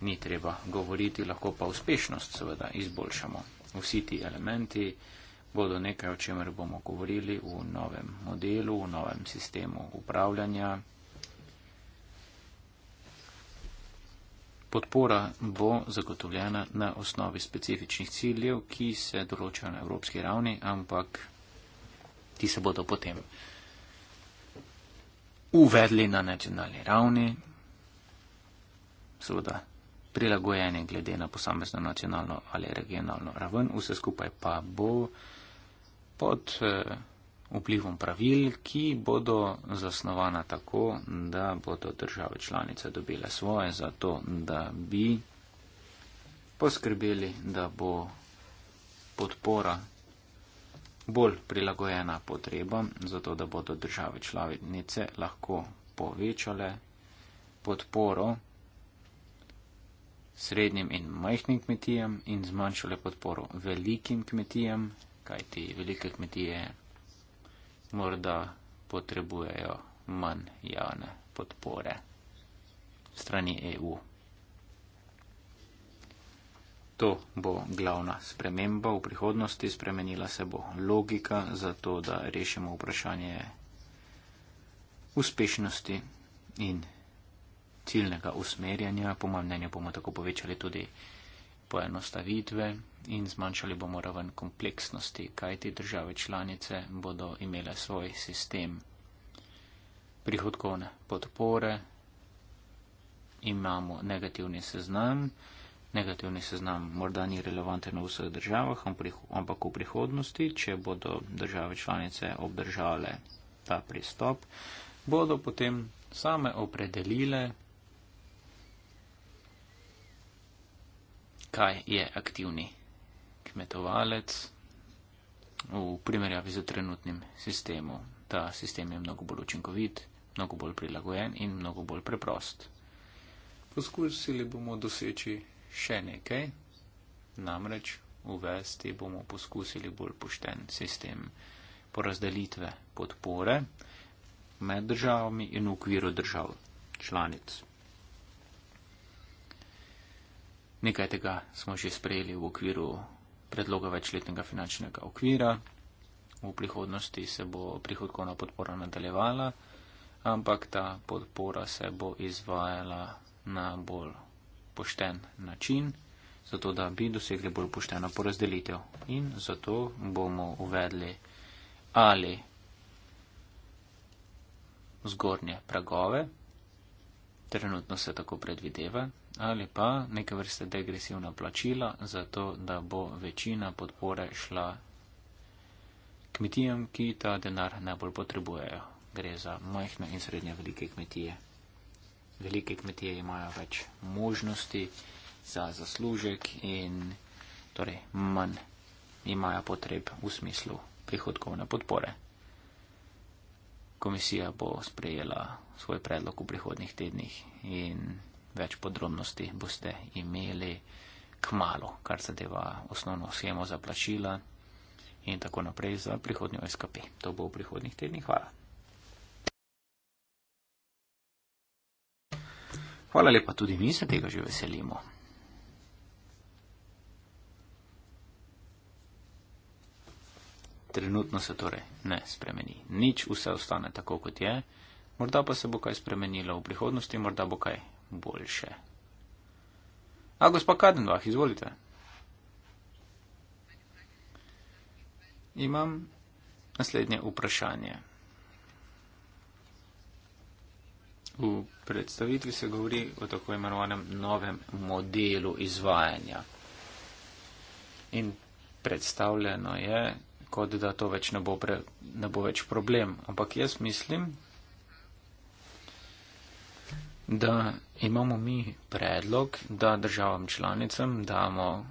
ni treba govoriti, lahko pa uspešnost seveda izboljšamo. Vsi ti elementi bodo nekaj, o čemer bomo govorili v novem modelu, v novem sistemu upravljanja. Podpora bo zagotovljena na osnovi specifičnih ciljev, ki se določajo na evropski ravni, ampak ti se bodo potem uvedli na nacionalni ravni. Seveda prilagojene glede na posamezno nacionalno ali regionalno raven, vse skupaj pa bo pod eh, vplivom pravil, ki bodo zasnovana tako, da bodo države članice dobile svoje, zato da bi poskrbeli, da bo podpora bolj prilagojena potrebam, zato da bodo države članice lahko povečale podporo srednjim in majhnim kmetijam in zmanjšale podporo velikim kmetijam, kajti velike kmetije morda potrebujejo manj javne podpore strani EU. To bo glavna sprememba v prihodnosti, spremenila se bo logika za to, da rešimo vprašanje uspešnosti in ciljnega usmerjanja, po mojem mnenju bomo tako povečali tudi poenostavitve in zmanjšali bomo raven kompleksnosti, kajti države članice bodo imele svoj sistem prihodkovne podpore. Imamo negativni seznam. Negativni seznam morda ni relevanten v vseh državah, ampak v prihodnosti, če bodo države članice obdržale ta pristop, bodo potem same opredelile kaj je aktivni kmetovalec v primerjavi z trenutnim sistemom. Ta sistem je mnogo bolj učinkovit, mnogo bolj prilagojen in mnogo bolj preprost. Poskusili bomo doseči še nekaj, namreč uvesti bomo poskusili bolj pošten sistem porazdelitve podpore med državami in v okviru držav članic. Nekaj tega smo že sprejeli v okviru predloga večletnega finančnega okvira. V prihodnosti se bo prihodkovna podpora nadaljevala, ampak ta podpora se bo izvajala na bolj pošten način, zato da bi dosegli bolj pošteno porazdelitev. In zato bomo uvedli ali zgornje pragove, trenutno se tako predvideva, ali pa neke vrste degresivna plačila, zato da bo večina podpore šla kmetijam, ki ta denar najbolj potrebujejo. Gre za majhne in srednje velike kmetije. Velike kmetije imajo več možnosti za zaslužek in torej manj imajo potreb v smislu prihodkovne podpore. Komisija bo sprejela svoj predlog v prihodnih tednih in več podrobnosti boste imeli k malu, kar zadeva osnovno schemo za plačila in tako naprej za prihodnjo SKP. To bo v prihodnjih tednih. Hvala. Hvala lepa, tudi mi se tega že veselimo. Trenutno se torej ne spremeni. Nič, vse ostane tako, kot je. Morda pa se bo kaj spremenilo v prihodnosti, morda bo kaj boljše. A gospa Kadendvah, izvolite. Imam naslednje vprašanje. V predstavitvi se govori o tako imenovanem novem modelu izvajanja. In predstavljeno je, kot da to več ne bo, pre, ne bo več problem. Ampak jaz mislim, da imamo mi predlog, da državam članicam damo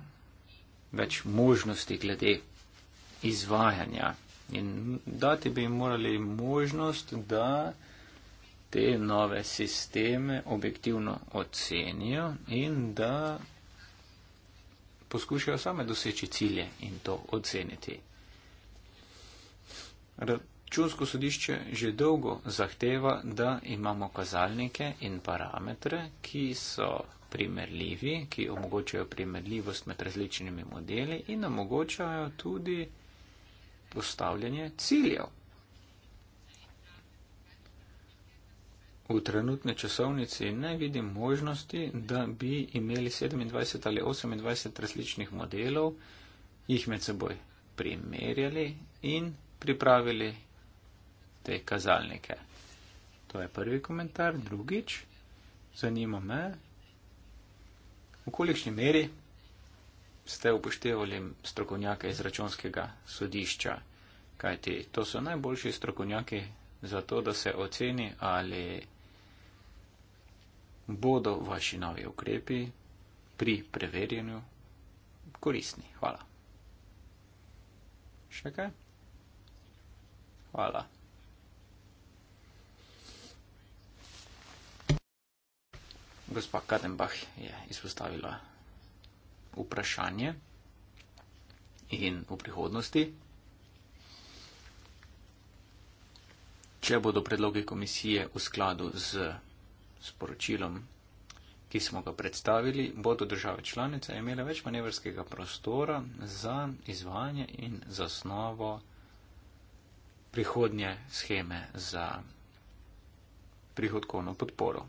več možnosti glede izvajanja in dati bi jim morali možnost, da te nove sisteme objektivno ocenijo in da poskušajo same doseči cilje in to oceniti. Računsko sodišče že dolgo zahteva, da imamo kazalnike in parametre, ki so primerljivi, ki omogočajo primerljivost med različnimi modeli in omogočajo tudi postavljanje ciljev. V trenutni časovnici ne vidim možnosti, da bi imeli 27 ali 28 različnih modelov, jih med seboj primerjali in pripravili te kazalnike. To je prvi komentar. Drugič, zanima me, v kolikšni meri ste upoštevali strokovnjake iz računskega sodišča, kajti to so najboljši strokovnjaki za to, da se oceni, ali bodo vaši novi ukrepi pri preverjanju koristni. Hvala. Še kaj? Hvala. gospa Kadenbach je izpostavila vprašanje in v prihodnosti. Če bodo predloge komisije v skladu z sporočilom, ki smo ga predstavili, bodo države članice imele več manevrskega prostora za izvajanje in zasnovo prihodnje scheme za prihodkovno podporo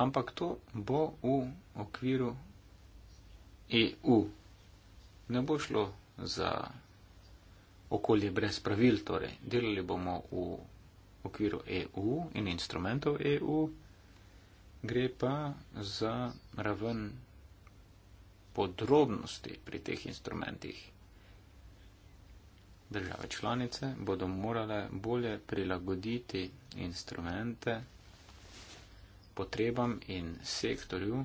ampak to bo v okviru EU. Ne bo šlo za okolje brez pravil, torej delali bomo v okviru EU in instrumentov EU, gre pa za raven podrobnosti pri teh instrumentih. Države članice bodo morale bolje prilagoditi instrumente potrebam in sektorju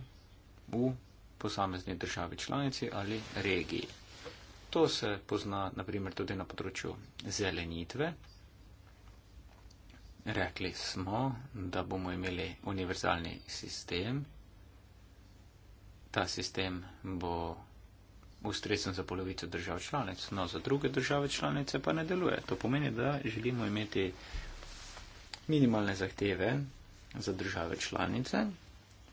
v posamezni državi članici ali regiji. To se pozna naprimer tudi na področju zelenitve. Rekli smo, da bomo imeli univerzalni sistem. Ta sistem bo ustrezen za polovico držav članic, no za druge države članice pa ne deluje. To pomeni, da želimo imeti minimalne zahteve za države članice.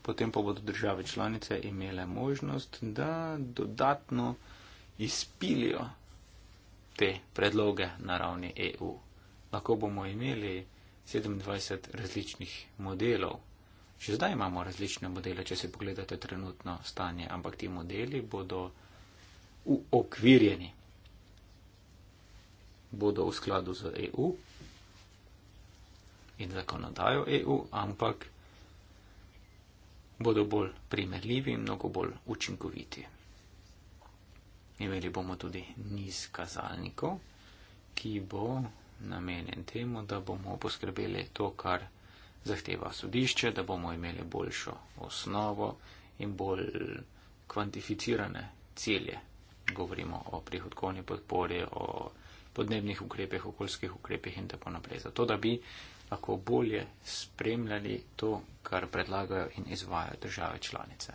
Potem pa bodo države članice imele možnost, da dodatno izpilijo te predloge na ravni EU. Lahko bomo imeli 27 različnih modelov. Že zdaj imamo različne modele, če si pogledate trenutno stanje, ampak ti modeli bodo uokvirjeni. Bodo v skladu z EU, in zakonodajo EU, ampak bodo bolj primerljivi in mnogo bolj učinkoviti. Imeli bomo tudi niz kazalnikov, ki bo namenjen temu, da bomo poskrbeli to, kar zahteva sodišče, da bomo imeli boljšo osnovo in bolj kvantificirane cilje. Govorimo o prihodkovni podpori, o podnebnih ukrepih, okoljskih ukrepih in tako naprej. Zato, da bi lahko bolje spremljali to, kar predlagajo in izvajo države članice.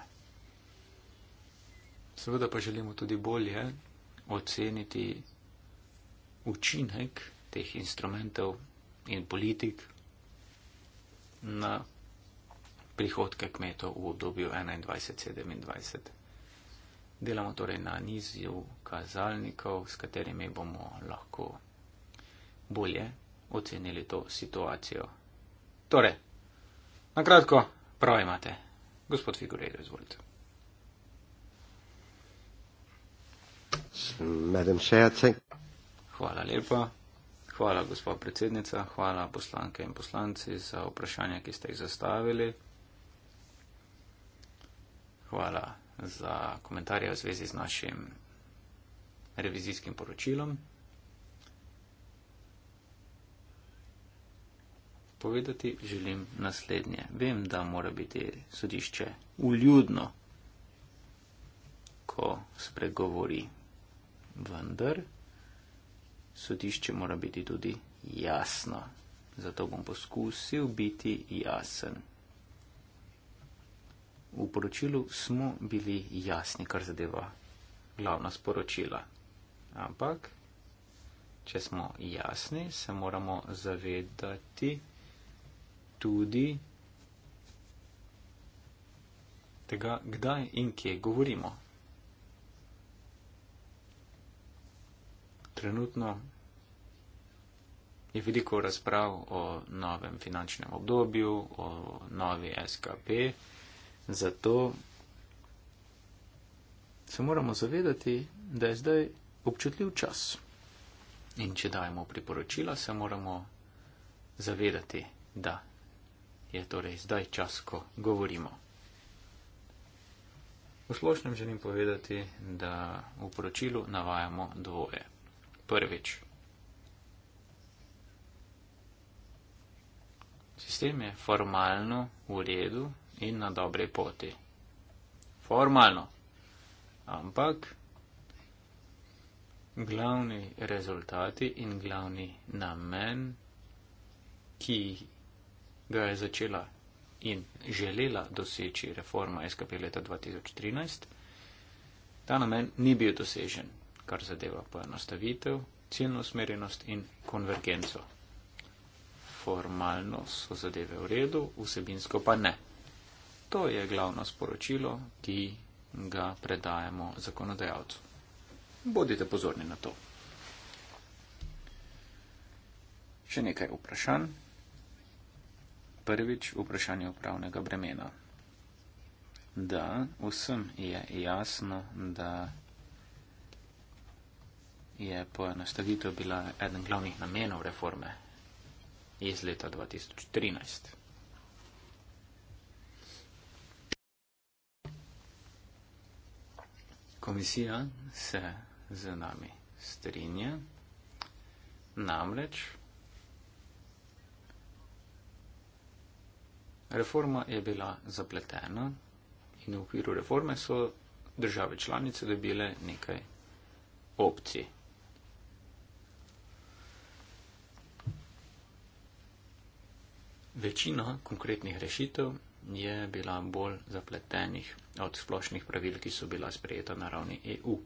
Seveda pa želimo tudi bolje oceniti učinek teh instrumentov in politik na prihodke kmetov v obdobju 21-27. Delamo torej na nizju kazalnikov, s katerimi bomo lahko bolje ocenili to situacijo. Torej, na kratko, prav imate. Gospod Figurejo, izvolite. Hvala lepa. Hvala, gospod predsednica. Hvala poslanke in poslanci za vprašanja, ki ste jih zastavili. Hvala za komentarje v zvezi z našim revizijskim poročilom. povedati želim naslednje. Vem, da mora biti sodišče uljudno, ko spregovori, vendar sodišče mora biti tudi jasno. Zato bom poskusil biti jasen. V poročilu smo bili jasni, kar zadeva glavna sporočila. Ampak, če smo jasni, se moramo zavedati, tudi tega, kdaj in kje govorimo. Trenutno je veliko razprav o novem finančnem obdobju, o novi SKP, zato se moramo zavedati, da je zdaj občutljiv čas. In če dajemo priporočila, se moramo zavedati, da je torej zdaj čas, ko govorimo. V splošnem želim povedati, da v poročilu navajamo dvoje. Prvič. Sistem je formalno v redu in na dobre poti. Formalno. Ampak glavni rezultati in glavni namen, ki ga je začela in želela doseči reforma SKP leta 2013, ta namen ni bil dosežen, kar zadeva poenostavitev, ciljno usmerjenost in konvergenco. Formalno so zadeve v redu, vsebinsko pa ne. To je glavno sporočilo, ki ga predajemo zakonodajalcu. Bodite pozorni na to. Še nekaj vprašanj prvič vprašanje upravnega bremena. Da, vsem je jasno, da je poenostavitev bila eden glavnih namenov reforme iz leta 2013. Komisija se z nami strinja, namreč Reforma je bila zapletena in v okviru reforme so države članice dobile nekaj opcij. Večina konkretnih rešitev je bila bolj zapletenih od splošnih pravil, ki so bila sprejeta na ravni EU.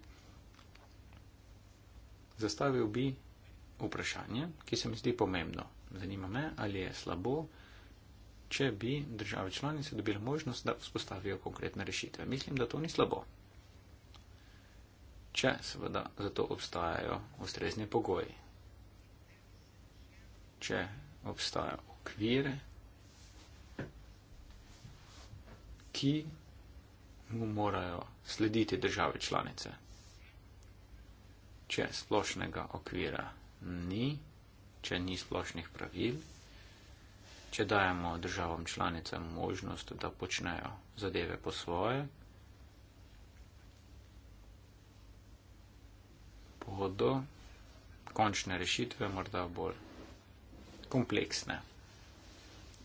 Zastavil bi vprašanje, ki se mi zdi pomembno. Zanima me, ali je slabo, če bi države članice dobile možnost, da vzpostavijo konkretne rešitve. Mislim, da to ni slabo. Če seveda za to obstajajo ustrezni pogoji. Če obstaja okvir, ki mu morajo slediti države članice. Če splošnega okvira ni, če ni splošnih pravil, če dajemo državam članicam možnost, da počnejo zadeve po svoje, bodo končne rešitve morda bolj kompleksne,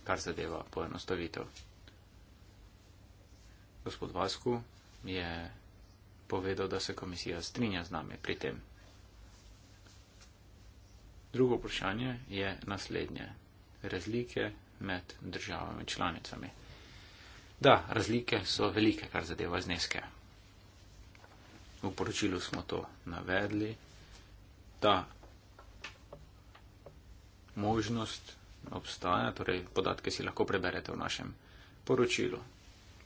kar zadeva poenostavitev. Gospod Vasku je povedal, da se komisija strinja z nami pri tem. Drugo vprašanje je naslednje razlike med državami članicami. Da, razlike so velike, kar zadeva zneske. V poročilu smo to navedli, da možnost obstaja, torej podatke si lahko preberete v našem poročilu.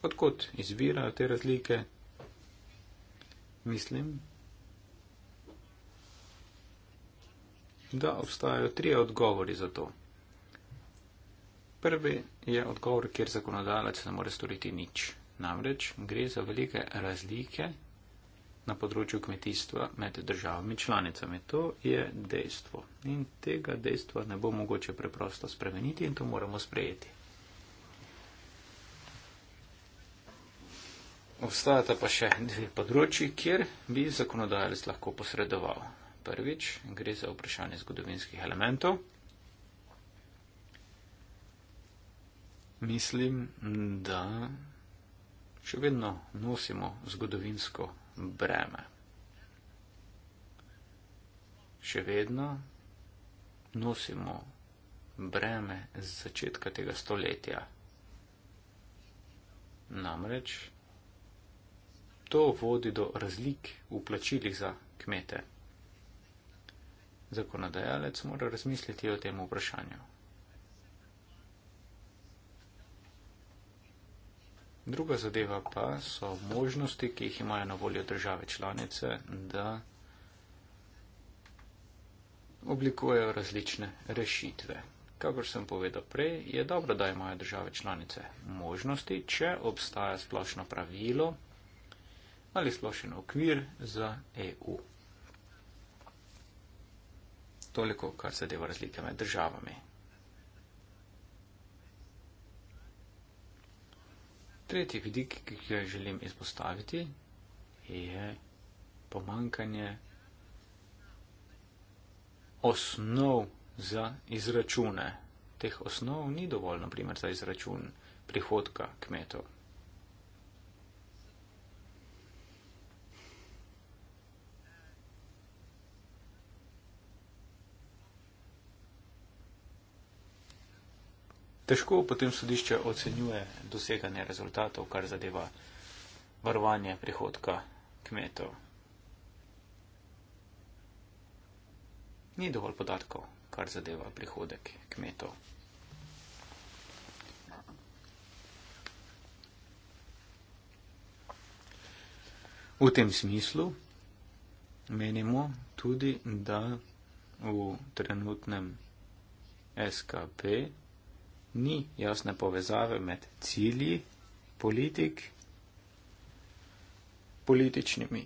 Odkot izvirajo te razlike? Mislim, da obstajajo tri odgovori za to. Prvi je odgovor, kjer zakonodajalec ne more storiti nič. Namreč gre za velike razlike na področju kmetijstva med državami članicami. To je dejstvo. In tega dejstva ne bo mogoče preprosto spremeniti in to moramo sprejeti. Obstajata pa še dve področji, kjer bi zakonodajalec lahko posredoval. Prvič gre za vprašanje zgodovinskih elementov. Mislim, da še vedno nosimo zgodovinsko breme. Še vedno nosimo breme z začetka tega stoletja. Namreč to vodi do razlik v plačilih za kmete. Zakonodajalec mora razmisliti o tem vprašanju. Druga zadeva pa so možnosti, ki jih imajo na voljo države članice, da oblikujejo različne rešitve. Kakor sem povedal prej, je dobro, da imajo države članice možnosti, če obstaja splošno pravilo ali splošen okvir za EU. Toliko, kar zadeva razlike med državami. Tretji vidik, ki ga želim izpostaviti, je pomankanje osnov za izračune. Teh osnov ni dovolj, naprimer, za izračun prihodka kmetov. težko potem sodišče ocenjuje doseganje rezultatov, kar zadeva varovanje prihodka kmetov. Ni dovolj podatkov, kar zadeva prihodek kmetov. V tem smislu menimo tudi, da v trenutnem SKP ni jasne povezave med cilji politik, političnimi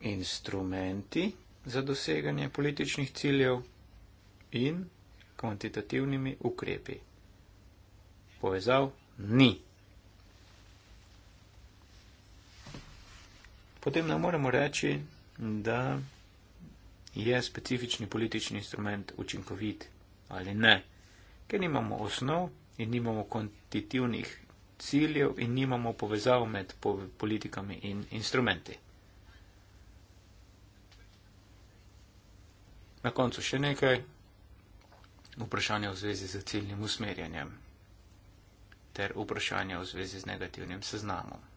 instrumenti za doseganje političnih ciljev in kvantitativnimi ukrepi. Povezav ni. Potem ne moremo reči, da je specifični politični instrument učinkovit ali ne ker nimamo osnov in nimamo kontitivnih ciljev in nimamo povezav med politikami in instrumenti. Na koncu še nekaj vprašanja v zvezi z ciljnim usmerjanjem ter vprašanja v zvezi z negativnim seznamom.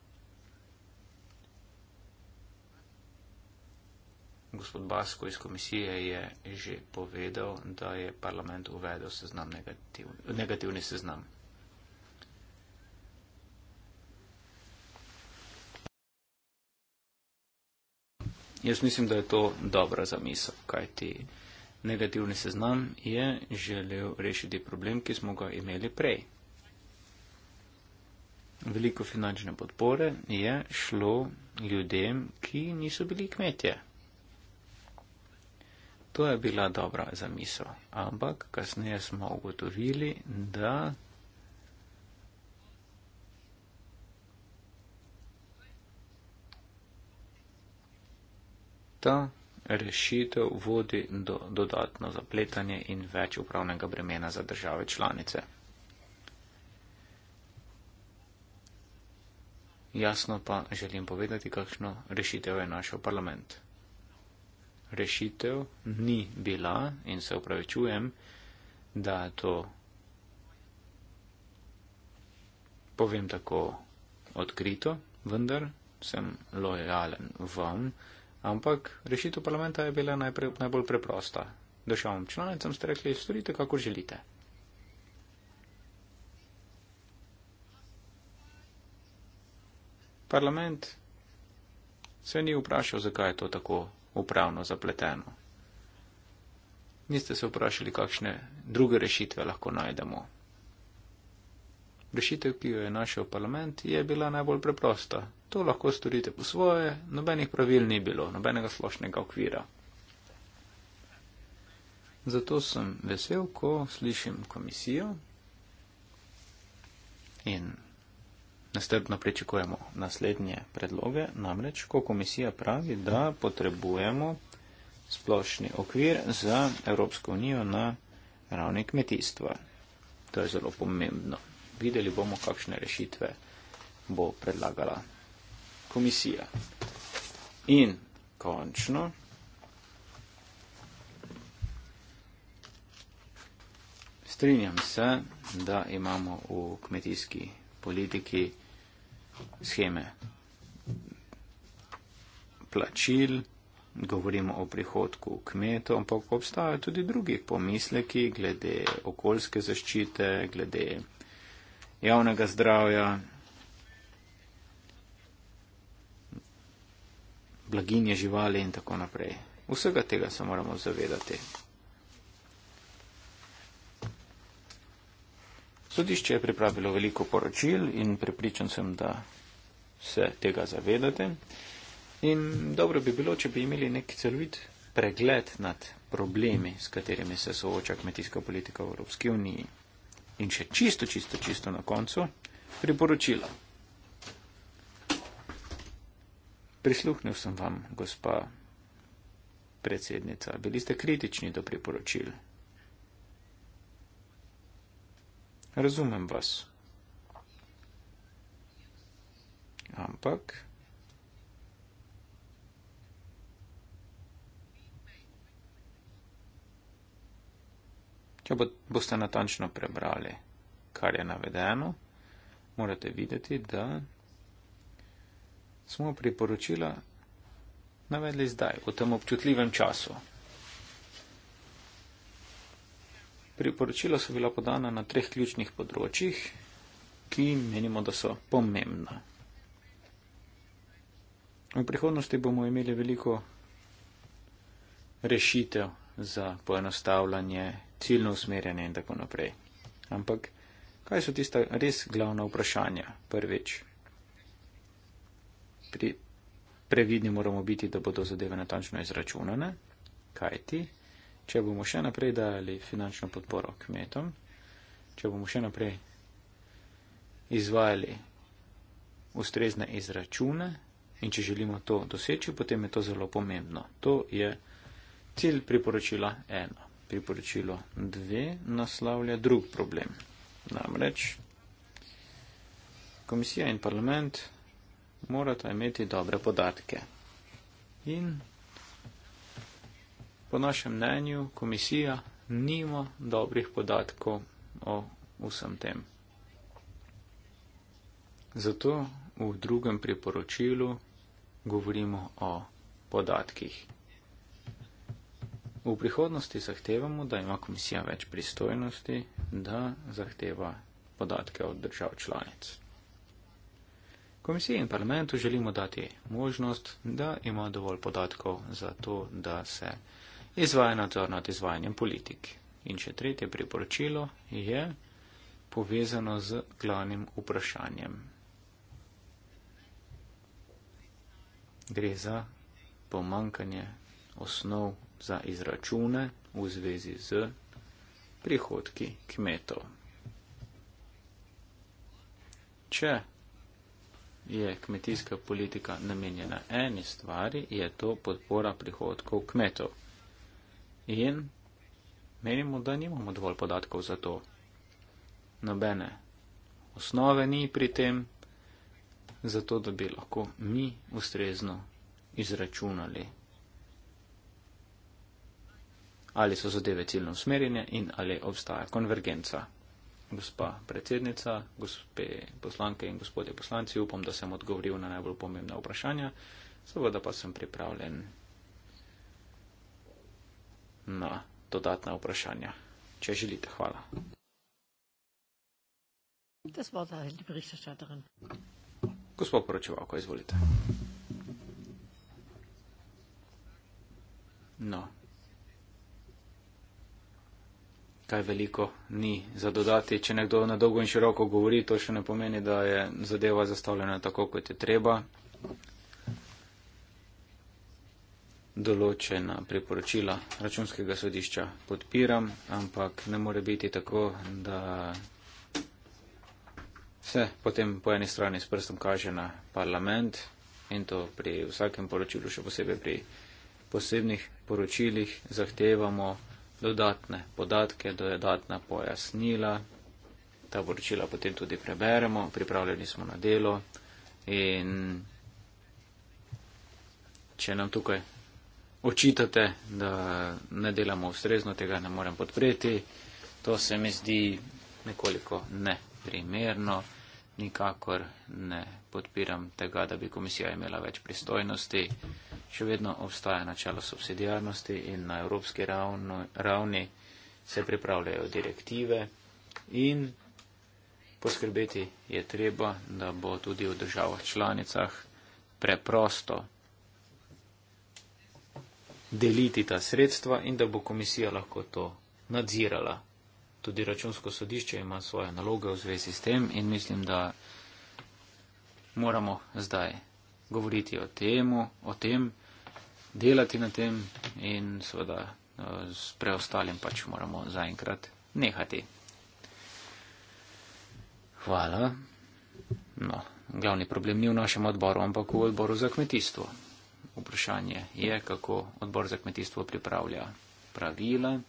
gospod Basko iz komisije je že povedal, da je parlament uvedel seznam negativ, negativni seznam. Jaz mislim, da je to dobra zamisel, kajti negativni seznam je želel rešiti problem, ki smo ga imeli prej. Veliko finančne podpore je šlo ljudem, ki niso bili kmetje. To je bila dobra zamisel, ampak kasneje smo ugotovili, da ta rešitev vodi do dodatno zapletanje in več upravnega bremena za države članice. Jasno pa želim povedati, kakšno rešitev je našel parlament rešitev ni bila in se upravičujem, da to povem tako odkrito, vendar sem lojalen vam, ampak rešitev parlamenta je bila najprej, najbolj preprosta. Državam članicam ste rekli, storite, kako želite. Parlament se ni vprašal, zakaj je to tako upravno zapleteno. Niste se vprašali, kakšne druge rešitve lahko najdemo. Rešitev, ki jo je našel parlament, je bila najbolj preprosta. To lahko storite po svoje, nobenih pravil ni bilo, nobenega splošnega okvira. Zato sem vesel, ko slišim komisijo in nestrpno pričakujemo naslednje predloge, namreč, ko komisija pravi, da potrebujemo splošni okvir za Evropsko unijo na ravni kmetijstva. To je zelo pomembno. Videli bomo, kakšne rešitve bo predlagala komisija. In končno. Strinjam se, da imamo v kmetijski politiki scheme plačil, govorimo o prihodku kmetov, ampak obstajajo tudi drugi pomisleki glede okoljske zaščite, glede javnega zdravja, blaginje živali in tako naprej. Vsega tega se moramo zavedati. Sodišče je pripravilo veliko poročil in pripričan sem, da se tega zavedate. In dobro bi bilo, če bi imeli nek celovit pregled nad problemi, s katerimi se sooča kmetijska politika v Evropski uniji. In še čisto, čisto, čisto na koncu priporočila. Prisluhnil sem vam, gospa predsednica. Bili ste kritični do priporočila. Razumem vas. Ampak. Če boste natančno prebrali, kar je navedeno, morate videti, da smo priporočila navedli zdaj, v tem občutljivem času. Priporočila so bila podana na treh ključnih področjih, ki menimo, da so pomembna. V prihodnosti bomo imeli veliko rešitev za poenostavljanje, ciljno usmerjanje in tako naprej. Ampak kaj so tista res glavna vprašanja? Prvič, pri previdni moramo biti, da bodo zadeve natančno izračunane, kajti če bomo še naprej dajali finančno podporo kmetom, če bomo še naprej izvajali ustrezne izračune in če želimo to doseči, potem je to zelo pomembno. To je cilj priporočila eno. Priporočilo dve naslavlja drug problem. Namreč komisija in parlament morata imeti dobre podatke. In Po našem mnenju komisija nima dobrih podatkov o vsem tem. Zato v drugem priporočilu govorimo o podatkih. V prihodnosti zahtevamo, da ima komisija več pristojnosti, da zahteva podatke od držav članic. Komisiji in parlamentu želimo dati možnost, da ima dovolj podatkov za to, da se izvaja nadzor nad izvajanjem politik. In še tretje priporočilo je povezano z glavnim vprašanjem. Gre za pomankanje osnov za izračune v zvezi z prihodki kmetov. Če je kmetijska politika namenjena eni stvari, je to podpora prihodkov kmetov. In menimo, da nimamo dovolj podatkov za to. Nobene osnove ni pri tem, zato da bi lahko mi ustrezno izračunali, ali so zadeve ciljno usmerjene in ali obstaja konvergenca. Gospa predsednica, gospe poslanke in gospodje poslanci, upam, da sem odgovoril na najbolj pomembna vprašanja, seveda pa sem pripravljen na dodatna vprašanja. Če želite, hvala. Gospod poročevalko, izvolite. No. Kaj veliko ni za dodati. Če nekdo na dolgo in široko govori, to še ne pomeni, da je zadeva zastavljena tako, kot je treba določena priporočila računskega sodišča podpiram, ampak ne more biti tako, da se potem po eni strani s prstom kaže na parlament in to pri vsakem poročilu, še posebej pri posebnih poročilih, zahtevamo dodatne podatke, dodatna pojasnila. Ta poročila potem tudi preberemo, pripravljeni smo na delo in če nam tukaj očitate, da ne delamo ustrezno, tega ne morem podpreti. To se mi zdi nekoliko neprimerno. Nikakor ne podpiram tega, da bi komisija imela več pristojnosti. Še vedno obstaja načelo subsidijarnosti in na evropski ravno, ravni se pripravljajo direktive in poskrbeti je treba, da bo tudi v državah članicah preprosto deliti ta sredstva in da bo komisija lahko to nadzirala. Tudi računsko sodišče ima svoje naloge v zvezi s tem in mislim, da moramo zdaj govoriti o, temu, o tem, delati na tem in seveda eh, s preostalim pač moramo zaenkrat nehati. Hvala. No, glavni problem ni v našem odboru, ampak v odboru za kmetijstvo vprašanje je, kako odbor za kmetijstvo pripravlja pravila.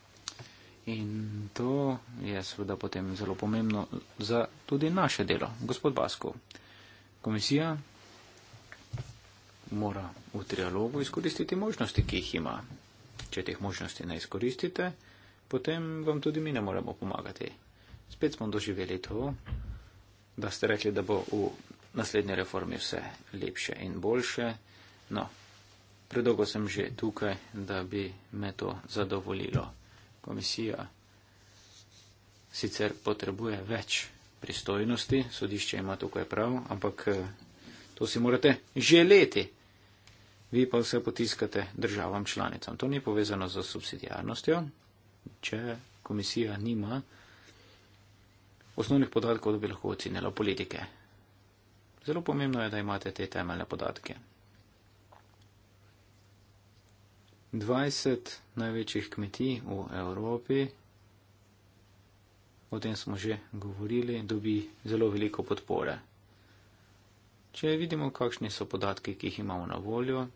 In to je seveda potem zelo pomembno za tudi naše delo. Gospod Basko, komisija mora v trialogu izkoristiti možnosti, ki jih ima. Če teh možnosti ne izkoristite, potem vam tudi mi ne moremo pomagati. Spet smo doživeli to, da ste rekli, da bo v naslednji reformi vse lepše in boljše. No, Predolgo sem že tukaj, da bi me to zadovoljilo. Komisija sicer potrebuje več pristojnosti, sodišče ima tukaj prav, ampak eh, to si morate želeti. Vi pa vse potiskate državam članicam. To ni povezano z subsidijarnostjo. Če komisija nima osnovnih podatkov, da bi lahko ocenila politike. Zelo pomembno je, da imate te temeljne podatke. 20 največjih kmetij v Evropi, o tem smo že govorili, dobi zelo veliko podpore. Če vidimo, kakšni so podatki, ki jih imamo na voljo,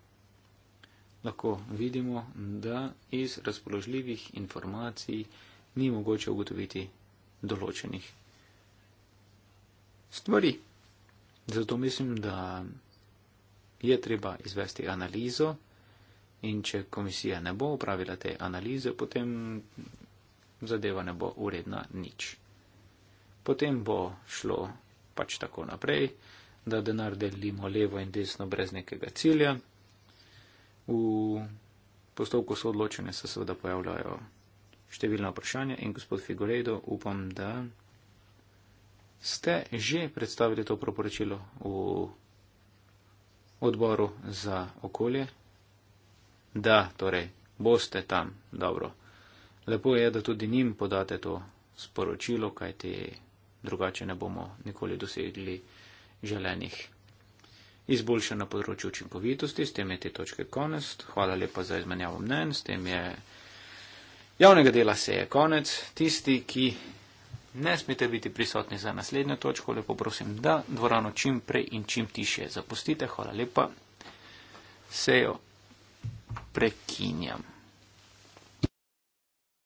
lahko vidimo, da iz razpoložljivih informacij ni mogoče ugotoviti določenih stvari. Zato mislim, da je treba izvesti analizo In če komisija ne bo upravila te analize, potem zadeva ne bo uredna nič. Potem bo šlo pač tako naprej, da denar delimo levo in desno brez nekega cilja. V postopku soodločanja se seveda pojavljajo številna vprašanja in gospod Figoredo, upam, da ste že predstavili to proporočilo v odboru za okolje da, torej, boste tam, dobro. Lepo je, da tudi njim podate to sporočilo, kaj ti drugače ne bomo nikoli dosegli želenih. Izboljša na področju učinkovitosti, s tem je te točke konec. Hvala lepa za izmenjavo mnen, s tem je javnega dela se je konec. Tisti, ki ne smete biti prisotni za naslednjo točko, lepo prosim, da dvorano čim prej in čim tiše zapustite. Hvala lepa. Sejo prekinjam.